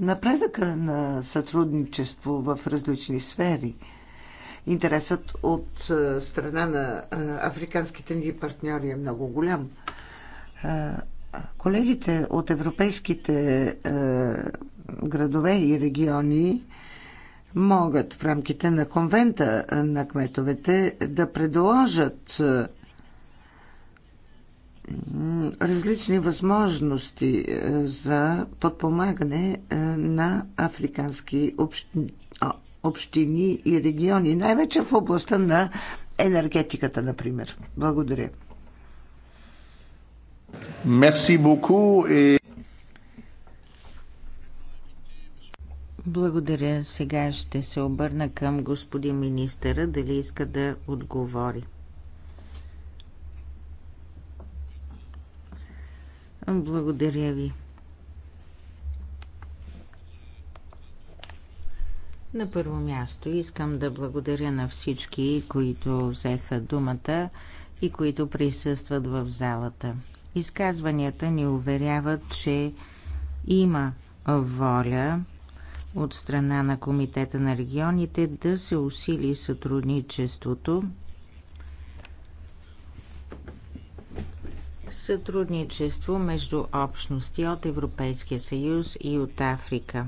напредъка на сътрудничество в различни сфери. Интересът от страна на африканските ни партньори е много голям. Колегите от европейските градове и региони могат в рамките на конвента на кметовете да предложат различни възможности за подпомагане на африкански общини, общини и региони, най-вече в областта на енергетиката, например. Благодаря. Merci beaucoup et... Благодаря. Сега ще се обърна към господин министъра, дали иска да отговори. Благодаря ви. На първо място искам да благодаря на всички, които взеха думата и които присъстват в залата. Изказванията ни уверяват, че има воля от страна на Комитета на регионите да се усили сътрудничеството. Сътрудничество между общности от Европейския съюз и от Африка.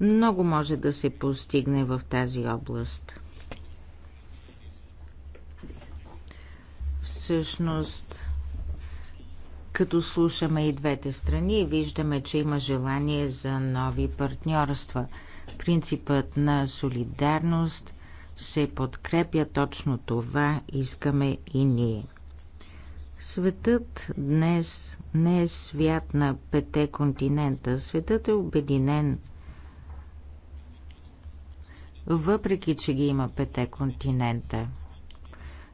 Много може да се постигне в тази област. Всъщност, като слушаме и двете страни, виждаме, че има желание за нови партньорства. Принципът на солидарност се подкрепя точно това, искаме и ние. Светът днес не е свят на пете континента. Светът е обединен. Въпреки, че ги има пете континента –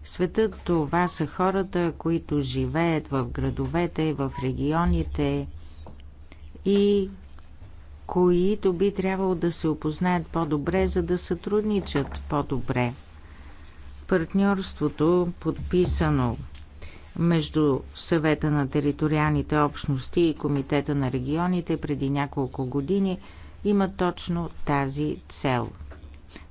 Светът това са хората, които живеят в градовете, в регионите и които би трябвало да се опознаят по-добре, за да сътрудничат по-добре. Партньорството, подписано между съвета на териториалните общности и комитета на регионите преди няколко години има точно тази цел.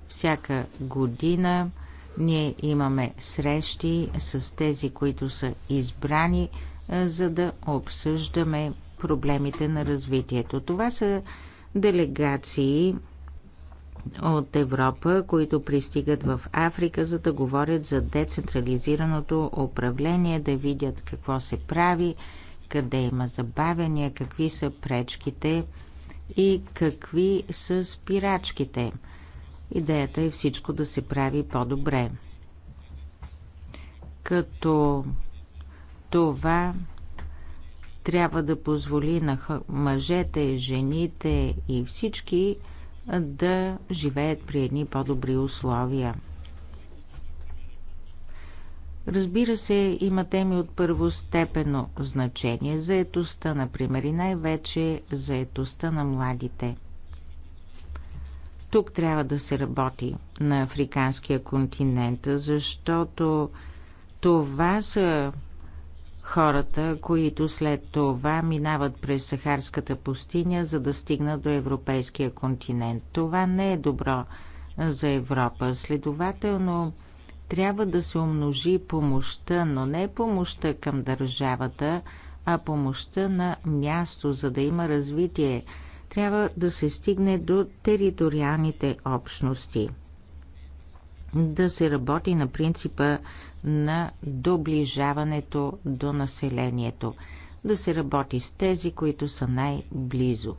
Всяка година ние имаме срещи с тези, които са избрани, е, за да обсъждаме проблемите на развитието. Това са делегации от Европа, които пристигат в Африка, за да говорят за децентрализираното управление, да видят какво се прави, къде има забавения, какви са пречките и какви са спирачките – Идеята е всичко да се прави по-добре. Като това трябва да позволи на мъжете, жените и всички да живеят при едни по-добри условия. Разбира се, има теми от първостепенно значение. Заетостта, например, и най-вече заетостта на младите. Тук трябва да се работи на африканския континент, защото това са хората, които след това минават през Сахарската пустиня, за да стигнат до европейския континент. Това не е добро за Европа. Следователно, трябва да се умножи помощта, но не помощта към държавата, а помощта на място, за да има развитие – трябва да се стигне до териториалните общности. Да се работи на принципа на доближаването до населението. Да се работи с тези, които са най-близо.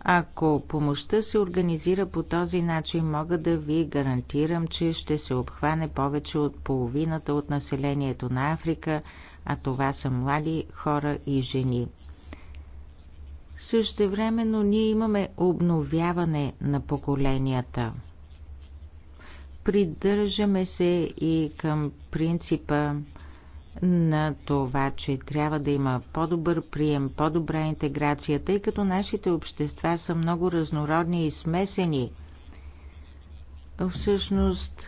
Ако помощта се организира по този начин, мога да ви гарантирам, че ще се обхване повече от половината от населението на Африка, а това са млади хора и жени. Също времено ние имаме обновяване на поколенията. Придържаме се и към принципа на това, че трябва да има по-добър прием, по-добра интеграция, тъй като нашите общества са много разнородни и смесени. Всъщност,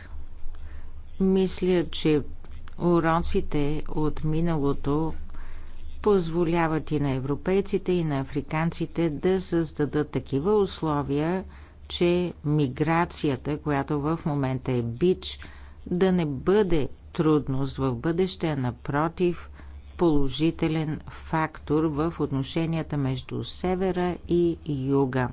мисля, че уроците от миналото позволяват и на европейците, и на африканците да създадат такива условия, че миграцията, която в момента е бич, да не бъде трудност в бъдеще, а напротив положителен фактор в отношенията между севера и юга.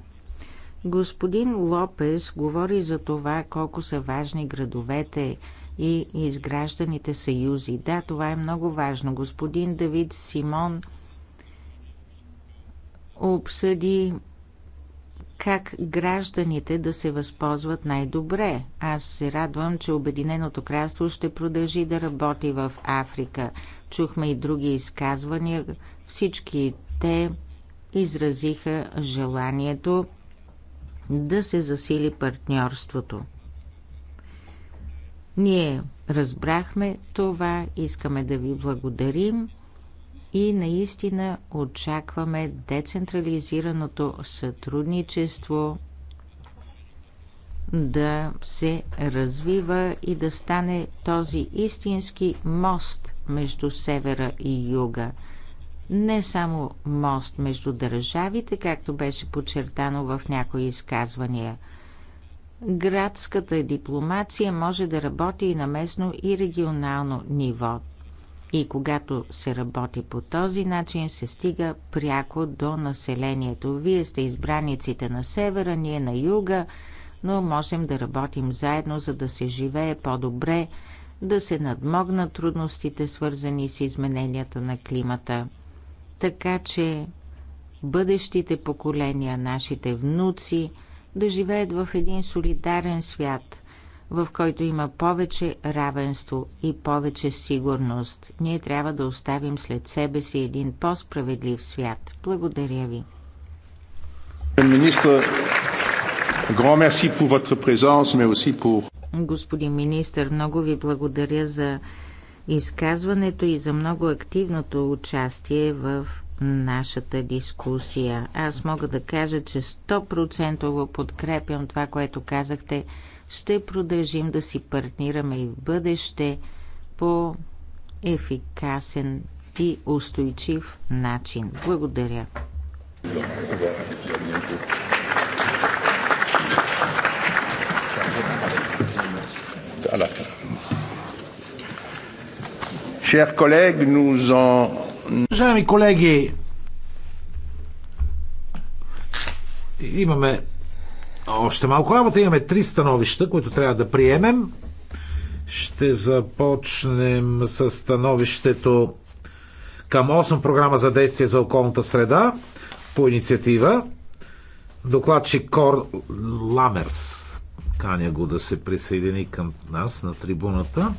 Господин Лопес говори за това колко са важни градовете – и изгражданите съюзи. Да, това е много важно. Господин Давид Симон обсъди как гражданите да се възползват най-добре. Аз се радвам, че Обединеното кралство ще продължи да работи в Африка. Чухме и други изказвания. Всички те изразиха желанието да се засили партньорството. Ние разбрахме това, искаме да ви благодарим и наистина очакваме децентрализираното сътрудничество да се развива и да стане този истински мост между севера и юга. Не само мост между държавите, както беше подчертано в някои изказвания – градската дипломация може да работи и на местно и регионално ниво. И когато се работи по този начин, се стига пряко до населението. Вие сте избраниците на севера, ние на юга, но можем да работим заедно, за да се живее по-добре, да се надмогнат трудностите, свързани с измененията на климата. Така че бъдещите поколения, нашите внуци – да живеят в един солидарен свят, в който има повече равенство и повече сигурност. Ние трябва да оставим след себе си един по-справедлив свят. Благодаря ви. Господин министр, много ви благодаря за изказването и за много активното участие в нашата дискусия. Аз мога да кажа, че 100% подкрепям това, което казахте. Ще продължим да си партнираме и в бъдеще по ефикасен и устойчив начин. Благодаря. Chers collègues, nous en Уважаеми колеги, имаме още малко работа. Имаме три становища, които трябва да приемем. Ще започнем с становището към 8 програма за действие за околната среда по инициатива. Докладчик Кор Ламерс. Каня го да се присъедини към нас на трибуната.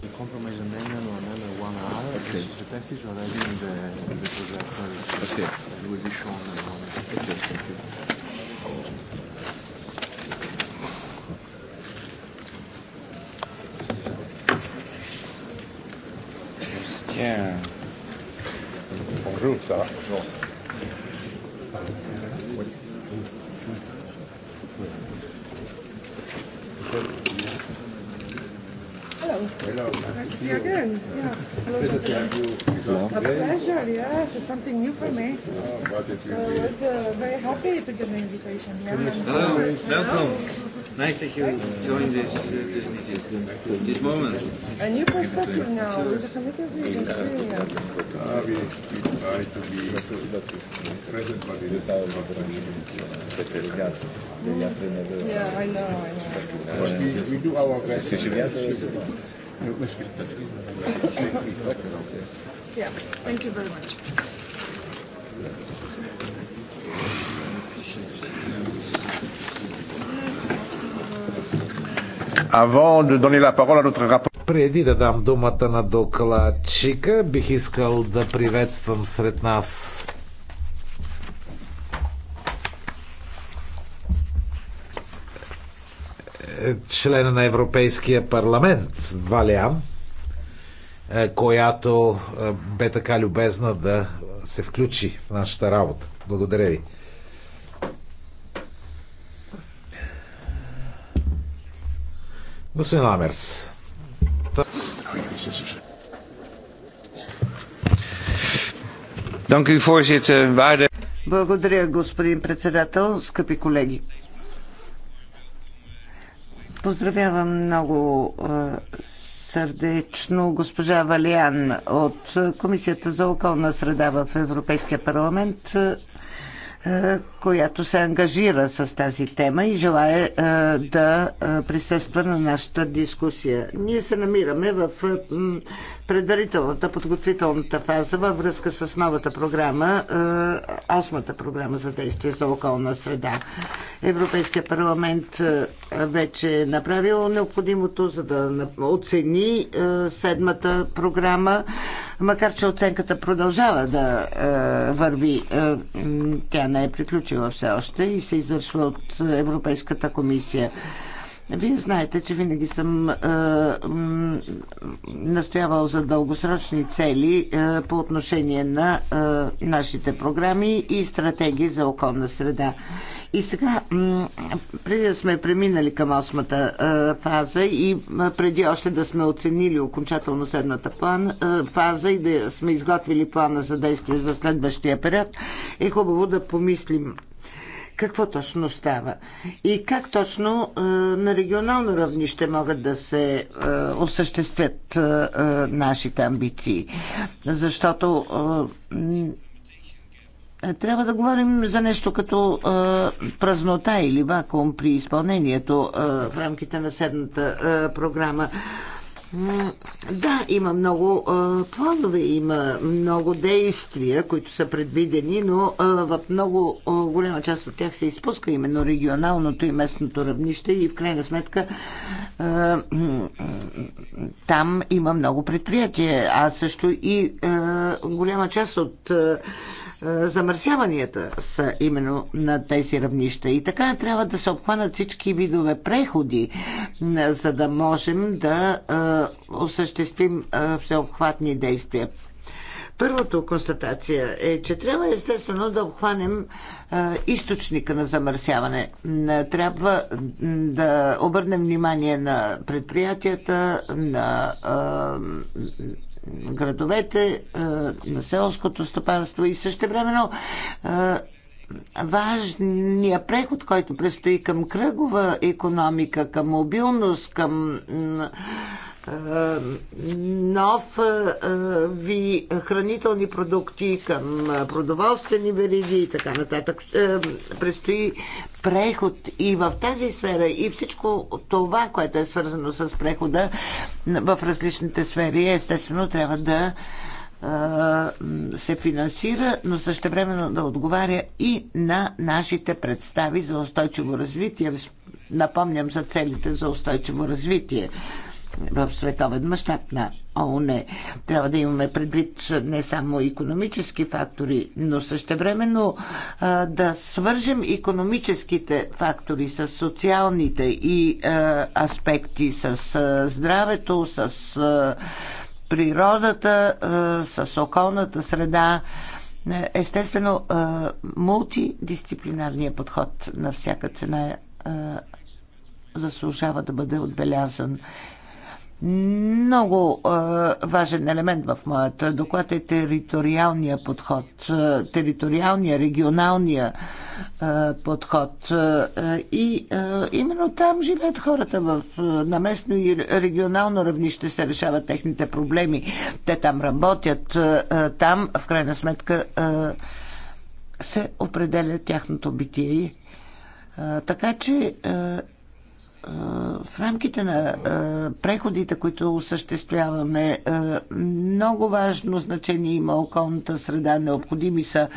The compromise amendment or amendment 1R, okay. the text is already in the, in the projector. Okay. will be shown in Okay, thank you. Yeah. Bonjour, ça va Bonjour. see you again. Yeah. Hello, Dr. A pleasure, yes. It's something new for me. So I was uh, very happy to get the invitation. Yeah, Hello, welcome. Nice that you joined this, uh, this meeting, this moment. A new perspective now with the committee of the we, Yeah, I know, I know. we do our best thank you very much. Avant de donner la parole à notre rapport преди да дам думата на докладчика, бих искал да приветствам сред нас члена на Европейския парламент Валиан, е, която е, бе така любезна да се включи в нашата работа. Благодаря ви. Господин Ламерс. Благодаря, господин председател, скъпи колеги. Поздравявам много е, сърдечно госпожа Валиан от Комисията за околна среда в Европейския парламент, е, която се ангажира с тази тема и желая е, да присъства на нашата дискусия. Ние се намираме в предварителната, подготвителната фаза във връзка с новата програма, е, осмата програма за действие за околна среда. Европейския парламент е, вече е направил необходимото, за да оцени е, седмата програма, макар че оценката продължава да върви. Тя не е приключила все още и се извършва от Европейската комисия. Вие знаете, че винаги съм е, настоявал за дългосрочни цели е, по отношение на е, нашите програми и стратегии за околна среда. И сега, преди да сме преминали към осмата е, фаза и преди още да сме оценили окончателно седната план, е, фаза и да сме изготвили плана за действие за следващия период, е хубаво да помислим какво точно става и как точно на регионално равнище могат да се осъществят нашите амбиции. Защото трябва да говорим за нещо като а, празнота или вакуум при изпълнението а, в рамките на седната а, програма. Да, има много планове, има много действия, които са предвидени, но в много голяма част от тях се изпуска именно регионалното и местното равнище и в крайна сметка там има много предприятия, а също и голяма част от е, замърсяванията са именно на тези равнища. И така трябва да се обхванат всички видове преходи, за да можем да е, осъществим е, всеобхватни действия. Първото констатация е, че трябва естествено да обхванем а, източника на замърсяване. Трябва да обърнем внимание на предприятията, на а, градовете, а, на селското стопанство и също времено важния преход, който предстои към кръгова економика, към мобилност, към а, е, нов е, е, ви хранителни продукти, към продоволствени вериги и така нататък. Предстои преход и в тази сфера и всичко това, което е свързано с прехода в различните сфери, естествено трябва да се финансира, но същевременно да отговаря и на нашите представи за устойчиво развитие. Напомням за целите за устойчиво развитие в световен мащаб на ООН. Трябва да имаме предвид не само економически фактори, но същевременно времено да свържем економическите фактори с социалните и а, аспекти, с а, здравето, с а, природата, а, с околната среда. Естествено, а, мултидисциплинарният подход на всяка цена а, заслужава да бъде отбелязан. Много а, важен елемент в моята доклад е териториалния подход, териториалния, регионалния а, подход. и а, именно там живеят хората в, на местно и регионално равнище се решават техните проблеми. Те там работят, а, там в крайна сметка а, се определя тяхното битие. А, така че в рамките на преходите, които осъществяваме, много важно значение има околната среда. Необходими са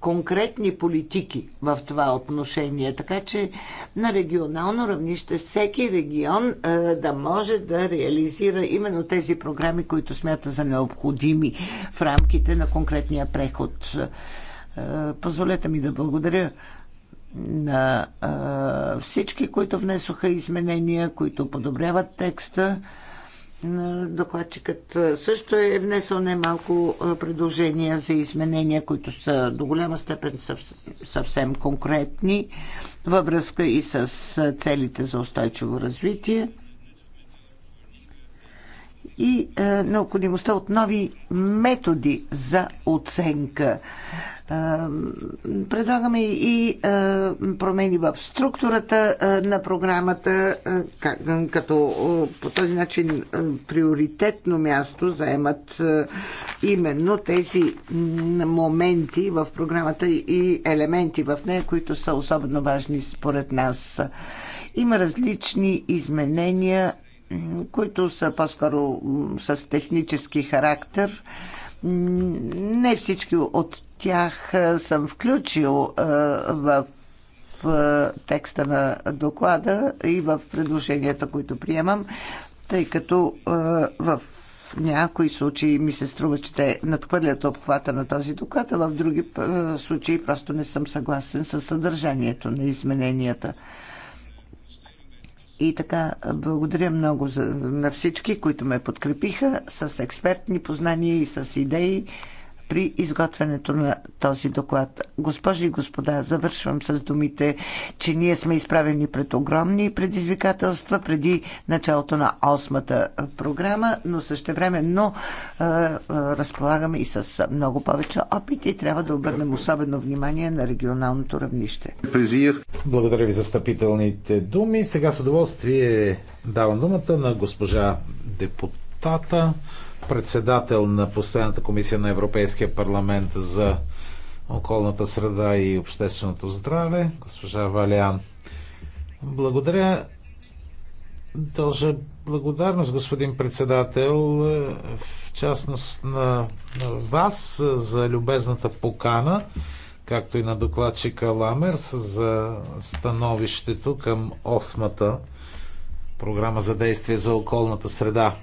конкретни политики в това отношение. Така че на регионално равнище всеки регион да може да реализира именно тези програми, които смята за необходими в рамките на конкретния преход. позволете ми да благодаря на а, всички, които внесоха изменения, които подобряват текста. Докладчикът също е внесъл немалко предложения за изменения, които са до голяма степен съвсем конкретни във връзка и с целите за устойчиво развитие и е, необходимостта от нови методи за оценка. Е, предлагаме и е, промени в структурата е, на програмата, е, как, е, като е, по този начин е, приоритетно място заемат е, именно тези моменти в програмата и елементи в нея, които са особено важни според нас. Има различни изменения които са по-скоро с технически характер. Не всички от тях е, съм включил е, в е, текста на доклада и в предложенията, които приемам, тъй като в някои случаи ми се струва, че те надхвърлят обхвата на този доклад, а в други случаи просто не съм съгласен с съдържанието на измененията. И така, благодаря много за, на всички, които ме подкрепиха с експертни познания и с идеи при изготвянето на този доклад. Госпожи и господа, завършвам с думите, че ние сме изправени пред огромни предизвикателства преди началото на осмата програма, но същевременно е, е разполагаме и с много повече опит и трябва да обърнем особено внимание на регионалното равнище. Благодаря ви за встъпителните думи. Сега с удоволствие давам думата на госпожа депутата председател на Постоянната комисия на Европейския парламент за околната среда и общественото здраве, госпожа Валиан. Благодаря. Дължа благодарност, господин председател, в частност на вас за любезната покана, както и на докладчика Ламерс за становището към осмата програма за действие за околната среда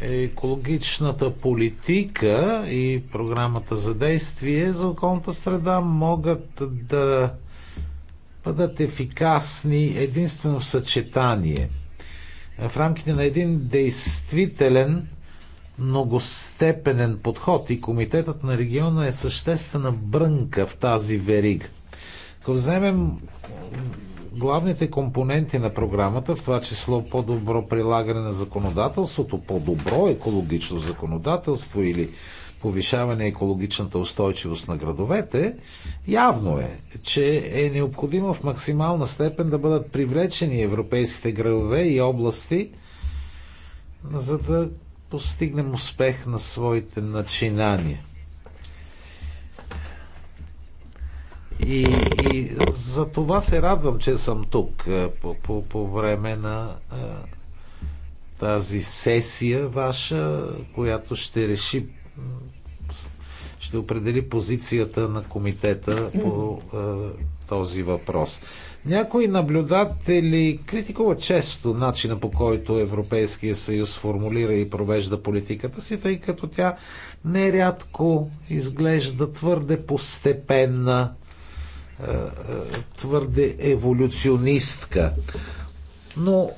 екологичната политика и програмата за действие за околната среда могат да бъдат ефикасни единствено в съчетание. В рамките на един действителен многостепенен подход и Комитетът на региона е съществена брънка в тази верига. Ако вземем главните компоненти на програмата, в това число по-добро прилагане на законодателството, по-добро екологично законодателство или повишаване екологичната устойчивост на градовете, явно е, че е необходимо в максимална степен да бъдат привлечени европейските градове и области, за да постигнем успех на своите начинания. И, и за това се радвам, че съм тук е, по, по, по време на а, е, тази сесия ваша, която ще реши, ще определи позицията на комитета по а, е, този въпрос. Някои наблюдатели критикуват често начина по който Европейския съюз формулира и провежда политиката си, тъй като тя нерядко изглежда твърде постепенна твърде еволюционистка. Но,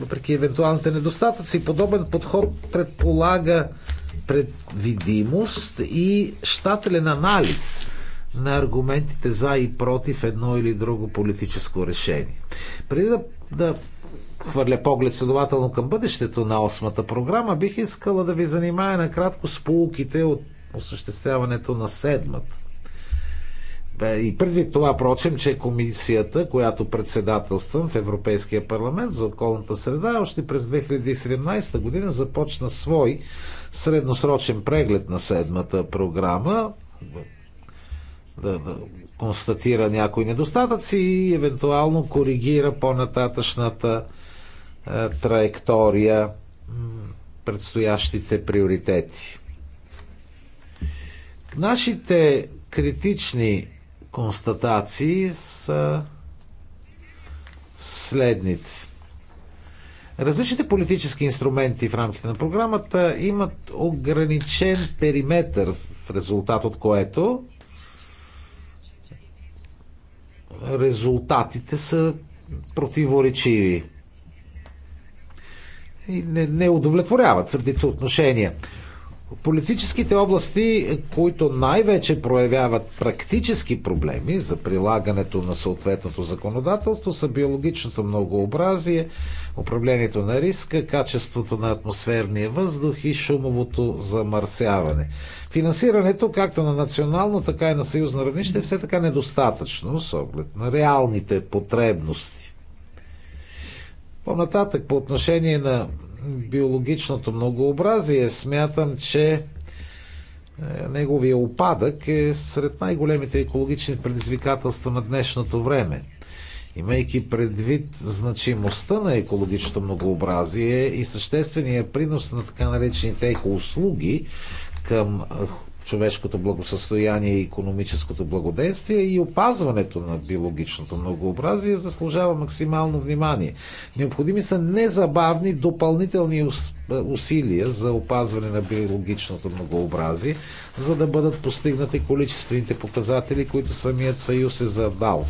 въпреки евентуалните недостатъци, подобен подход предполага предвидимост и щателен анализ на аргументите за и против едно или друго политическо решение. Преди да, да хвърля поглед следователно към бъдещето на осмата програма, бих искала да ви занимая накратко с полуките от осъществяването на седмата. Е, и преди това, прочим, че комисията, която председателствам в Европейския парламент за околната среда, още през 2017 година започна свой средносрочен преглед на седмата програма, да, да констатира някои недостатъци и евентуално коригира по-нататъчната е, траектория предстоящите приоритети. Нашите критични констатации са следните. Различните политически инструменти в рамките на програмата имат ограничен периметър, в резултат от което резултатите са противоречиви и не, не удовлетворяват в редица отношения. Политическите области, които най-вече проявяват практически проблеми за прилагането на съответното законодателство, са биологичното многообразие, управлението на риска, качеството на атмосферния въздух и шумовото замърсяване. Финансирането, както на национално, така и на съюзно равнище, е все така недостатъчно с оглед на реалните потребности. По-нататък, по отношение на биологичното многообразие. Смятам, че е, неговия опадък е сред най-големите екологични предизвикателства на днешното време. Имайки предвид значимостта на екологичното многообразие и съществения принос на така наречените екоуслуги към човешкото благосъстояние и економическото благоденствие и опазването на биологичното многообразие заслужава максимално внимание. Необходими са незабавни допълнителни усилия за опазване на биологичното многообразие, за да бъдат постигнати количествените показатели, които самият съюз е задал.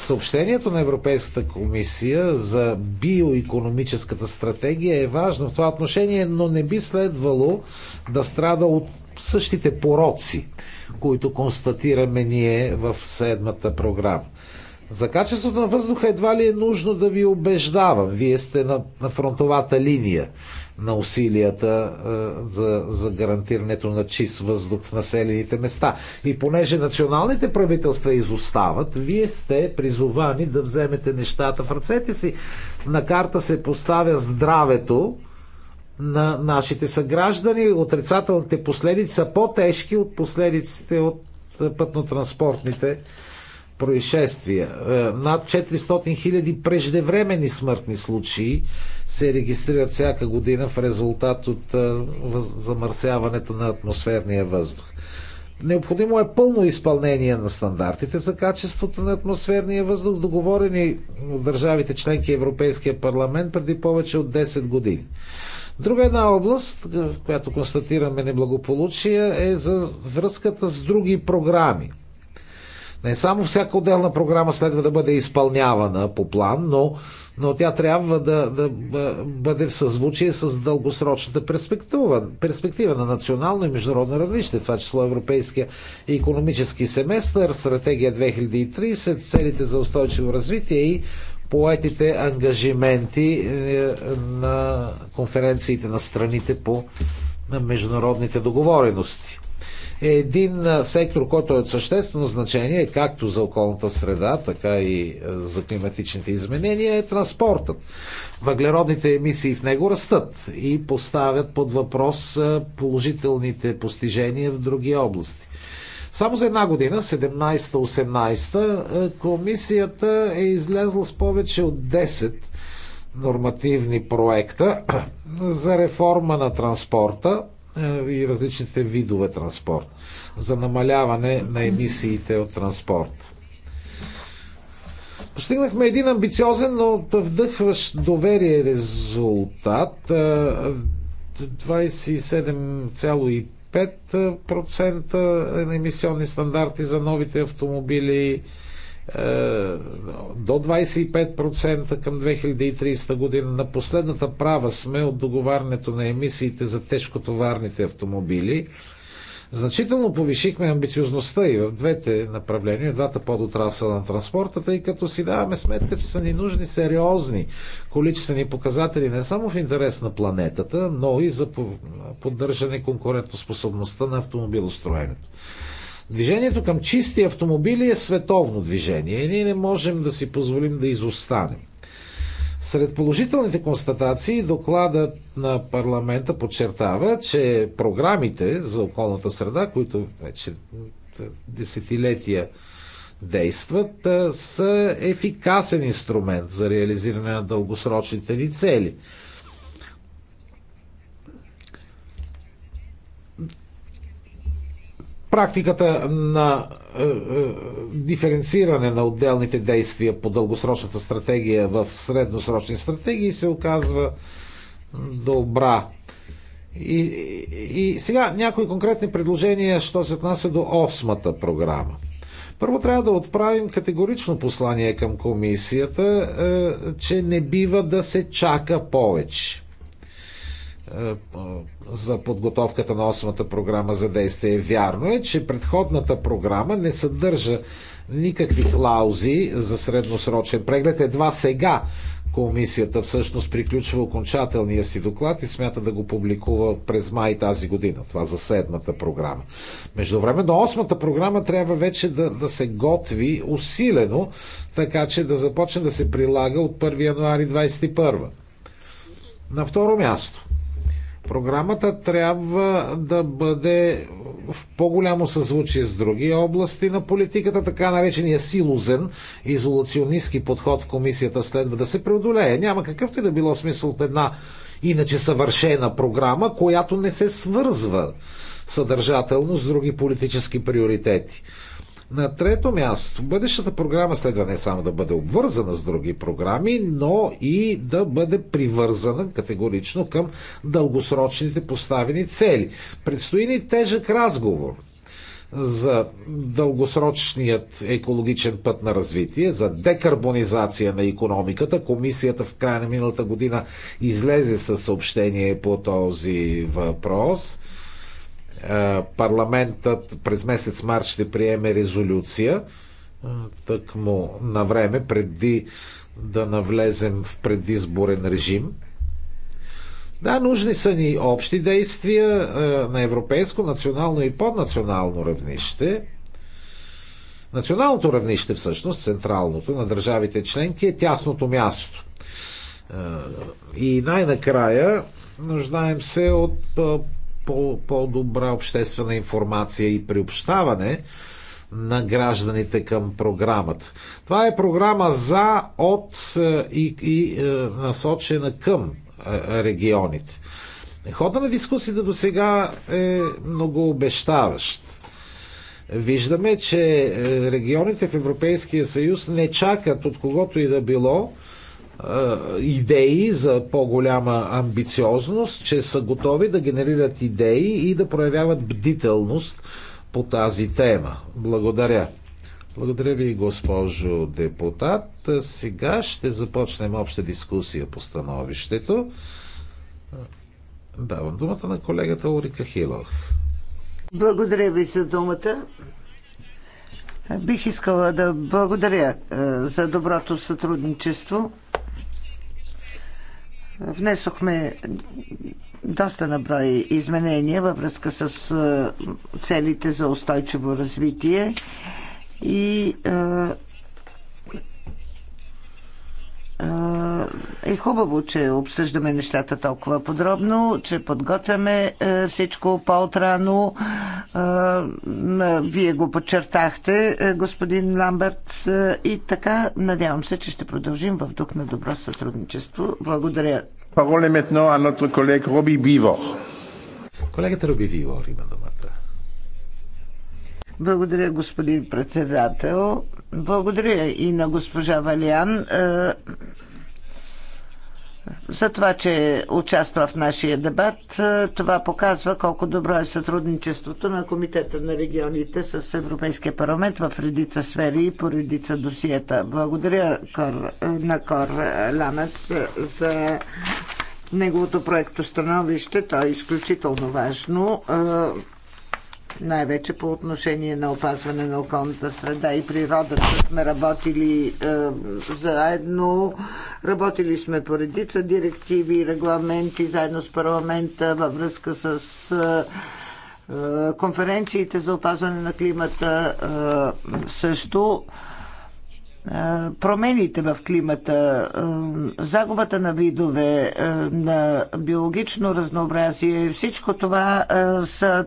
Съобщението на Европейската комисия за биоекономическата стратегия е важно в това отношение, но не би следвало да страда от същите пороци, които констатираме ние в седмата програма. За качеството на въздуха едва ли е нужно да ви убеждавам. Вие сте на, на фронтовата линия на усилията е, за, за гарантирането на чист въздух в населените места. И понеже националните правителства изостават, вие сте призовани да вземете нещата в ръцете си. На карта се поставя здравето на нашите съграждани. Отрицателните последици са по-тежки от последиците от е, пътно-транспортните происшествия. Е, над 400 000 преждевремени смъртни случаи се регистрират всяка година в резултат от е, замърсяването на атмосферния въздух. Необходимо е пълно изпълнение на стандартите за качеството на атмосферния въздух, договорени от държавите членки Европейския парламент преди повече от 10 години. Друга една област, в която констатираме неблагополучие, е за връзката с други програми – не само всяка отделна програма следва да бъде изпълнявана по план, но, но тя трябва да, да бъде в съзвучие с дългосрочната перспектива, перспектива на национално и международно равнище, това число Европейския економически семестър, стратегия 2030, целите за устойчиво развитие и поетите ангажименти е, на конференциите на страните по международните договорености е един сектор, който е от съществено значение, както за околната среда, така и за климатичните изменения, е транспортът. Въглеродните емисии в него растат и поставят под въпрос положителните постижения в други области. Само за една година, 17-18, комисията е излезла с повече от 10 нормативни проекта <clears throat> за реформа на транспорта, е, и различните видове транспорт за намаляване на емисиите от транспорт. Постигнахме един амбициозен, но вдъхващ доверие резултат. 27,5% е, на емисионни стандарти за новите автомобили, е, до 25% към 2030 година. На последната права сме от договарянето на емисиите за тежкотоварните автомобили. Значително повишихме амбициозността и в двете направления, в двата подотраса на транспорта, тъй като си даваме сметка, че са ни нужни сериозни количествени показатели не само в интерес на планетата, но и за поддържане конкурентоспособността на автомобилостроенето. Движението към чисти автомобили е световно движение и ние не можем да си позволим да изостанем. Сред положителните констатации докладът на парламента подчертава, че програмите за околната среда, които вече десетилетия действат, са ефикасен инструмент за реализиране на дългосрочните ни цели – Практиката на е, е, диференциране на отделните действия по дългосрочната стратегия в средносрочни стратегии се оказва добра. И, и, и сега някои конкретни предложения, що се отнася до осмата програма. Първо трябва да отправим категорично послание към комисията, е, че не бива да се чака повече. Е, за подготовката на 8-та програма за действие. Вярно е, че предходната програма не съдържа никакви клаузи за средносрочен преглед. Едва сега комисията всъщност приключва окончателния си доклад и смята да го публикува през май тази година. Това за седмата програма. Между време до осмата програма трябва вече да, да се готви усилено, така че да започне да се прилага от 1 януари 21. На второ място, Програмата трябва да бъде в по-голямо съзвучие с други области на политиката, така наречения силозен, изолационистски подход в комисията следва да се преодолее. Няма какъв и да било смисъл от една иначе съвършена програма, която не се свързва съдържателно с други политически приоритети. На трето място, бъдещата програма следва не само да бъде обвързана с други програми, но и да бъде привързана категорично към дългосрочните поставени цели. Предстои ни тежък разговор за дългосрочният екологичен път на развитие, за декарбонизация на економиката. Комисията в края на миналата година излезе със съобщение по този въпрос – е, парламентът през месец март ще приеме резолюция е, тъкмо на време, преди да навлезем в предизборен режим. Да, нужни са ни общи действия е, на европейско, национално и поднационално равнище. Националното равнище, всъщност, централното на държавите членки е тясното място. И най-накрая нуждаем се от по-добра -по обществена информация и приобщаване на гражданите към програмата. Това е програма за, от е, и, и е, насочена към е, регионите. Хода на дискусията до сега е много обещаващ. Виждаме, че регионите в Европейския съюз не чакат от когото и да било идеи за по-голяма амбициозност, че са готови да генерират идеи и да проявяват бдителност по тази тема. Благодаря. Благодаря ви, госпожо депутат. Сега ще започнем обща дискусия по становището. Давам думата на колегата Орика Хилов. Благодаря ви за думата. Бих искала да благодаря за доброто сътрудничество. Внесохме доста наброи изменения във връзка с е, целите за устойчиво развитие и е, е, е хубаво, че обсъждаме нещата толкова подробно, че подготвяме е, всичко по-отрано. Е, е, вие го подчертахте, господин Ламберт, и така надявам се, че ще продължим в дух на добро сътрудничество. Благодаря. Пароле метно а notre колег Роби Бивор. Колегата Роби Бивор има думата. Благодаря, господин председател. Благодаря и на госпожа Валиан за това, че участва в нашия дебат. Е, това показва колко добро е сътрудничеството на Комитета на регионите с Европейския парламент в редица сфери и по редица досиета. Благодаря е, на Кор е, Ламец за неговото проекто становище. То е изключително важно най-вече по отношение на опазване на околната среда и природата сме работили е, заедно. Работили сме по редица директиви и регламенти заедно с парламента във връзка с е, е конференциите за опазване на климата е, също промените в климата, загубата на видове, на биологично разнообразие, всичко това са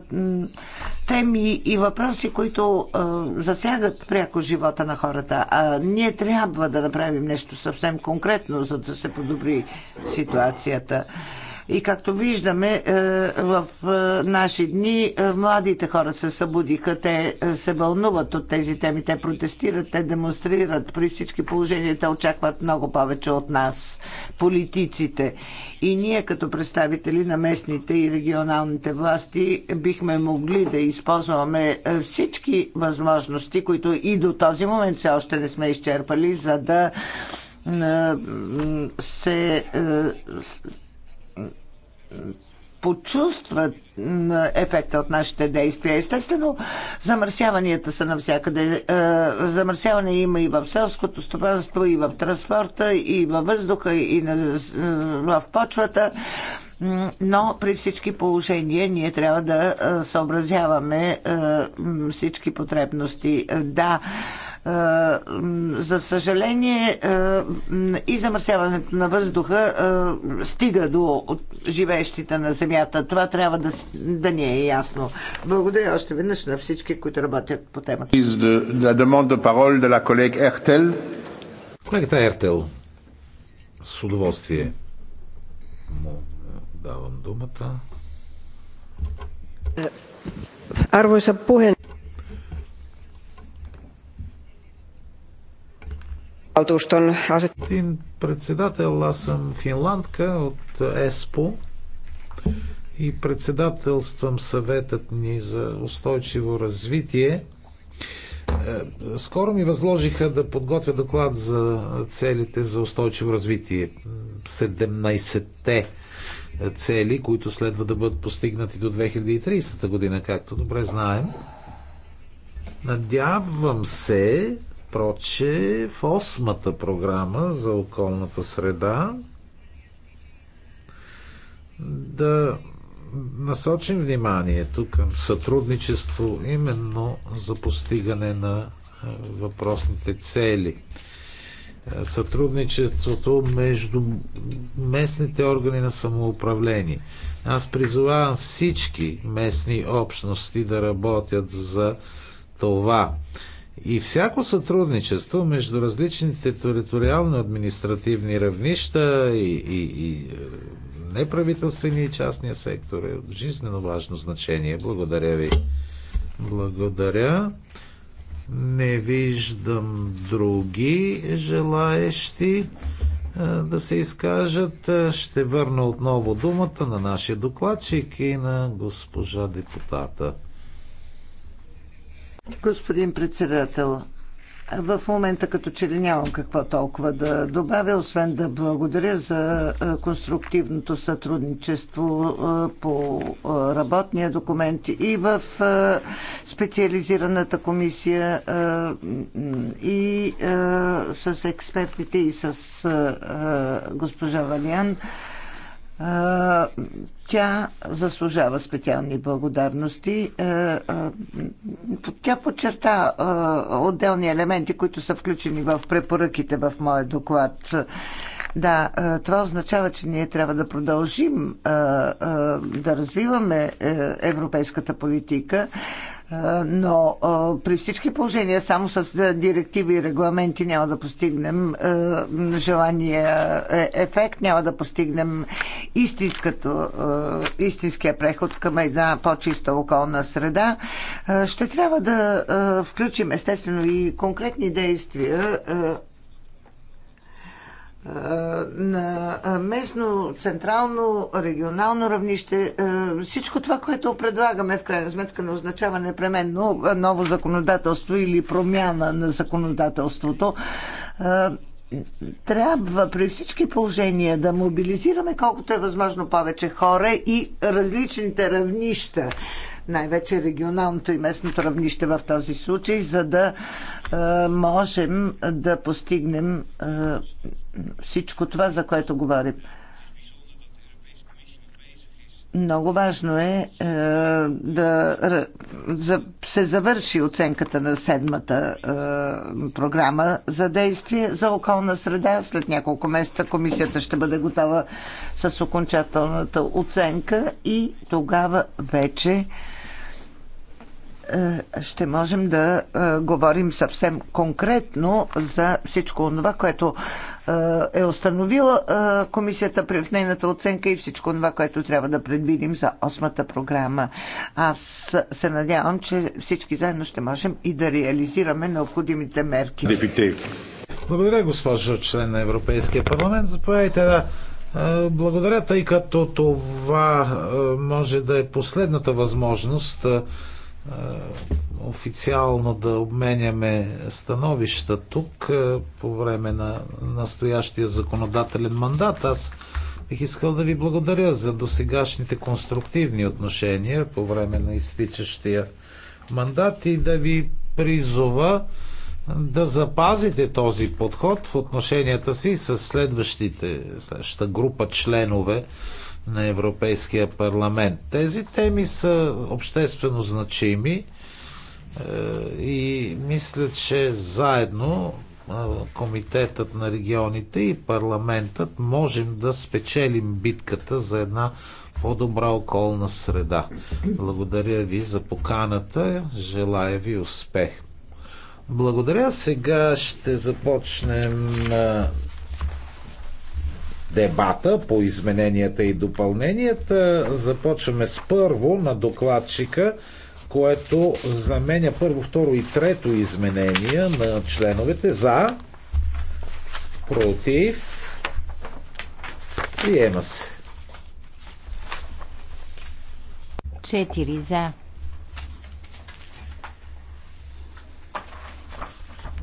теми и въпроси, които засягат пряко живота на хората. А ние трябва да направим нещо съвсем конкретно, за да се подобри ситуацията. И както виждаме, е, в е, наши дни е, младите хора се събудиха, те се вълнуват от тези теми, те протестират, те демонстрират. При всички положения те очакват много повече от нас, политиците. И ние като представители на местните и регионалните власти бихме могли да използваме всички възможности, които и до този момент все още не сме изчерпали, за да се почувстват ефекта от нашите действия. Естествено, замърсяванията са навсякъде. Е, замърсяване има и в селското стопанство, и в транспорта, и във въздуха, и е, в почвата. Но при всички положения ние трябва да е, съобразяваме всички потребности. Да, е, за съжаление е, и замърсяването на въздуха е, стига до живеещите на земята. Това трябва да, да ни е ясно. Благодаря още веднъж на всички, които работят по темата. Колегата Ертел, с удоволствие му давам думата. Arvoisa puhemies. Господин председател, аз съм финландка от ЕСПО и председателствам съветът ни за устойчиво развитие. Е, скоро ми възложиха да подготвя доклад за целите за устойчиво развитие. 17-те цели, които следва да бъдат постигнати до 2030 година, както добре знаем. Надявам се Проче в осмата програма за околната среда да насочим вниманието към сътрудничество именно за постигане на въпросните цели. Сътрудничеството между местните органи на самоуправление. Аз призовавам всички местни общности да работят за това. И всяко сътрудничество между различните териториално административни равнища и, и, и е, неправителствения и частния сектор е от жизнено важно значение. Благодаря ви. Благодаря. Не виждам други желаещи е, да се изкажат. Ще върна отново думата на нашия докладчик и на госпожа депутата. Господин председател, в момента като че ли нямам какво толкова да добавя, освен да благодаря за конструктивното сътрудничество по работния документ и в специализираната комисия и с експертите и с госпожа Валян. Тя заслужава специални благодарности. Тя подчерта отделни елементи, които са включени в препоръките в моя доклад. Да, е, това означава, че ние трябва да продължим е, е, да развиваме европейската политика, но при всички положения само с директиви и регламенти няма да постигнем желания ефект, няма да постигнем истинския преход към една по-чиста околна среда. Ще трябва да включим естествено и конкретни действия е, на местно, централно, регионално равнище. Е, всичко това, което предлагаме в крайна сметка не означава непременно ново законодателство или промяна на законодателството. Е, трябва при всички положения да мобилизираме колкото е възможно повече хора и различните равнища най-вече регионалното и местното равнище в този случай, за да е, можем да постигнем всичко това, за което говорим. Много важно е, е да за, се завърши оценката на седмата е, програма за действие за околна среда. След няколко месеца комисията ще бъде готова с окончателната оценка и тогава вече е, ще можем да е, говорим съвсем конкретно за всичко това, което е, е установила комисията при нейната оценка и всичко това, което трябва да предвидим за осмата програма. Аз се надявам, че всички заедно ще можем и да реализираме необходимите мерки. Благодаря, госпожо член на Европейския парламент. Заповядайте да благодаря, тъй като това може да е последната възможност е, официално да обменяме становища тук е, по време на настоящия законодателен мандат. Аз бих искал да ви благодаря за досегашните конструктивни отношения по време на изтичащия мандат и да ви призова да запазите този подход в отношенията си с следващите, следващата група членове на Европейския парламент. Тези теми са обществено значими е, и мисля, че заедно е, Комитетът на регионите и парламентът можем да спечелим битката за една по-добра околна среда. Благодаря ви за поканата. Желая ви успех. Благодаря. Сега ще започнем е, дебата по измененията и допълненията. Започваме с първо на докладчика, което заменя първо, второ и трето изменения на членовете за, против, приема се. 4 за.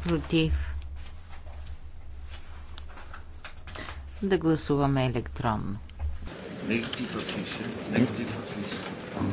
Против. да гласуваме електронно. um.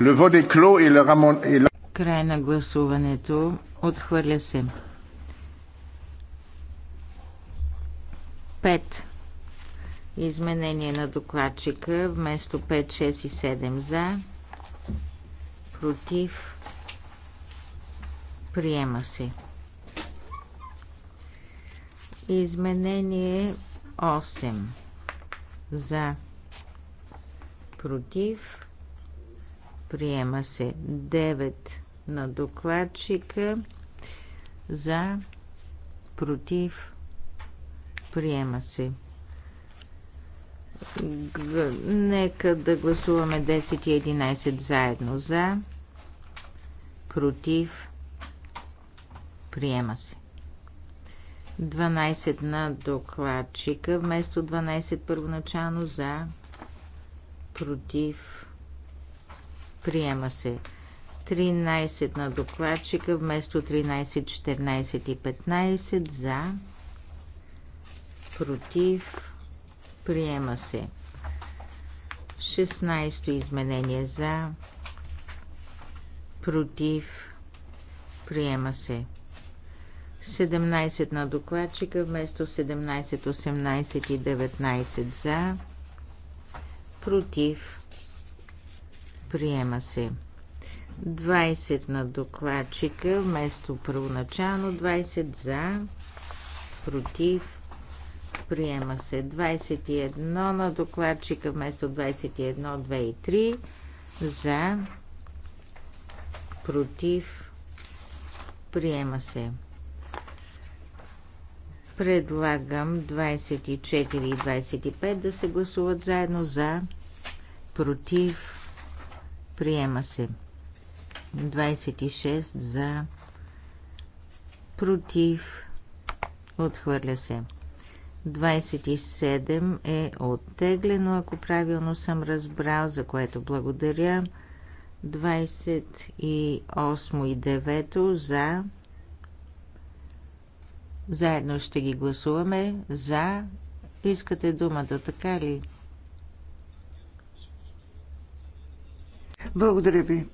Le vote est clos et le Край на гласуването. Отхвърля се. 5. Изменение на докладчика вместо 5, 6 и 7 за. Против. Приема се. Изменение 8 за. Против. Приема се 9 на докладчика за против. Приема се. Нека да гласуваме 10 и 11 заедно за против. Приема се. 12 на докладчика вместо 12 първоначално за против. Приема се. 13 на докладчика вместо 13, 14 и 15 за. Против. Приема се. 16 изменение за. Против. Приема се. 17 на докладчика вместо 17, 18 и 19 за. Против. Приема се. 20 на докладчика вместо първоначално 20 за, против, приема се 21 на докладчика вместо 21, 2 и 3 за, против, приема се. Предлагам 24 и 25 да се гласуват заедно за, против, Приема се. 26 за. Против. Отхвърля се. 27 е оттеглено, ако правилно съм разбрал, за което благодаря. 28 и 9 за. Заедно ще ги гласуваме. За. Искате думата, така ли? Благодаря ви.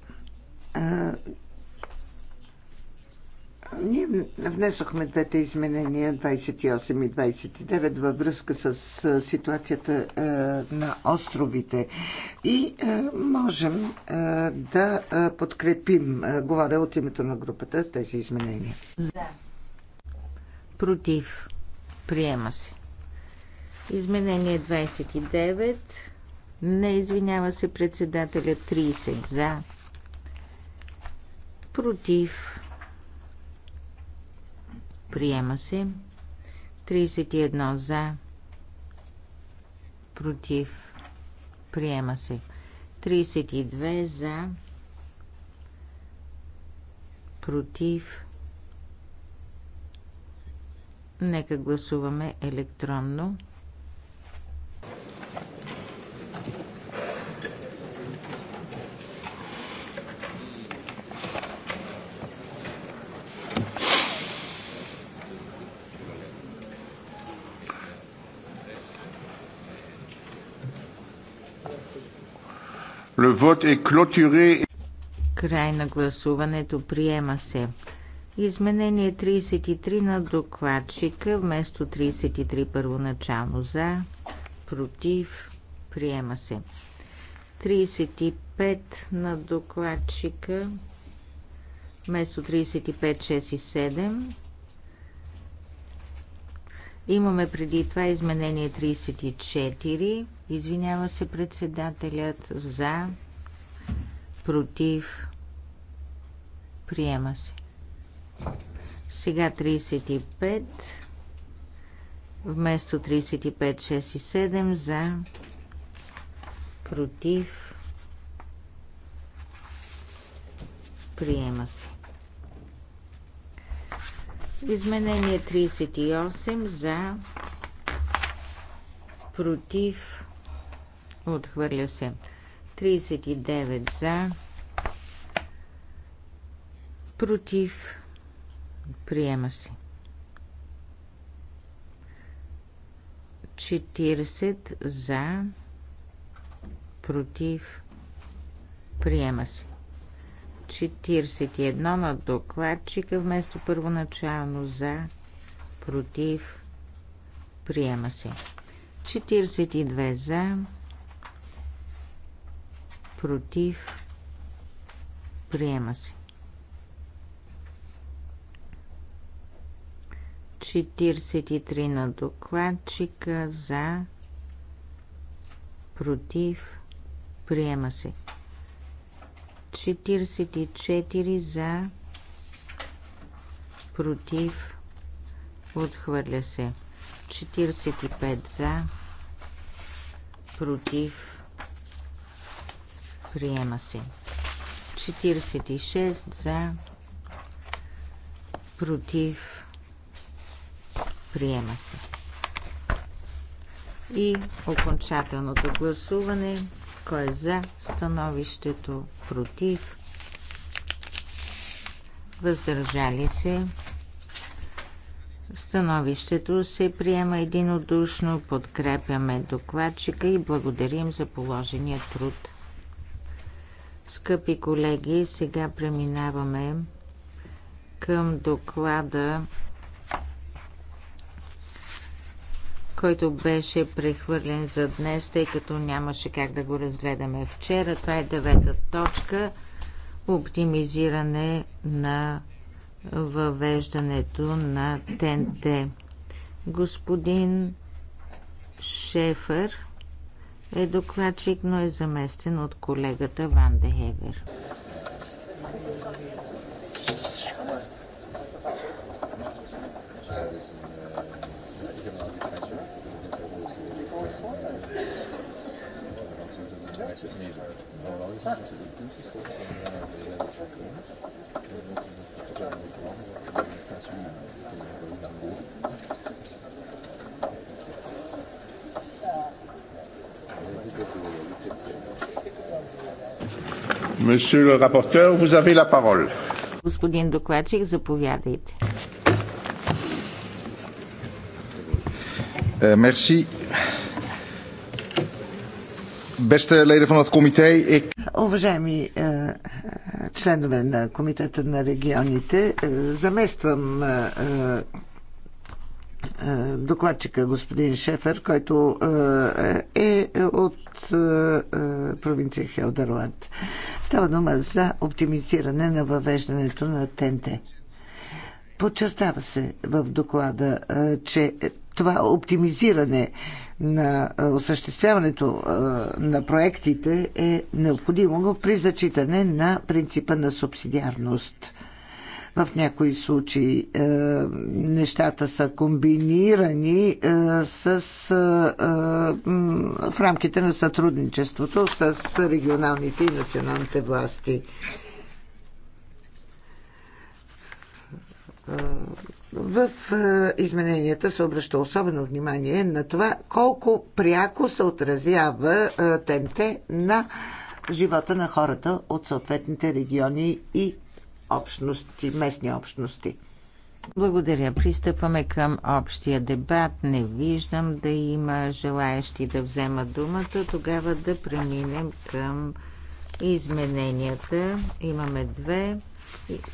Ние внесохме двете изменения 28 и 29 във връзка с ситуацията на островите и можем да подкрепим, говоря от името на групата, тези изменения. За. Против. Приема се. Изменение 29 не извинява се председателя 30 за. Против. Приема се. 31 за. Против. Приема се. 32 за. Против. Нека гласуваме електронно. 32. Le vote est clôturé. Край на гласуването приема се. Изменение 33 на докладчика вместо 33 първоначално за, против, приема се. 35 на докладчика вместо 35, 6 и 7 Имаме преди това изменение 34. Извинява се председателят за, против, приема се. Сега 35, вместо 35, 6 и 7 за, против, приема се. Изменение 38 за против отхвърля се. 39 за против приема се. 40 за против приема се. 41 на докладчика вместо първоначално за, против, приема се. 42 за, против, приема се. 43 на докладчика за, против, приема се. 44 за, против, отхвърля се. 45 за, против, приема се. 46 за, против, приема се. И окончателното гласуване кой е за становището? Против? Въздържали се? Становището се приема единодушно, подкрепяме докладчика и благодарим за положения труд. Скъпи колеги, сега преминаваме към доклада който беше прехвърлен за днес, тъй като нямаше как да го разгледаме вчера. Това е девета точка оптимизиране на въвеждането на ТНТ. Господин Шефър е докладчик, но е заместен от колегата Ван Дехевер. Monsieur le rapporteur, vous avez la parole. Господин докладчик, заповядайте. Мерси. Beste leden van het comité, ik... Уважаеми е, е, членове на Комитета на регионите, е, замествам докладчика господин Шефер, който е, от провинция Хелдерланд. Става дума за оптимизиране на въвеждането на ТНТ. Подчертава се в доклада, че това оптимизиране на осъществяването на проектите е необходимо при зачитане на принципа на субсидиарност. В някои случаи е, нещата са комбинирани е, с, е, в рамките на сътрудничеството с регионалните и националните власти. Е, в е, измененията се обръща особено внимание на това колко пряко се отразява е, ТНТ на живота на хората от съответните региони и общности, местни общности. Благодаря. Пристъпваме към общия дебат. Не виждам да има желаящи да вземат думата. Тогава да преминем към измененията. Имаме две.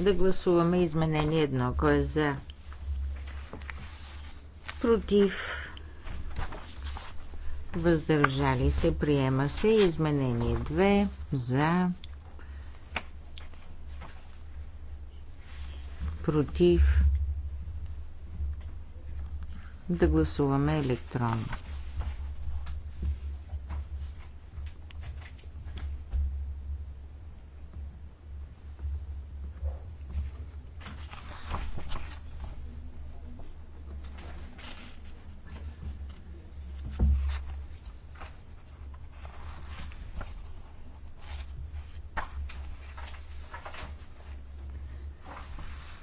Да гласуваме изменение едно. Кой е за? против, въздържали се, приема се, изменение 2, за, против, да гласуваме електронно.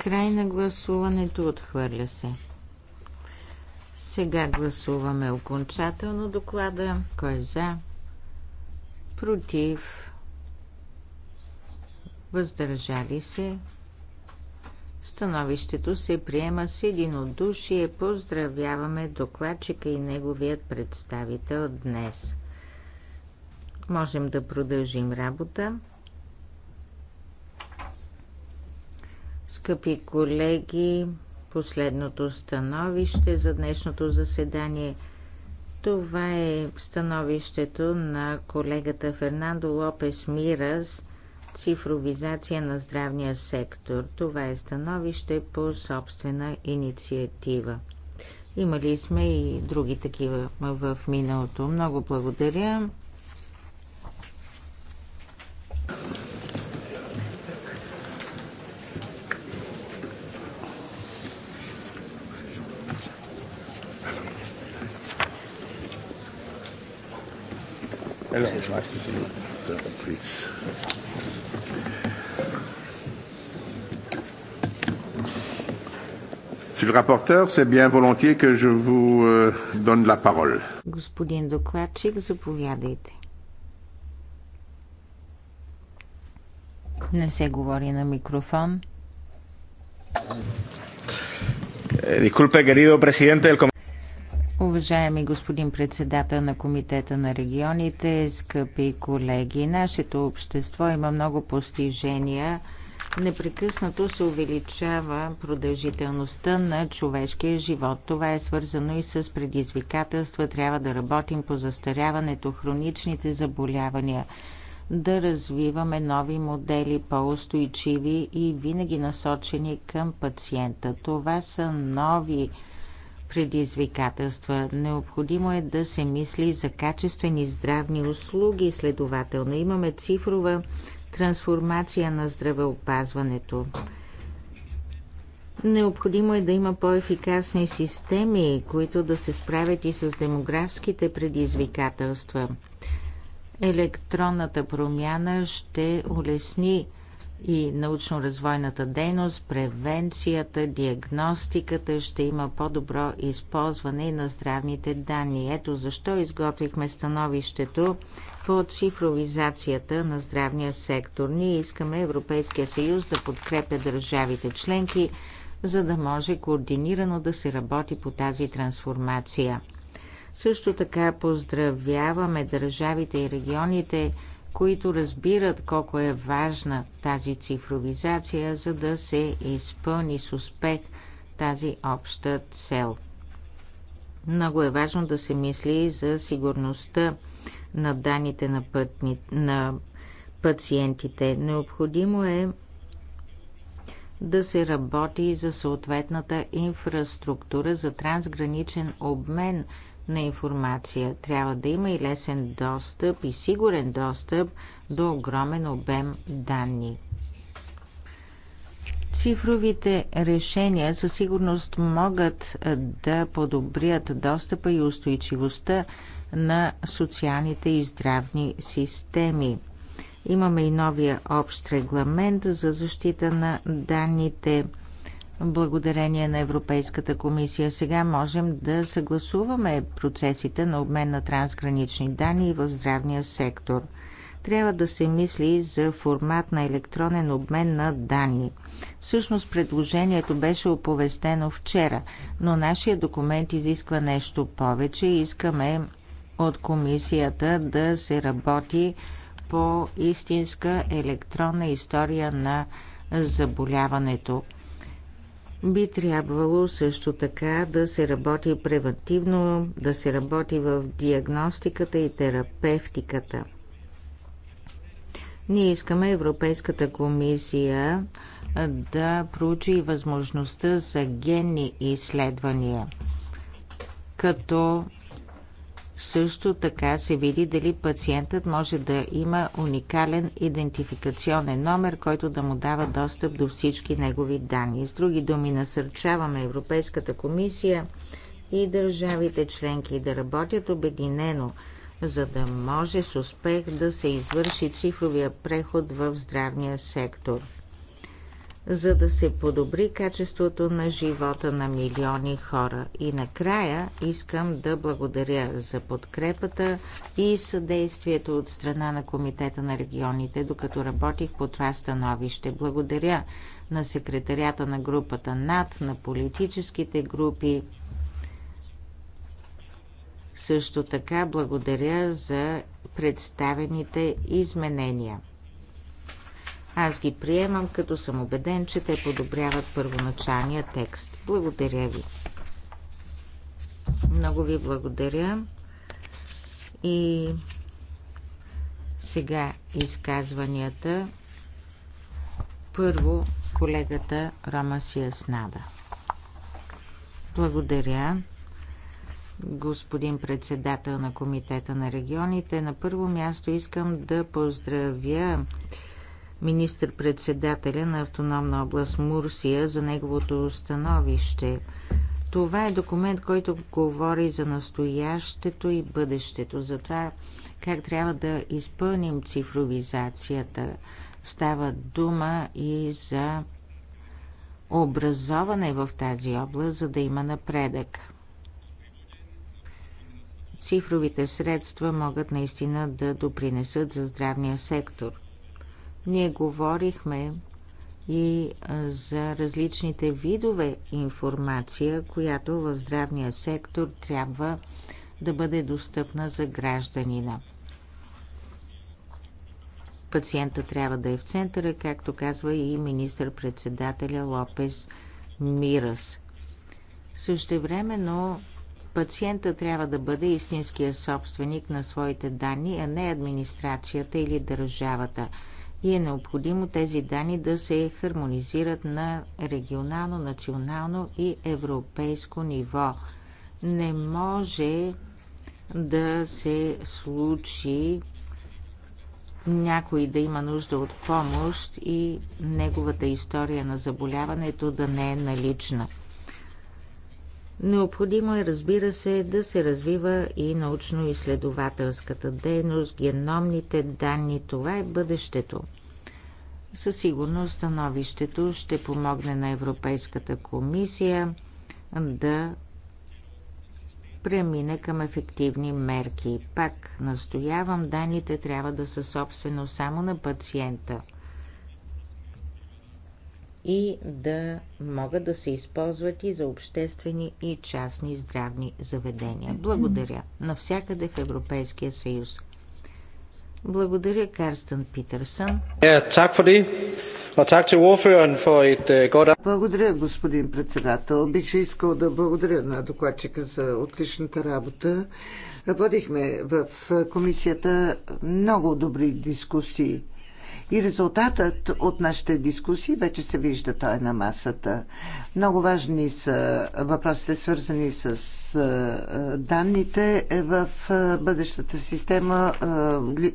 Край на гласуването отхвърля се. Сега гласуваме окончателно доклада. Кой е за? Против? Въздържали се? Становището се приема с единодушие. Поздравяваме докладчика и неговият представител днес. Можем да продължим работа. Скъпи колеги, последното становище за днешното заседание. Това е становището на колегата Фернандо Лопес Мирас цифровизация на здравния сектор. Това е становище по собствена инициатива. Имали сме и други такива в миналото. Много благодаря. Monsieur le rapporteur, c'est bien volontiers que je vous donne la parole. Господин докладчик, заповядайте. Не се говори на микрофон. Дискулпе, querido президенте del Уважаеми господин председател на Комитета на регионите, скъпи колеги, нашето общество има много постижения. Непрекъснато се увеличава продължителността на човешкия живот. Това е свързано и с предизвикателства. Трябва да работим по застаряването, хроничните заболявания, да развиваме нови модели, по-устойчиви и винаги насочени към пациента. Това са нови предизвикателства. Необходимо е да се мисли за качествени здравни услуги. Следователно имаме цифрова трансформация на здравеопазването. Необходимо е да има по-ефикасни системи, които да се справят и с демографските предизвикателства. Електронната промяна ще улесни и научно-развойната дейност, превенцията, диагностиката ще има по-добро използване на здравните данни. Ето защо изготвихме становището по цифровизацията на здравния сектор. Ние искаме Европейския съюз да подкрепя държавите членки, за да може координирано да се работи по тази трансформация. Също така поздравяваме държавите и регионите, които разбират колко е важна тази цифровизация, за да се изпълни с успех тази обща цел. Много е важно да се мисли за сигурността на данните на, пътни, на пациентите. Необходимо е да се работи за съответната инфраструктура за трансграничен обмен на информация. Трябва да има и лесен достъп и сигурен достъп до огромен обем данни. Цифровите решения със сигурност могат да подобрят достъпа и устойчивостта на социалните и здравни системи. Имаме и новия общ регламент за защита на данните – благодарение на Европейската комисия. Сега можем да съгласуваме процесите на обмен на трансгранични данни в здравния сектор. Трябва да се мисли за формат на електронен обмен на данни. Всъщност предложението беше оповестено вчера, но нашия документ изисква нещо повече. Искаме от комисията да се работи по истинска електронна история на заболяването. Би трябвало също така да се работи превентивно, да се работи в диагностиката и терапевтиката. Ние искаме Европейската комисия да проучи възможността за генни изследвания, като също така се види дали пациентът може да има уникален идентификационен номер, който да му дава достъп до всички негови данни. С други думи, насърчаваме Европейската комисия и държавите членки да работят обединено, за да може с успех да се извърши цифровия преход в здравния сектор – за да се подобри качеството на живота на милиони хора. И накрая искам да благодаря за подкрепата и съдействието от страна на Комитета на регионите, докато работих по това становище. Благодаря на секретарята на групата НАД, на политическите групи. Също така благодаря за представените изменения. Аз ги приемам, като съм убеден, че те подобряват първоначалния текст. Благодаря ви. Много ви благодаря. И сега изказванията. Първо колегата Рома Сияснада. Благодаря, господин председател на Комитета на регионите. На първо място искам да поздравя министр-председателя на автономна област Мурсия за неговото становище. Това е документ, който говори за настоящето и бъдещето, за това как трябва да изпълним цифровизацията. Става дума и за образоване в тази област, за да има напредък. Цифровите средства могат наистина да допринесат за здравния сектор. Ние говорихме и за различните видове информация, която в здравния сектор трябва да бъде достъпна за гражданина. Пациента трябва да е в центъра, както казва и министър-председателя Лопес Мирас. Също времено пациента трябва да бъде истинския собственик на своите данни, а не администрацията или държавата – и е необходимо тези данни да се хармонизират на регионално, национално и европейско ниво. Не може да се случи някой да има нужда от помощ и неговата история на заболяването да не е налична. Необходимо е, разбира се, да се развива и научно-изследователската дейност, геномните данни. Това е бъдещето. Със сигурност становището ще помогне на Европейската комисия да премине към ефективни мерки. Пак настоявам, данните трябва да са собствено само на пациента – и да могат да се използват и за обществени и частни здравни заведения. Благодаря. Навсякъде в Европейския съюз. Благодаря, Карстън Питърсън. Øh, благодаря, господин председател. Бих искал да благодаря на докладчика за отличната работа. Водихме в комисията много добри дискусии и резултатът от нашите дискусии вече се вижда, той е на масата. Много важни са въпросите, свързани с данните в бъдещата система,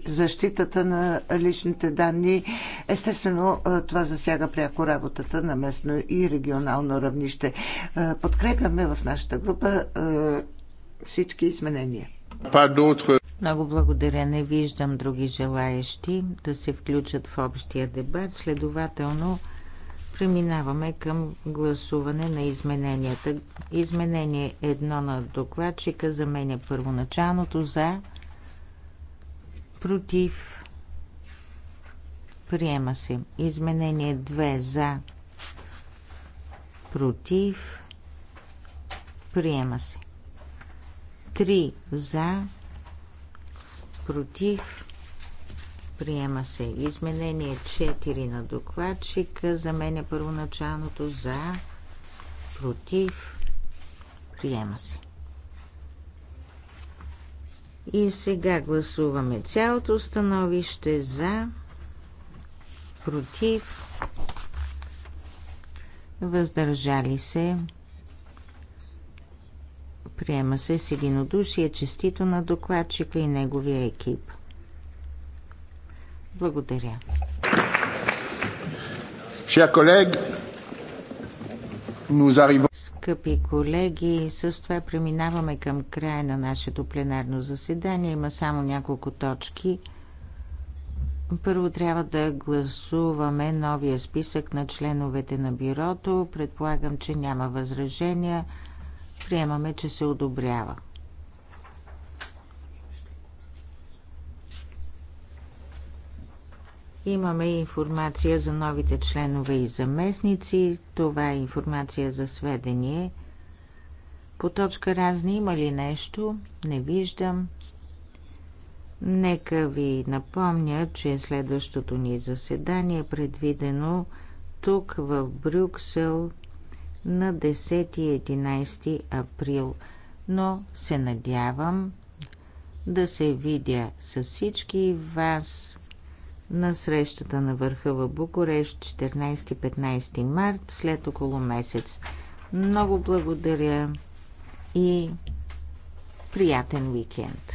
защитата на личните данни. Естествено, това засяга пряко работата на местно и регионално равнище. Подкрепяме в нашата група всички изменения. Pas много благодаря. Не виждам други желаящи да се включат в общия дебат. Следователно, преминаваме към гласуване на измененията. Изменение едно на докладчика заменя първоначалното за против приема се. Изменение 2 за против приема се. 3 за против, приема се. Изменение 4 на докладчика заменя първоначалното за, против, приема се. И сега гласуваме цялото становище за, против, въздържали се. Приема се с единодушие честито на докладчика и неговия екип. Благодаря. Скъпи колеги, с това преминаваме към края на нашето пленарно заседание. Има само няколко точки. Първо трябва да гласуваме новия списък на членовете на бюрото. Предполагам, че няма възражения. Приемаме, че се одобрява. Имаме информация за новите членове и заместници. Това е информация за сведение. По точка разни има ли нещо? Не виждам. Нека ви напомня, че следващото ни заседание е предвидено тук в Брюксел – на 10 и 11 април, но се надявам да се видя с всички вас на срещата на върха в Букурещ 14-15 март след около месец. Много благодаря и приятен уикенд!